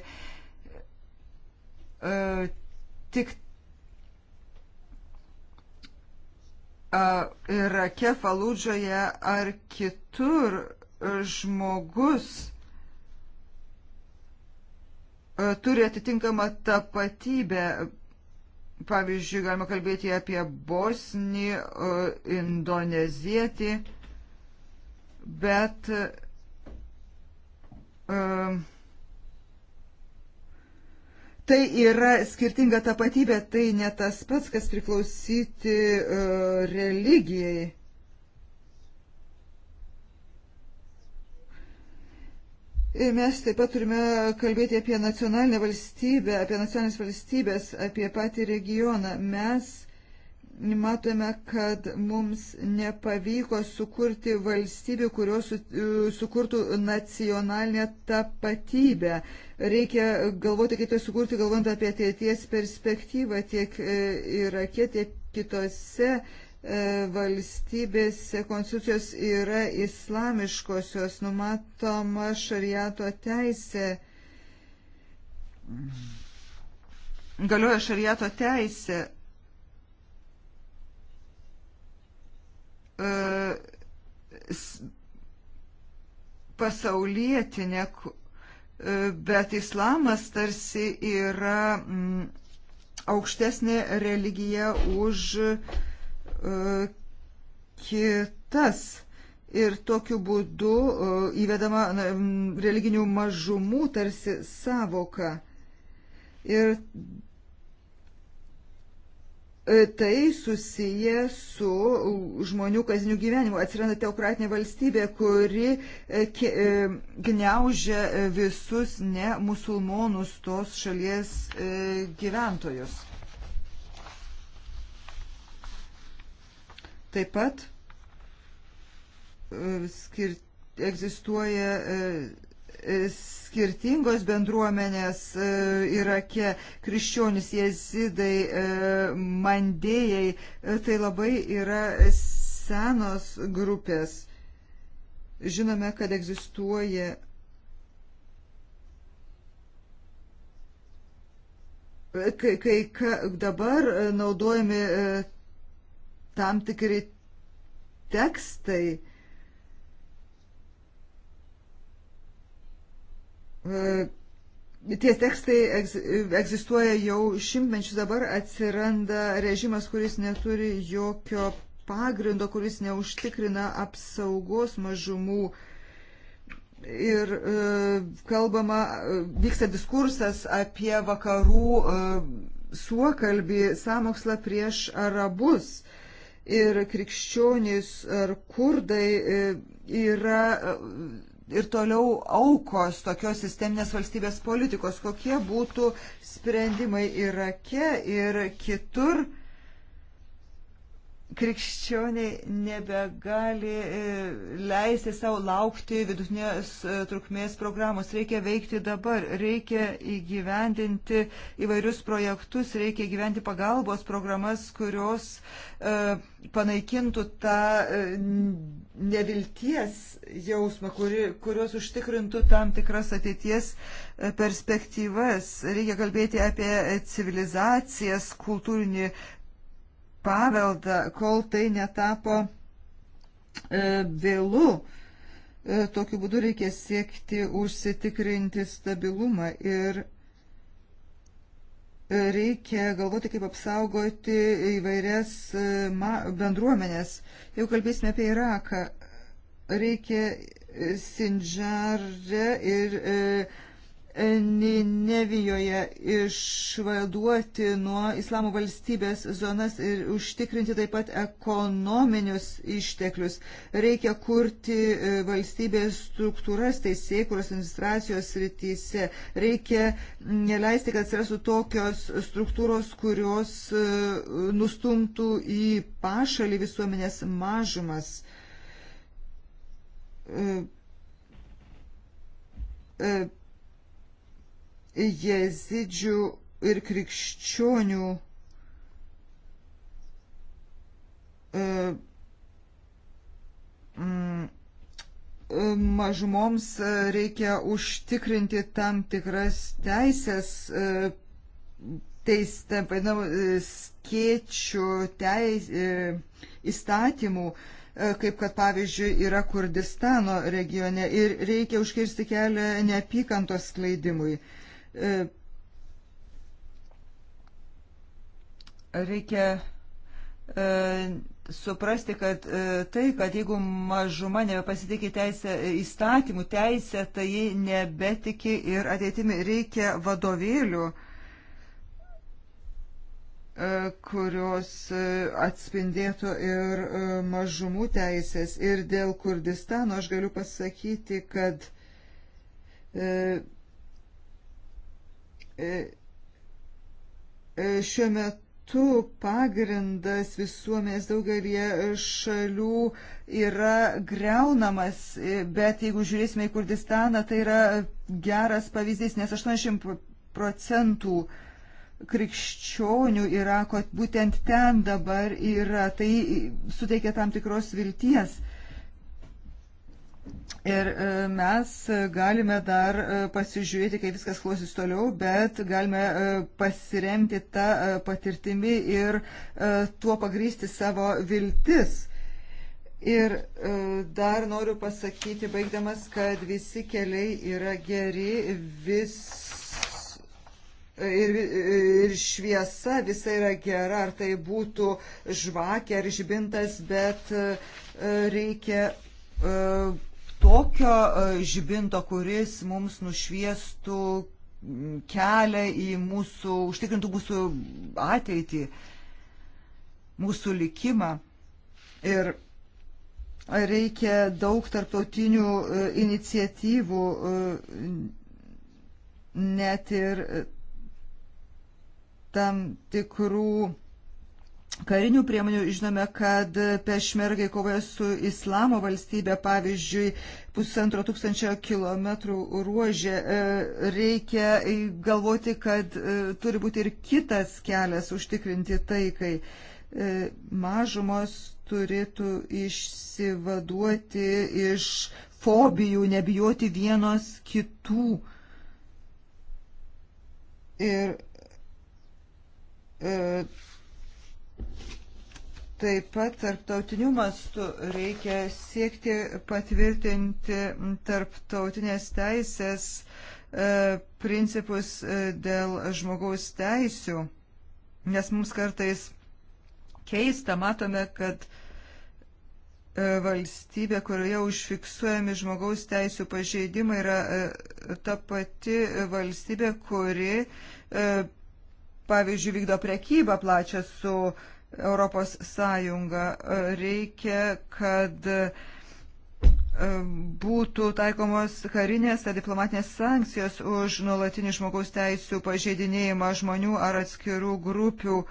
E, tik Irake, Faludžoje ar kitur žmogus turi atitinkamą tapatybę Pavyzdžiui, galima kalbėti apie bosnį, e, indonezietį, bet e, tai yra skirtinga tapatybė, tai ne tas pats, kas priklausyti e, religijai. Mes taip pat turime kalbėti apie nacionalinę valstybę, apie nacionalinės valstybės, apie patį regioną. Mes matome, kad mums nepavyko sukurti valstybių, kurios e, sukurtų nacionalinę tapatybę. Reikia galvoti, kaip tai sukurti, galvant apie ateities perspektyvą tiek e, Irake, tiek kitose E, valstybėse konstitucijos yra islamiškosios, numatoma šariato teisė, galioja šariato teisė. E, pasaulietinė, e, bet islamas tarsi yra mm, aukštesnė religija už uh, E, kitas. Ir tokiu būdu e, įvedama religinių mažumų tarsi savoka. Ir e, tai susiję su žmonių kasiniu gyvenimu. Atsiranda teokratinė valstybė, kuri gniaužia visus ne musulmonus tos šalies gyventojus. Taip pat e, skir, egzistuoja e, e, skirtingos bendruomenės Irake, krikščionys, jezidai, mandėjai, tai labai yra senos grupės. Žinome, kad egzistuoja kai, kai dabar naudojami tam tikri tekstai e, Tie tekstai egzistuoja jau šimtmečius, dabar atsiranda režimas, kuris neturi jokio pagrindo, kuris neužtikrina apsaugos mažumų. Ir e, kalbama, e, vyksta diskursas apie vakarų e, suokalbį, samokslą prieš arabus. E, ir krikščionys ar kurdai e, yra e, ir toliau aukos tokios sisteminės valstybės politikos. Kokie būtų sprendimai Irake ir kitur? krikščioniai nebegali e, leisti savo laukti vidutinės e, trukmės programos. Reikia veikti dabar, reikia įgyvendinti įvairius projektus, reikia įgyvendinti pagalbos programas, kurios e, panaikintų tą nevilties jausmą, kuri, kurios užtikrintų tam tikras ateities perspektyvas. Reikia kalbėti apie civilizacijas, kultūrinį paveldą, kol tai netapo e, vėlų. E, tokiu būdu reikia siekti užsitikrinti stabilumą ir e, reikia galvoti, kaip apsaugoti įvairias bendruomenės. Jau kalbėsime apie Iraką. Reikia Sinžarę ir e, Ninevijoje išvaduoti nuo islamo valstybės zonas ir užtikrinti taip pat ekonominius išteklius. Reikia kurti e, valstybės struktūras teisėkuros administracijos rytise. Reikia neleisti, kad atsirastų tokios struktūros, kurios e, nustumtų į pašalį visuomenės mažumas e, jezidžių ir krikščionių e, mm, e, mažumoms e, reikia užtikrinti tam tikras teisės e, teistę, vadinamų, e, skėčių teis, įstatymų, kaip kad pavyzdžiui yra Kurdistano regione ir reikia užkirsti kelią neapykantos skleidimui. E, reikia e, suprasti, kad e, tai, kad jeigu mažuma nebepasitikė teisę įstatymų teisę, tai ji nebetiki ir ateitimi reikia vadovėlių, kurios atspindėtų ir mažumų teisės. Ir dėl Kurdistano aš galiu pasakyti, kad E, e, šiuo metu pagrindas visuomenės daugelie šalių yra greunamas, e, bet jeigu žiūrėsime į Kurdistaną, tai yra geras pavyzdys, nes 80 procentų krikščionių Irako būtent ten dabar yra, tai suteikia tam tikros vilties Ir e, mes galime dar e, pasižiūrėti, kaip viskas klausys toliau, bet galime e, pasiremti tą patirtimį ir tuo pagrysti savo viltis. Ir dar noriu pasakyti, baigdamas, kad visi keliai yra geri, vis ir, ir šviesa visa yra gera, ar tai būtų žvakė ar žibintas, bet reikia tokio e, žibinto, kuris mums nušviestų kelią į mūsų, užtikrintų mūsų ateitį, mūsų likimą. Ir reikia daug tarptautinių e, iniciatyvų, e, net ir tam tikrų karinių priemonių. Žinome, kad pešmergai kovoja su islamo valstybė, pavyzdžiui, pusantro tūkstančio kilometrų ruožė. E, reikia galvoti, kad e, turi būti ir kitas kelias užtikrinti taikai. E, mažumos turėtų išsivaduoti iš fobijų, nebijoti vienos kitų. Ir, ir Taip pat tarptautiniu mastu reikia siekti patvirtinti tarptautinės teisės e, principus e, dėl žmogaus teisių, nes mums kartais keista, matome, kad e, valstybė, kurioje užfiksuojami žmogaus teisų pažeidimai, yra e, ta pati valstybė, kuri, pavyzdžiui, vykdo prekybą plačią su Europos Sąjungą. Reikia, kad e, būtų taikomos karinės ar diplomatinės sankcijos už nuolatinį žmogaus teisų pažeidinėjimą žmonių ar atskirų grupių e,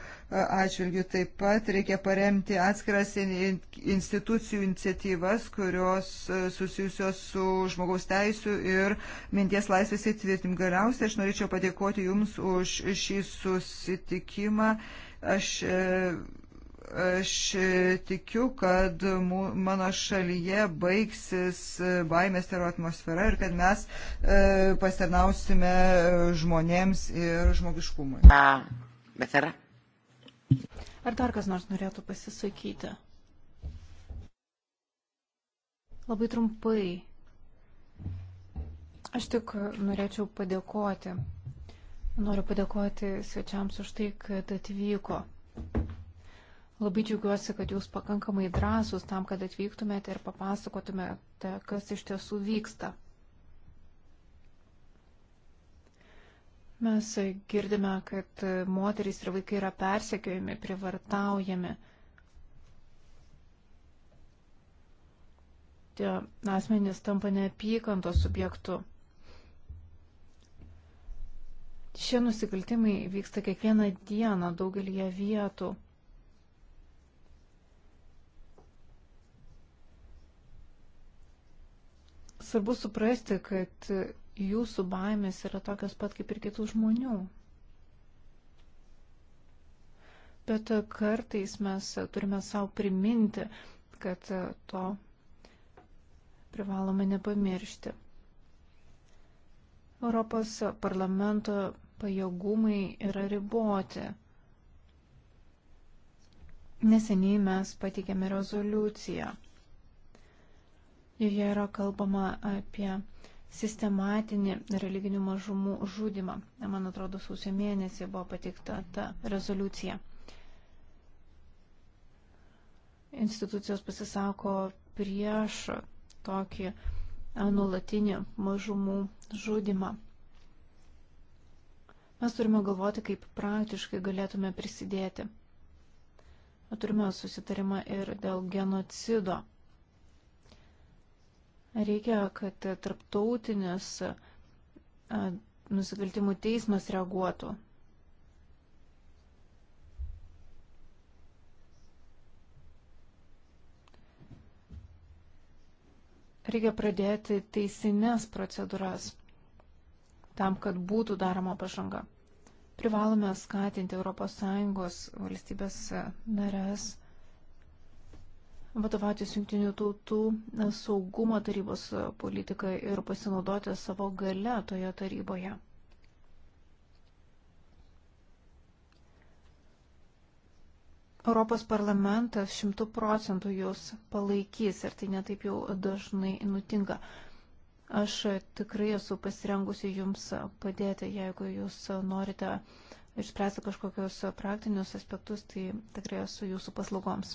atžvilgių. Taip pat reikia paremti atskiras institucijų iniciatyvas, kurios e, susijusios su žmogaus teisų ir minties laisvės įtvirtim. Galiausiai aš norėčiau padėkoti Jums už šį susitikimą. Aš, e, aš tikiu, kad mano šalyje baigsis e, baimės teroro atmosfera ir kad mes e, pasitarnausime žmonėms ir žmogiškumui. Bethera. Ar dar kas nors norėtų pasisakyti? Labai trumpai. Aš tik norėčiau padėkoti Noriu padėkoti svečiams už tai, kad atvyko. Labai džiaugiuosi, kad jūs pakankamai drąsūs tam, kad atvyktumėte ir papasakotumėte, kas iš tiesų vyksta. Mes girdime, kad moterys ir vaikai yra persekiojami, privartaujami. Tie asmenys tampa neapykantos subjektu. Šie nusikaltimai vyksta kiekvieną dieną daugelį vietų. Svarbu suprasti, kad jūsų baimės yra tokios pat kaip ir kitų žmonių. Bet kartais mes turime savo priminti, kad to privalome nepamiršti. Europos parlamento pajėgumai yra riboti. Neseniai mes patikėme rezoliuciją. Joje yra kalbama apie sistematinį religinių mažumų žudimą. Man atrodo, sausio mėnesį buvo patikta ta rezoliucija. Institucijos pasisako prieš tokį nulatinį mažumų žudimą. Mes turime galvoti, kaip praktiškai galėtume prisidėti. Turime susitarimą ir dėl genocido. Reikia, kad tarptautinis nusikaltimų teismas reaguotų. Reikia pradėti teisinės procedūras tam, kad būtų daroma pažanga. Privalome skatinti ES valstybės narės vadovautis jungtinių tautų saugumo tarybos politikai ir pasinaudoti savo gale toje taryboje. Europos parlamentas šimtų procentų jūs palaikys ir tai netaip jau dažnai nutinka. Aš tikrai esu pasirengusi jums padėti, jeigu jūs norite išspręsti kažkokius praktinius aspektus, tai tikrai esu jūsų paslaugoms.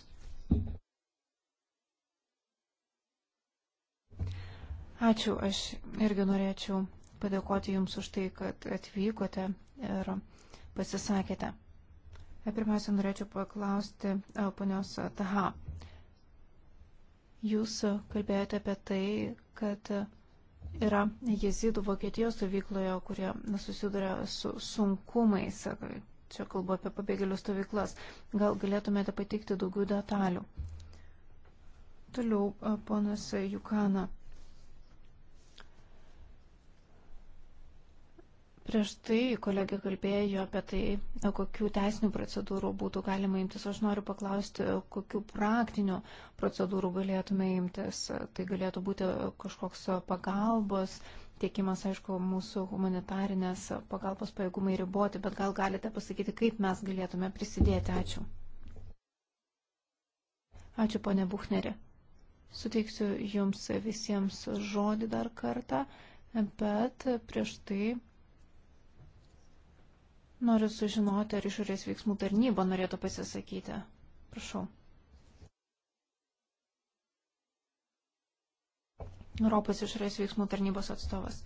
Ačiū, aš irgi norėčiau padėkoti Jums už tai, kad atvykote ir pasisakėte. Pirmiausia, norėčiau paklausti ponios Taha. Jūs kalbėjote apie tai, kad yra jezidų Vokietijos stovykloje, kurie susiduria su sunkumais. Čia kalbu apie pabėgėlių stovyklas. Gal galėtumėte pateikti daugiau detalių? Toliau, ponas Jukana. Prieš tai kolegė kalbėjo apie tai, kokių teisinių procedūrų būtų galima imtis. Aš noriu paklausti, kokių praktinių procedūrų galėtume imtis. Tai galėtų būti kažkoks pagalbos tiekimas, aišku, mūsų humanitarinės pagalbos pajėgumai riboti, bet gal galite pasakyti, kaip mes galėtume prisidėti. Ačiū. Ačiū, ponė Buchneri. Suteiksiu jums visiems žodį dar kartą, bet prieš tai Noriu sužinoti, ar išorės veiksmų tarnyba norėtų pasisakyti. Prašau. Europos išorės veiksmų tarnybos atstovas.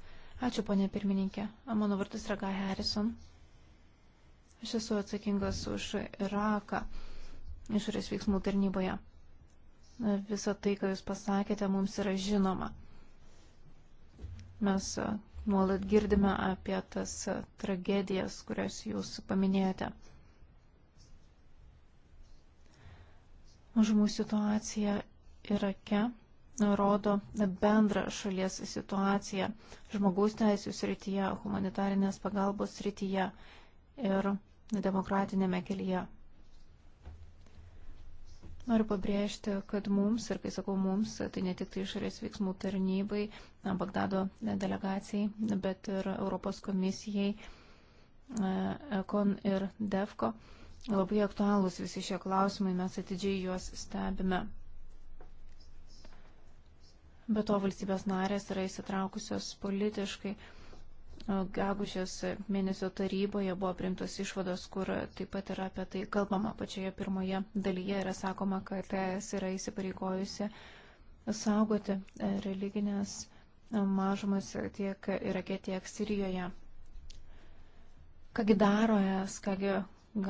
Ačiū, ponė pirmininkė. Mano vardas yra Guy Harrison. Aš esu atsakingas už Iraką išorės veiksmų tarnyboje. Visa tai, ką jūs pasakėte, mums yra žinoma. Mes Nuolat girdime apie tas tragedijas, kurias jūs paminėjote. Žmonių situacija Irake rodo bendrą šalies situaciją žmogaus teisų srityje, humanitarinės pagalbos srityje ir demokratinėme kelyje. Noriu pabrėžti, kad mums, ir kai sakau mums, tai ne tik tai išorės veiksmų tarnybai, Bagdado delegacijai, bet ir Europos komisijai, e, Ekon ir DEFCO. Labai aktualūs visi šie klausimai, mes atidžiai juos stebime. Be to valstybės narės yra įsitraukusios politiškai Gegužės mėnesio taryboje buvo primtos išvados, kur taip pat yra apie tai kalbama pačioje pirmoje dalyje. Yra sakoma, kad ES yra įsipareigojusi saugoti religinės mažumas tiek Irake, tiek Sirijoje. Kągi daro ES, kągi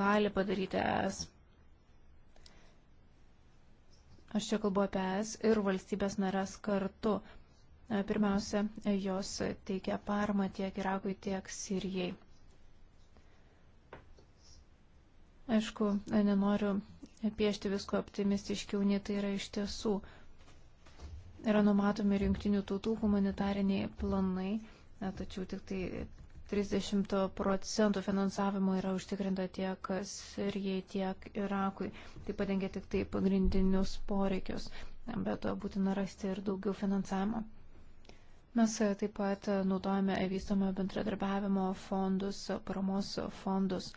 gali padaryti ES. Aš čia kalbu apie ES ir valstybės narės kartu. Pirmiausia, jos teikia parmą tiek Irakui, tiek Sirijai. Aišku, nenoriu piešti visko optimistiškiau, nei tai yra iš tiesų. Yra numatomi ir jungtinių tautų humanitariniai planai, tačiau tik tai 30 procentų finansavimo yra užtikrinta tiek Sirijai, tiek Irakui. Tai padengia tik tai pagrindinius poreikius, bet būtina rasti ir daugiau finansavimo. Mes e, taip pat e, naudojame e, vystomo bendradarbiavimo fondus, paramos fondus.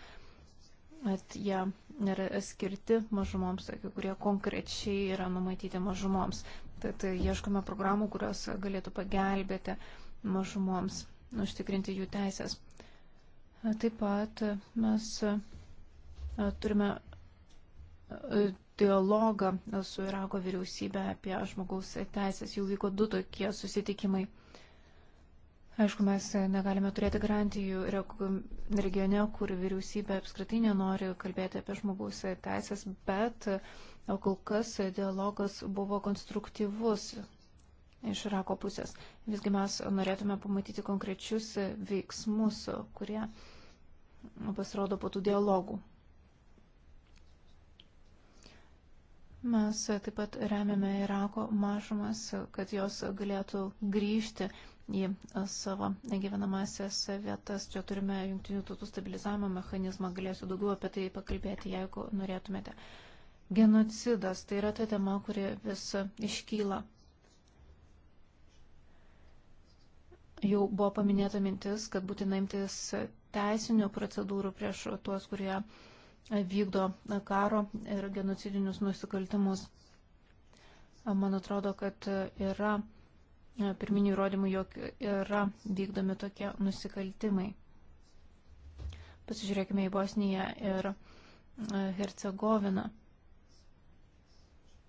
At jie nėra skirti mažumoms, kai kurie konkrečiai yra numatyti mažumoms. Tad ieškome programų, kurios galėtų pagelbėti mažumoms, užtikrinti jų teisės. Taip pat mes turime dialogą su Irako vyriausybė apie žmogaus teisės. Jau vyko du tokie susitikimai. Aišku, mes negalime turėti garantijų regione, kur vyriausybė apskritai nenori kalbėti apie žmogaus teisės, bet kol kas dialogas buvo konstruktyvus iš Irako pusės. Visgi mes norėtume pamatyti konkrečius veiksmus, kurie pasirodo po tų dialogų. Mes taip pat remiame Irako mažumas, kad jos galėtų grįžti į e, savo gyvenamasias vietas. Čia turime jungtinių tautų stabilizavimo mechanizmą, galėsiu daugiau apie tai pakalbėti, jeigu norėtumėte. Genocidas tai yra ta tema, kuri vis iškyla. Jau buvo paminėta mintis, kad būtina imtis teisinių procedūrų prieš tuos, kurie vykdo karo ir genocidinius nusikaltimus. Man atrodo, kad yra E, pirminių įrodymų, jog yra vykdomi tokie nusikaltimai. Pasižiūrėkime į Bosniją ir e, Hercegoviną.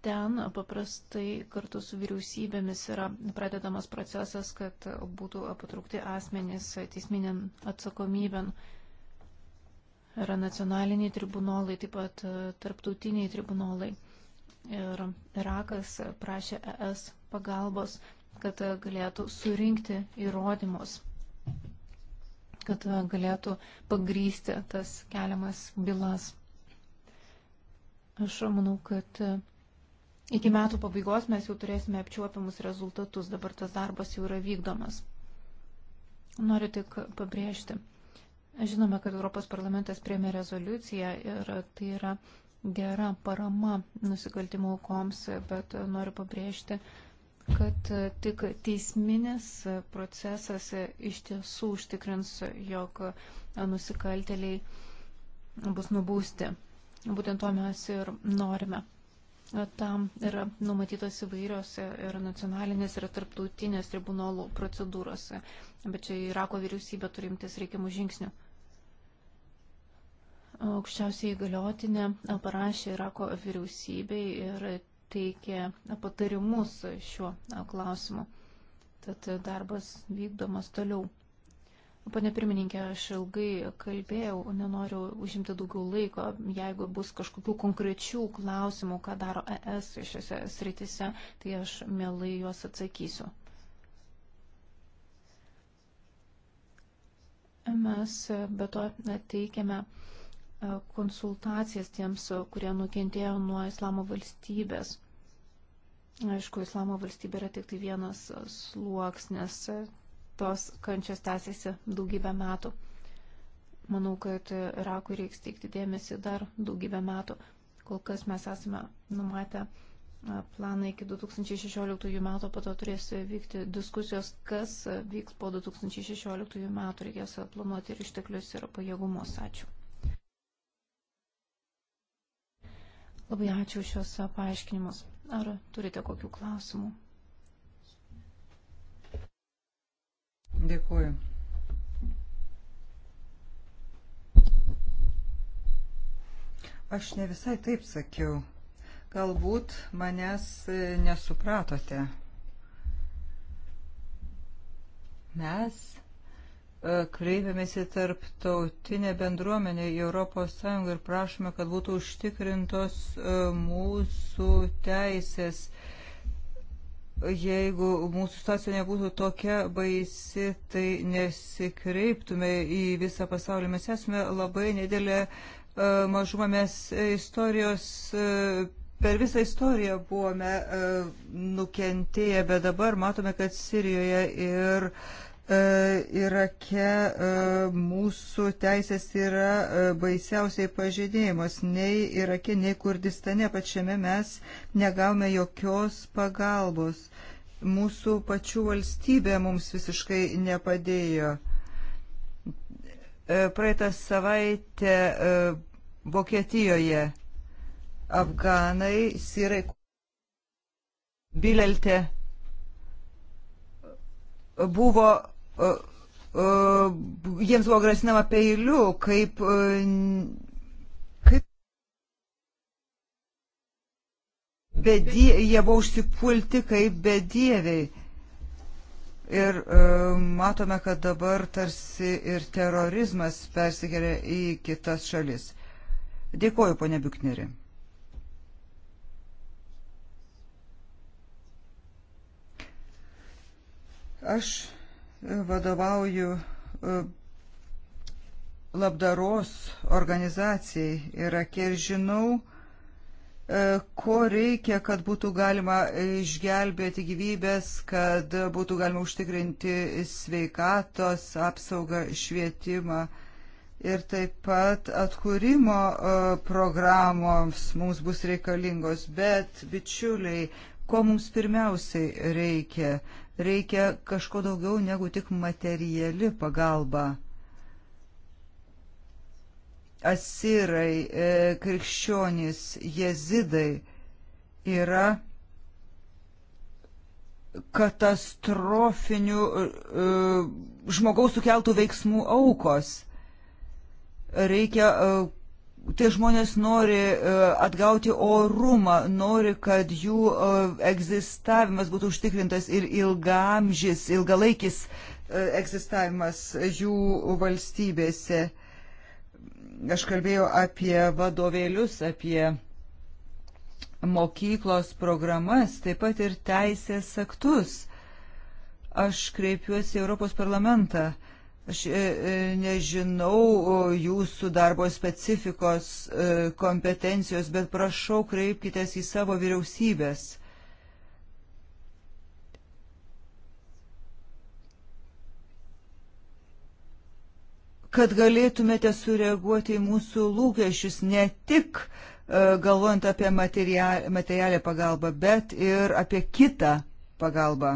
Ten paprastai kartu su vyriausybėmis yra pradedamas procesas, kad būtų patraukti asmenys teisminėm atsakomybėm. Yra nacionaliniai tribunolai, taip pat e, tarptautiniai tribunolai. Ir Irakas prašė ES pagalbos kad galėtų surinkti įrodymus, kad galėtų pagrysti tas keliamas bylas. Aš manau, kad iki metų pabaigos mes jau turėsime apčiuopiamus rezultatus, dabar tas darbas jau yra vykdomas. Noriu tik pabrėžti. Žinome, kad Europos parlamentas priemė rezoliuciją ir tai yra gera parama nusikaltimo aukoms, bet noriu pabrėžti, kad e, tik teisminis e, procesas e, iš tiesų užtikrins, jog nusikalteliai bus nubūsti. Būtent to mes ir norime. Tam yra numatytos įvairios ir nacionalinės, ir tarptautinės tribunolų procedūros, bet čia Irako vyriausybė turi imtis reikiamų žingsnių aukščiausiai įgaliotinė parašė Irako vyriausybei ir teikė patarimus šiuo klausimu. Tad darbas vykdomas toliau. Pane pirmininkė, aš ilgai kalbėjau, nenoriu užimti daugiau laiko. Jeigu bus kažkokių konkrečių klausimų, ką daro ES šiuose sritise, tai aš mielai juos atsakysiu. Mes be to teikiame konsultacijas tiems, kurie nukentėjo nuo islamo valstybės. Aišku, islamo valstybė yra tik tai vienas sluoksnis, tos kančios tęsiasi daugybę metų. Manau, kad Irakui reiks teikti dėmesį dar daugybę metų. Kol kas mes esame numatę planą iki 2016 metų, po to turės vykti diskusijos, kas vyks po 2016 metų, reikės planuoti ir išteklius ir pajėgumus. Ačiū. Labai ačiū šios paaiškinimus. Ar turite kokių klausimų? Dėkuoju. Aš ne visai taip sakiau. Galbūt manęs e, nesupratote. Mes E, kreipiamės į tarptautinę bendruomenę, į ES ir prašome, kad būtų užtikrintos e, mūsų teisės. Jeigu mūsų situacija nebūtų tokia baisi, tai nesikreiptume į visą pasaulį. Mes esame labai nedėlė e, mažuma, mes istorijos per visą istoriją buvome nukentėję, bet dabar matome, kad Sirijoje ir uh, E, Irake e, mūsų teisės yra e, baisiausiai pažeidėjimos. Nei Irake, nei Kurdistane pačiame mes negavome jokios pagalbos. Mūsų pačių valstybė mums visiškai nepadėjo. Praeitą savaitę Vokietijoje afganai, sirai, bilelte buvo E, e, jiems buvo grasinama peiliu, e, kaip bedie, jie buvo užsipulti kaip bedieviai. Ir e, matome, kad dabar tarsi ir terorizmas persikelia į kitas šalis. Dėkoju, ponia Bikneri. Aš vadovauju e, labdaros organizacijai Irake ir žinau, e, ko reikia, kad būtų galima išgelbėti gyvybės, kad būtų galima užtikrinti sveikatos, apsaugą, švietimą ir taip pat atkūrimo e, programoms mums bus reikalingos. Bet, bičiuliai, ko mums pirmiausiai reikia? reikia kažko daugiau negu tik materiali pagalba. Asirai, e, krikščionys, jezidai yra katastrofinių e, žmogaus sukeltų veiksmų aukos. Reikia e, tie žmonės nori e, atgauti orumą, nori, kad jų e, egzistavimas būtų užtikrintas ir ilgamžis, ilgalaikis e, egzistavimas jų valstybėse. Aš kalbėjau apie vadovėlius, apie mokyklos programas, taip pat ir teisės aktus. Aš kreipiuosi Europos parlamentą Aš e, e, nežinau jūsų darbo specifikos e, kompetencijos, bet prašau kreipkitės į savo vyriausybės. Kad galėtumėte sureaguoti į mūsų lūkesčius ne tik galvojant apie materialę pagalbą, bet ir apie kitą pagalbą.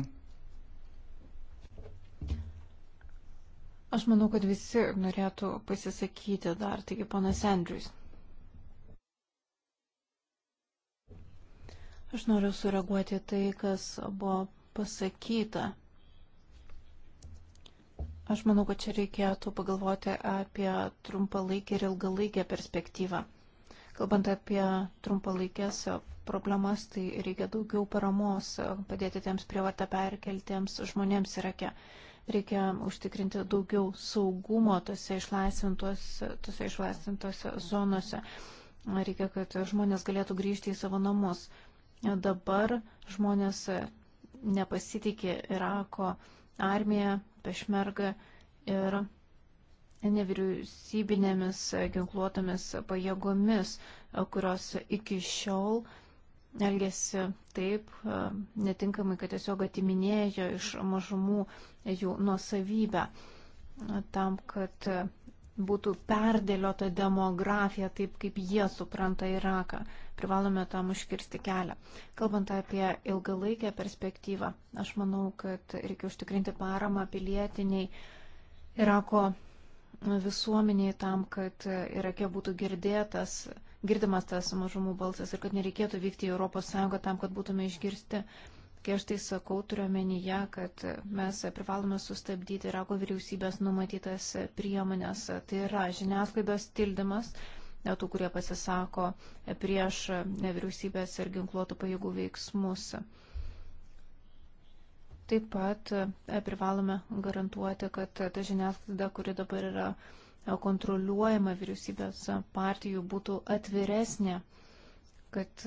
Aš manau, kad visi norėtų pasisakyti dar, taigi panas Andrius. Aš noriu sureaguoti tai, kas buvo pasakyta. Aš manau, kad čia reikėtų pagalvoti apie trumpalaikį ir ilgalaikę perspektyvą. Kalbant apie trumpalaikės problemas, tai reikia daugiau paramos padėti tiems prievarta perkeltiems žmonėms Irake. Ir Reikia užtikrinti daugiau saugumo tose išlaisvintose, tose išlaisvintose zonose. Reikia, kad žmonės galėtų grįžti į savo namus. Dabar žmonės nepasitikė Irako armiją, pešmergą ir nevyriausybinėmis ginkluotomis pajėgomis, kurios iki šiol uh, elgėsi taip e, netinkamai, kad tiesiog atiminėjo iš mažumų jų nuosavybę e, tam, kad e, būtų perdėliota demografija taip, kaip jie supranta Iraką. Privalome tam užkirsti kelią. Kalbant apie ilgalaikę perspektyvą, aš manau, kad reikia užtikrinti paramą pilietiniai Irako visuomeniai tam, kad Irake būtų girdėtas girdimas tas mažumų balsas ir kad nereikėtų vykti į ES tam, kad būtume išgirsti. Kai aš tai sakau, turiu omenyje, kad mes privalome sustabdyti Irako vyriausybės numatytas priemonės. Tai yra žiniasklaidos tildymas, tų, kurie pasisako prieš nevyriausybės ir ginkluotų pajėgų veiksmus. Taip pat privalome garantuoti, kad ta žiniasklaida, kuri dabar yra kontroliuojama vyriausybės partijų būtų atviresnė, kad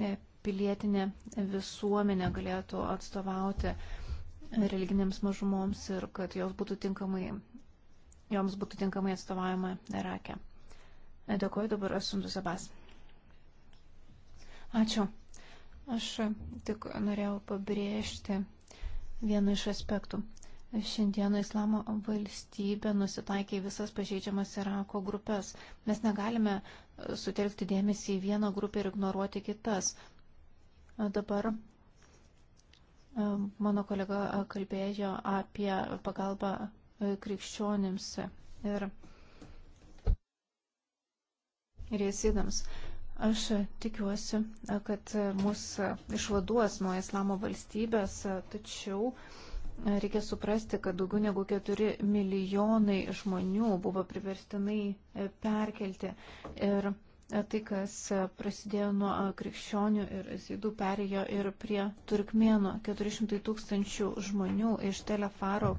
e, pilietinė visuomenė galėtų atstovauti religinėms mažumoms ir kad jos būtų tinkamai, joms būtų tinkamai atstovaujama Irake. Dėkuoju dabar Asundu Sabas. Ačiū. Aš tik norėjau pabrėžti vieną iš aspektų. Šiandieną Islamo valstybė nusitaikė į visas pažeidžiamas Irako grupės. Mes negalime e, sutelkti dėmesį į vieną grupę ir ignoruoti kitas. Dabar e, mano kolega e, kalbėjo apie pagalbą krikščionims ir, ir jėsidams. Aš tikiuosi, kad mus išvaduos nuo islamo valstybės, tačiau uh, Reikia suprasti, kad daugiau negu 4 milijonai žmonių buvo priverstinai e, perkelti. Ir e, tai, kas e, prasidėjo nuo krikščionių ir zydų, perėjo ir prie turkmėnų. 400 tūkstančių žmonių iš Telefaro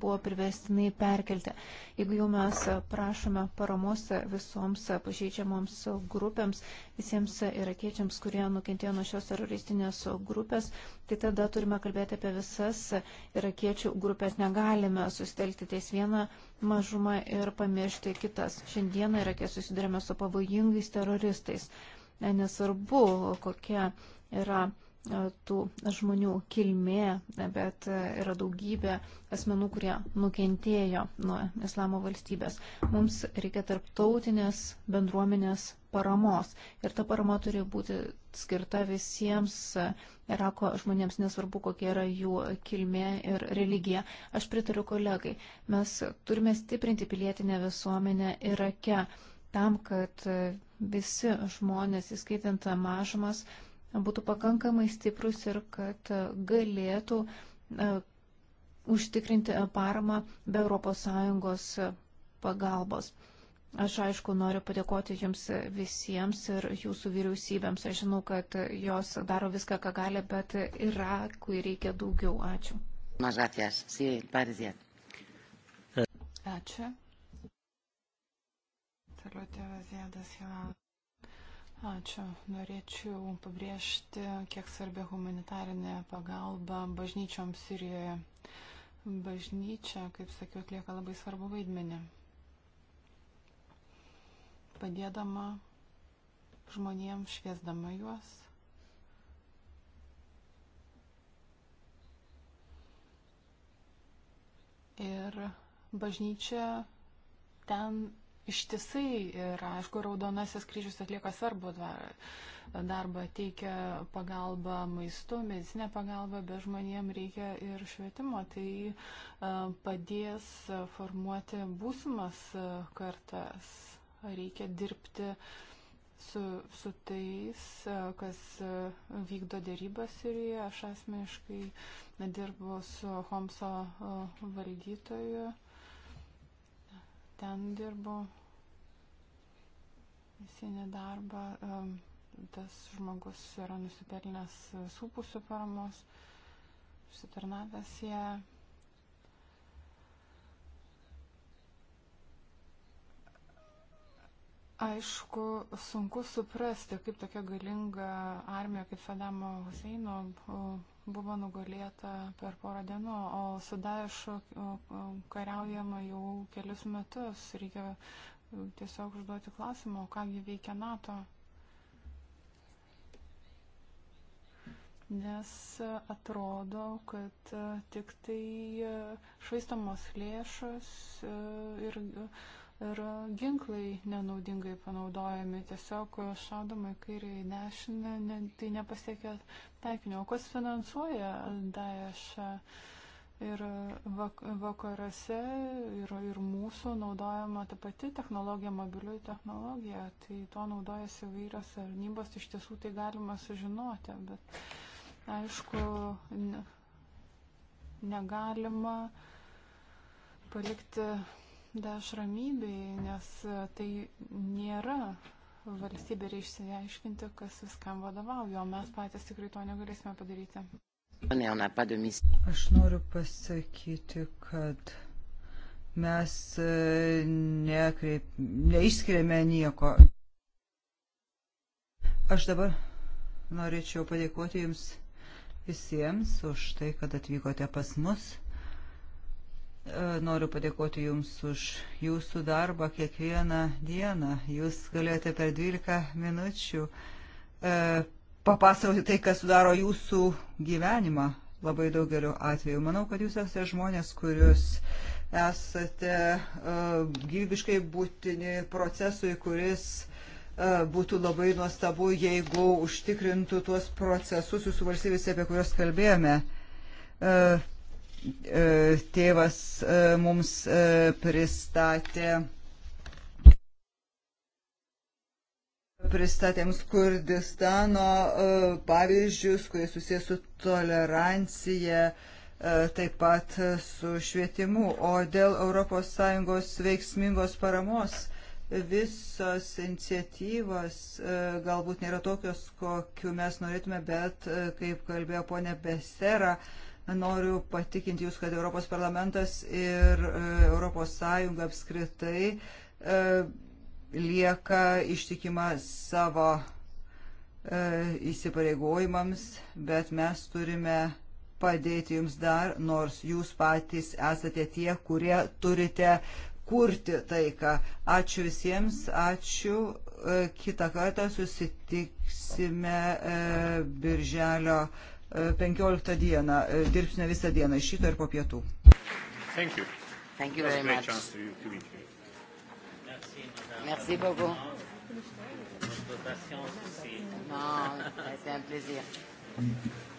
buvo priverstinai perkelti. Jeigu jau mes prašome paramos visoms pažeidžiamoms grupėms, visiems irakiečiams, kurie nukentėjo nuo šios teroristinės grupės, tai tada turime kalbėti apie visas irakiečių grupės. Negalime sustelkti ties vieną mažumą ir pamiršti kitas. Šiandieną Irakė susidurėme su pavojingais teroristais. Nesvarbu, kokia yra tų žmonių kilmė, bet yra daugybė asmenų, kurie nukentėjo nuo islamo valstybės. Mums reikia tarptautinės bendruomenės paramos ir ta parama turi būti skirta visiems Irako žmonėms, nesvarbu, kokia yra jų kilmė ir religija. Aš pritariu kolegai, mes turime stiprinti pilietinę visuomenę Irake tam, kad visi žmonės, įskaitant mažumas, būtų pakankamai stiprus ir kad galėtų e, užtikrinti e, paramą be ES pagalbos. Aš aišku noriu padėkoti jums visiems ir jūsų vyriausybėms. Aš žinau, kad jos daro viską, ką gali, bet Irakui reikia daugiau. Ačiū. Ačiū. Toliau tėvas Jėdas Jonas. Ačiū. Norėčiau pabrėžti, kiek svarbi humanitarinė pagalba bažnyčioms Sirijoje. Bažnyčia, kaip sakiau, atlieka labai svarbu vaidmenį. Padėdama žmonėms, šviesdama juos. Ir bažnyčia ten ištisai ir, aišku, Raudonasis kryžius atlieka svarbu darbą, teikia pagalbą maistu, medicinę pagalbą, bet žmonėm reikia ir švietimo. Tai e, padės formuoti būsimas e, kartas. Reikia dirbti su, su tais, e, kas vykdo dėrybas Sirijoje. Aš asmeniškai dirbu su Homso valdytoju ten dirbo įsinį darbą. Tas žmogus yra nusipelnęs e, supusių paramos, užsitarnavęs ją. Aišku, sunku suprasti, kaip tokia galinga armija kaip Sadamo Huseino buvo nugalėta per porą dienų, o su Daešu kariaujama jau kelius metus. Reikia e, tiesiog užduoti klausimą, kągi veikia NATO. nes atrodo, kad e, tik tai e, švaistamos lėšos ir, ir ginklai nenaudingai panaudojami, tiesiog šaudoma į kairę į dešinę, ne, tai nepasiekia taikinio, kas finansuoja Daešą. Ir vak vakaruose ir, ir mūsų naudojama ta pati technologija, mobiliųjų technologija, tai to naudojasi vairios tarnybos, iš tiesų tai galima sužinoti, bet aišku, ne, negalima palikti daž ramybėje, nes tai nėra valstybė ir išsiaiškinti, kas viskam vadovauja, o mes patys tikrai to negalėsime padaryti. Aš noriu pasakyti, kad mes e, nekreip, neišskiriame nieko. Aš dabar norėčiau padėkoti Jums visiems už tai, kad atvykote pas mus. Noriu padėkoti Jums už Jūsų darbą kiekvieną dieną. Jūs galėjote per 12 minučių e, papasakoti tai, kas sudaro Jūsų gyvenimą labai daugeliu atveju. Manau, kad Jūs esate žmonės, kurius esate e, gyvybiškai būtini procesui, kuris e, būtų labai nuostabu, jeigu užtikrintų tuos procesus jūsų valstybėse, apie kuriuos kalbėjome. E, tėvas e, mums e, pristatė pristatėm Kurdistano pavyzdžius, kurie susijęs su tolerancija, taip pat su švietimu. O dėl ES veiksmingos paramos visos iniciatyvos galbūt nėra tokios, kokiu mes norėtume, bet, kaip kalbėjo ponė Besera, Noriu patikinti Jūs, kad Europos parlamentas ir e, Europos Sąjunga apskritai e, lieka ištikima savo e, įsipareigojimams, bet mes turime padėti jums dar, nors jūs patys esate tie, kurie turite kurti taiką. Ačiū visiems, ačiū. Kita kartą susitiksime birželio 15 dieną. E, dirbsime visą dieną iš šito ir po pietų. Thank you. Thank you very much. Merci beaucoup. Non, c'est un plaisir.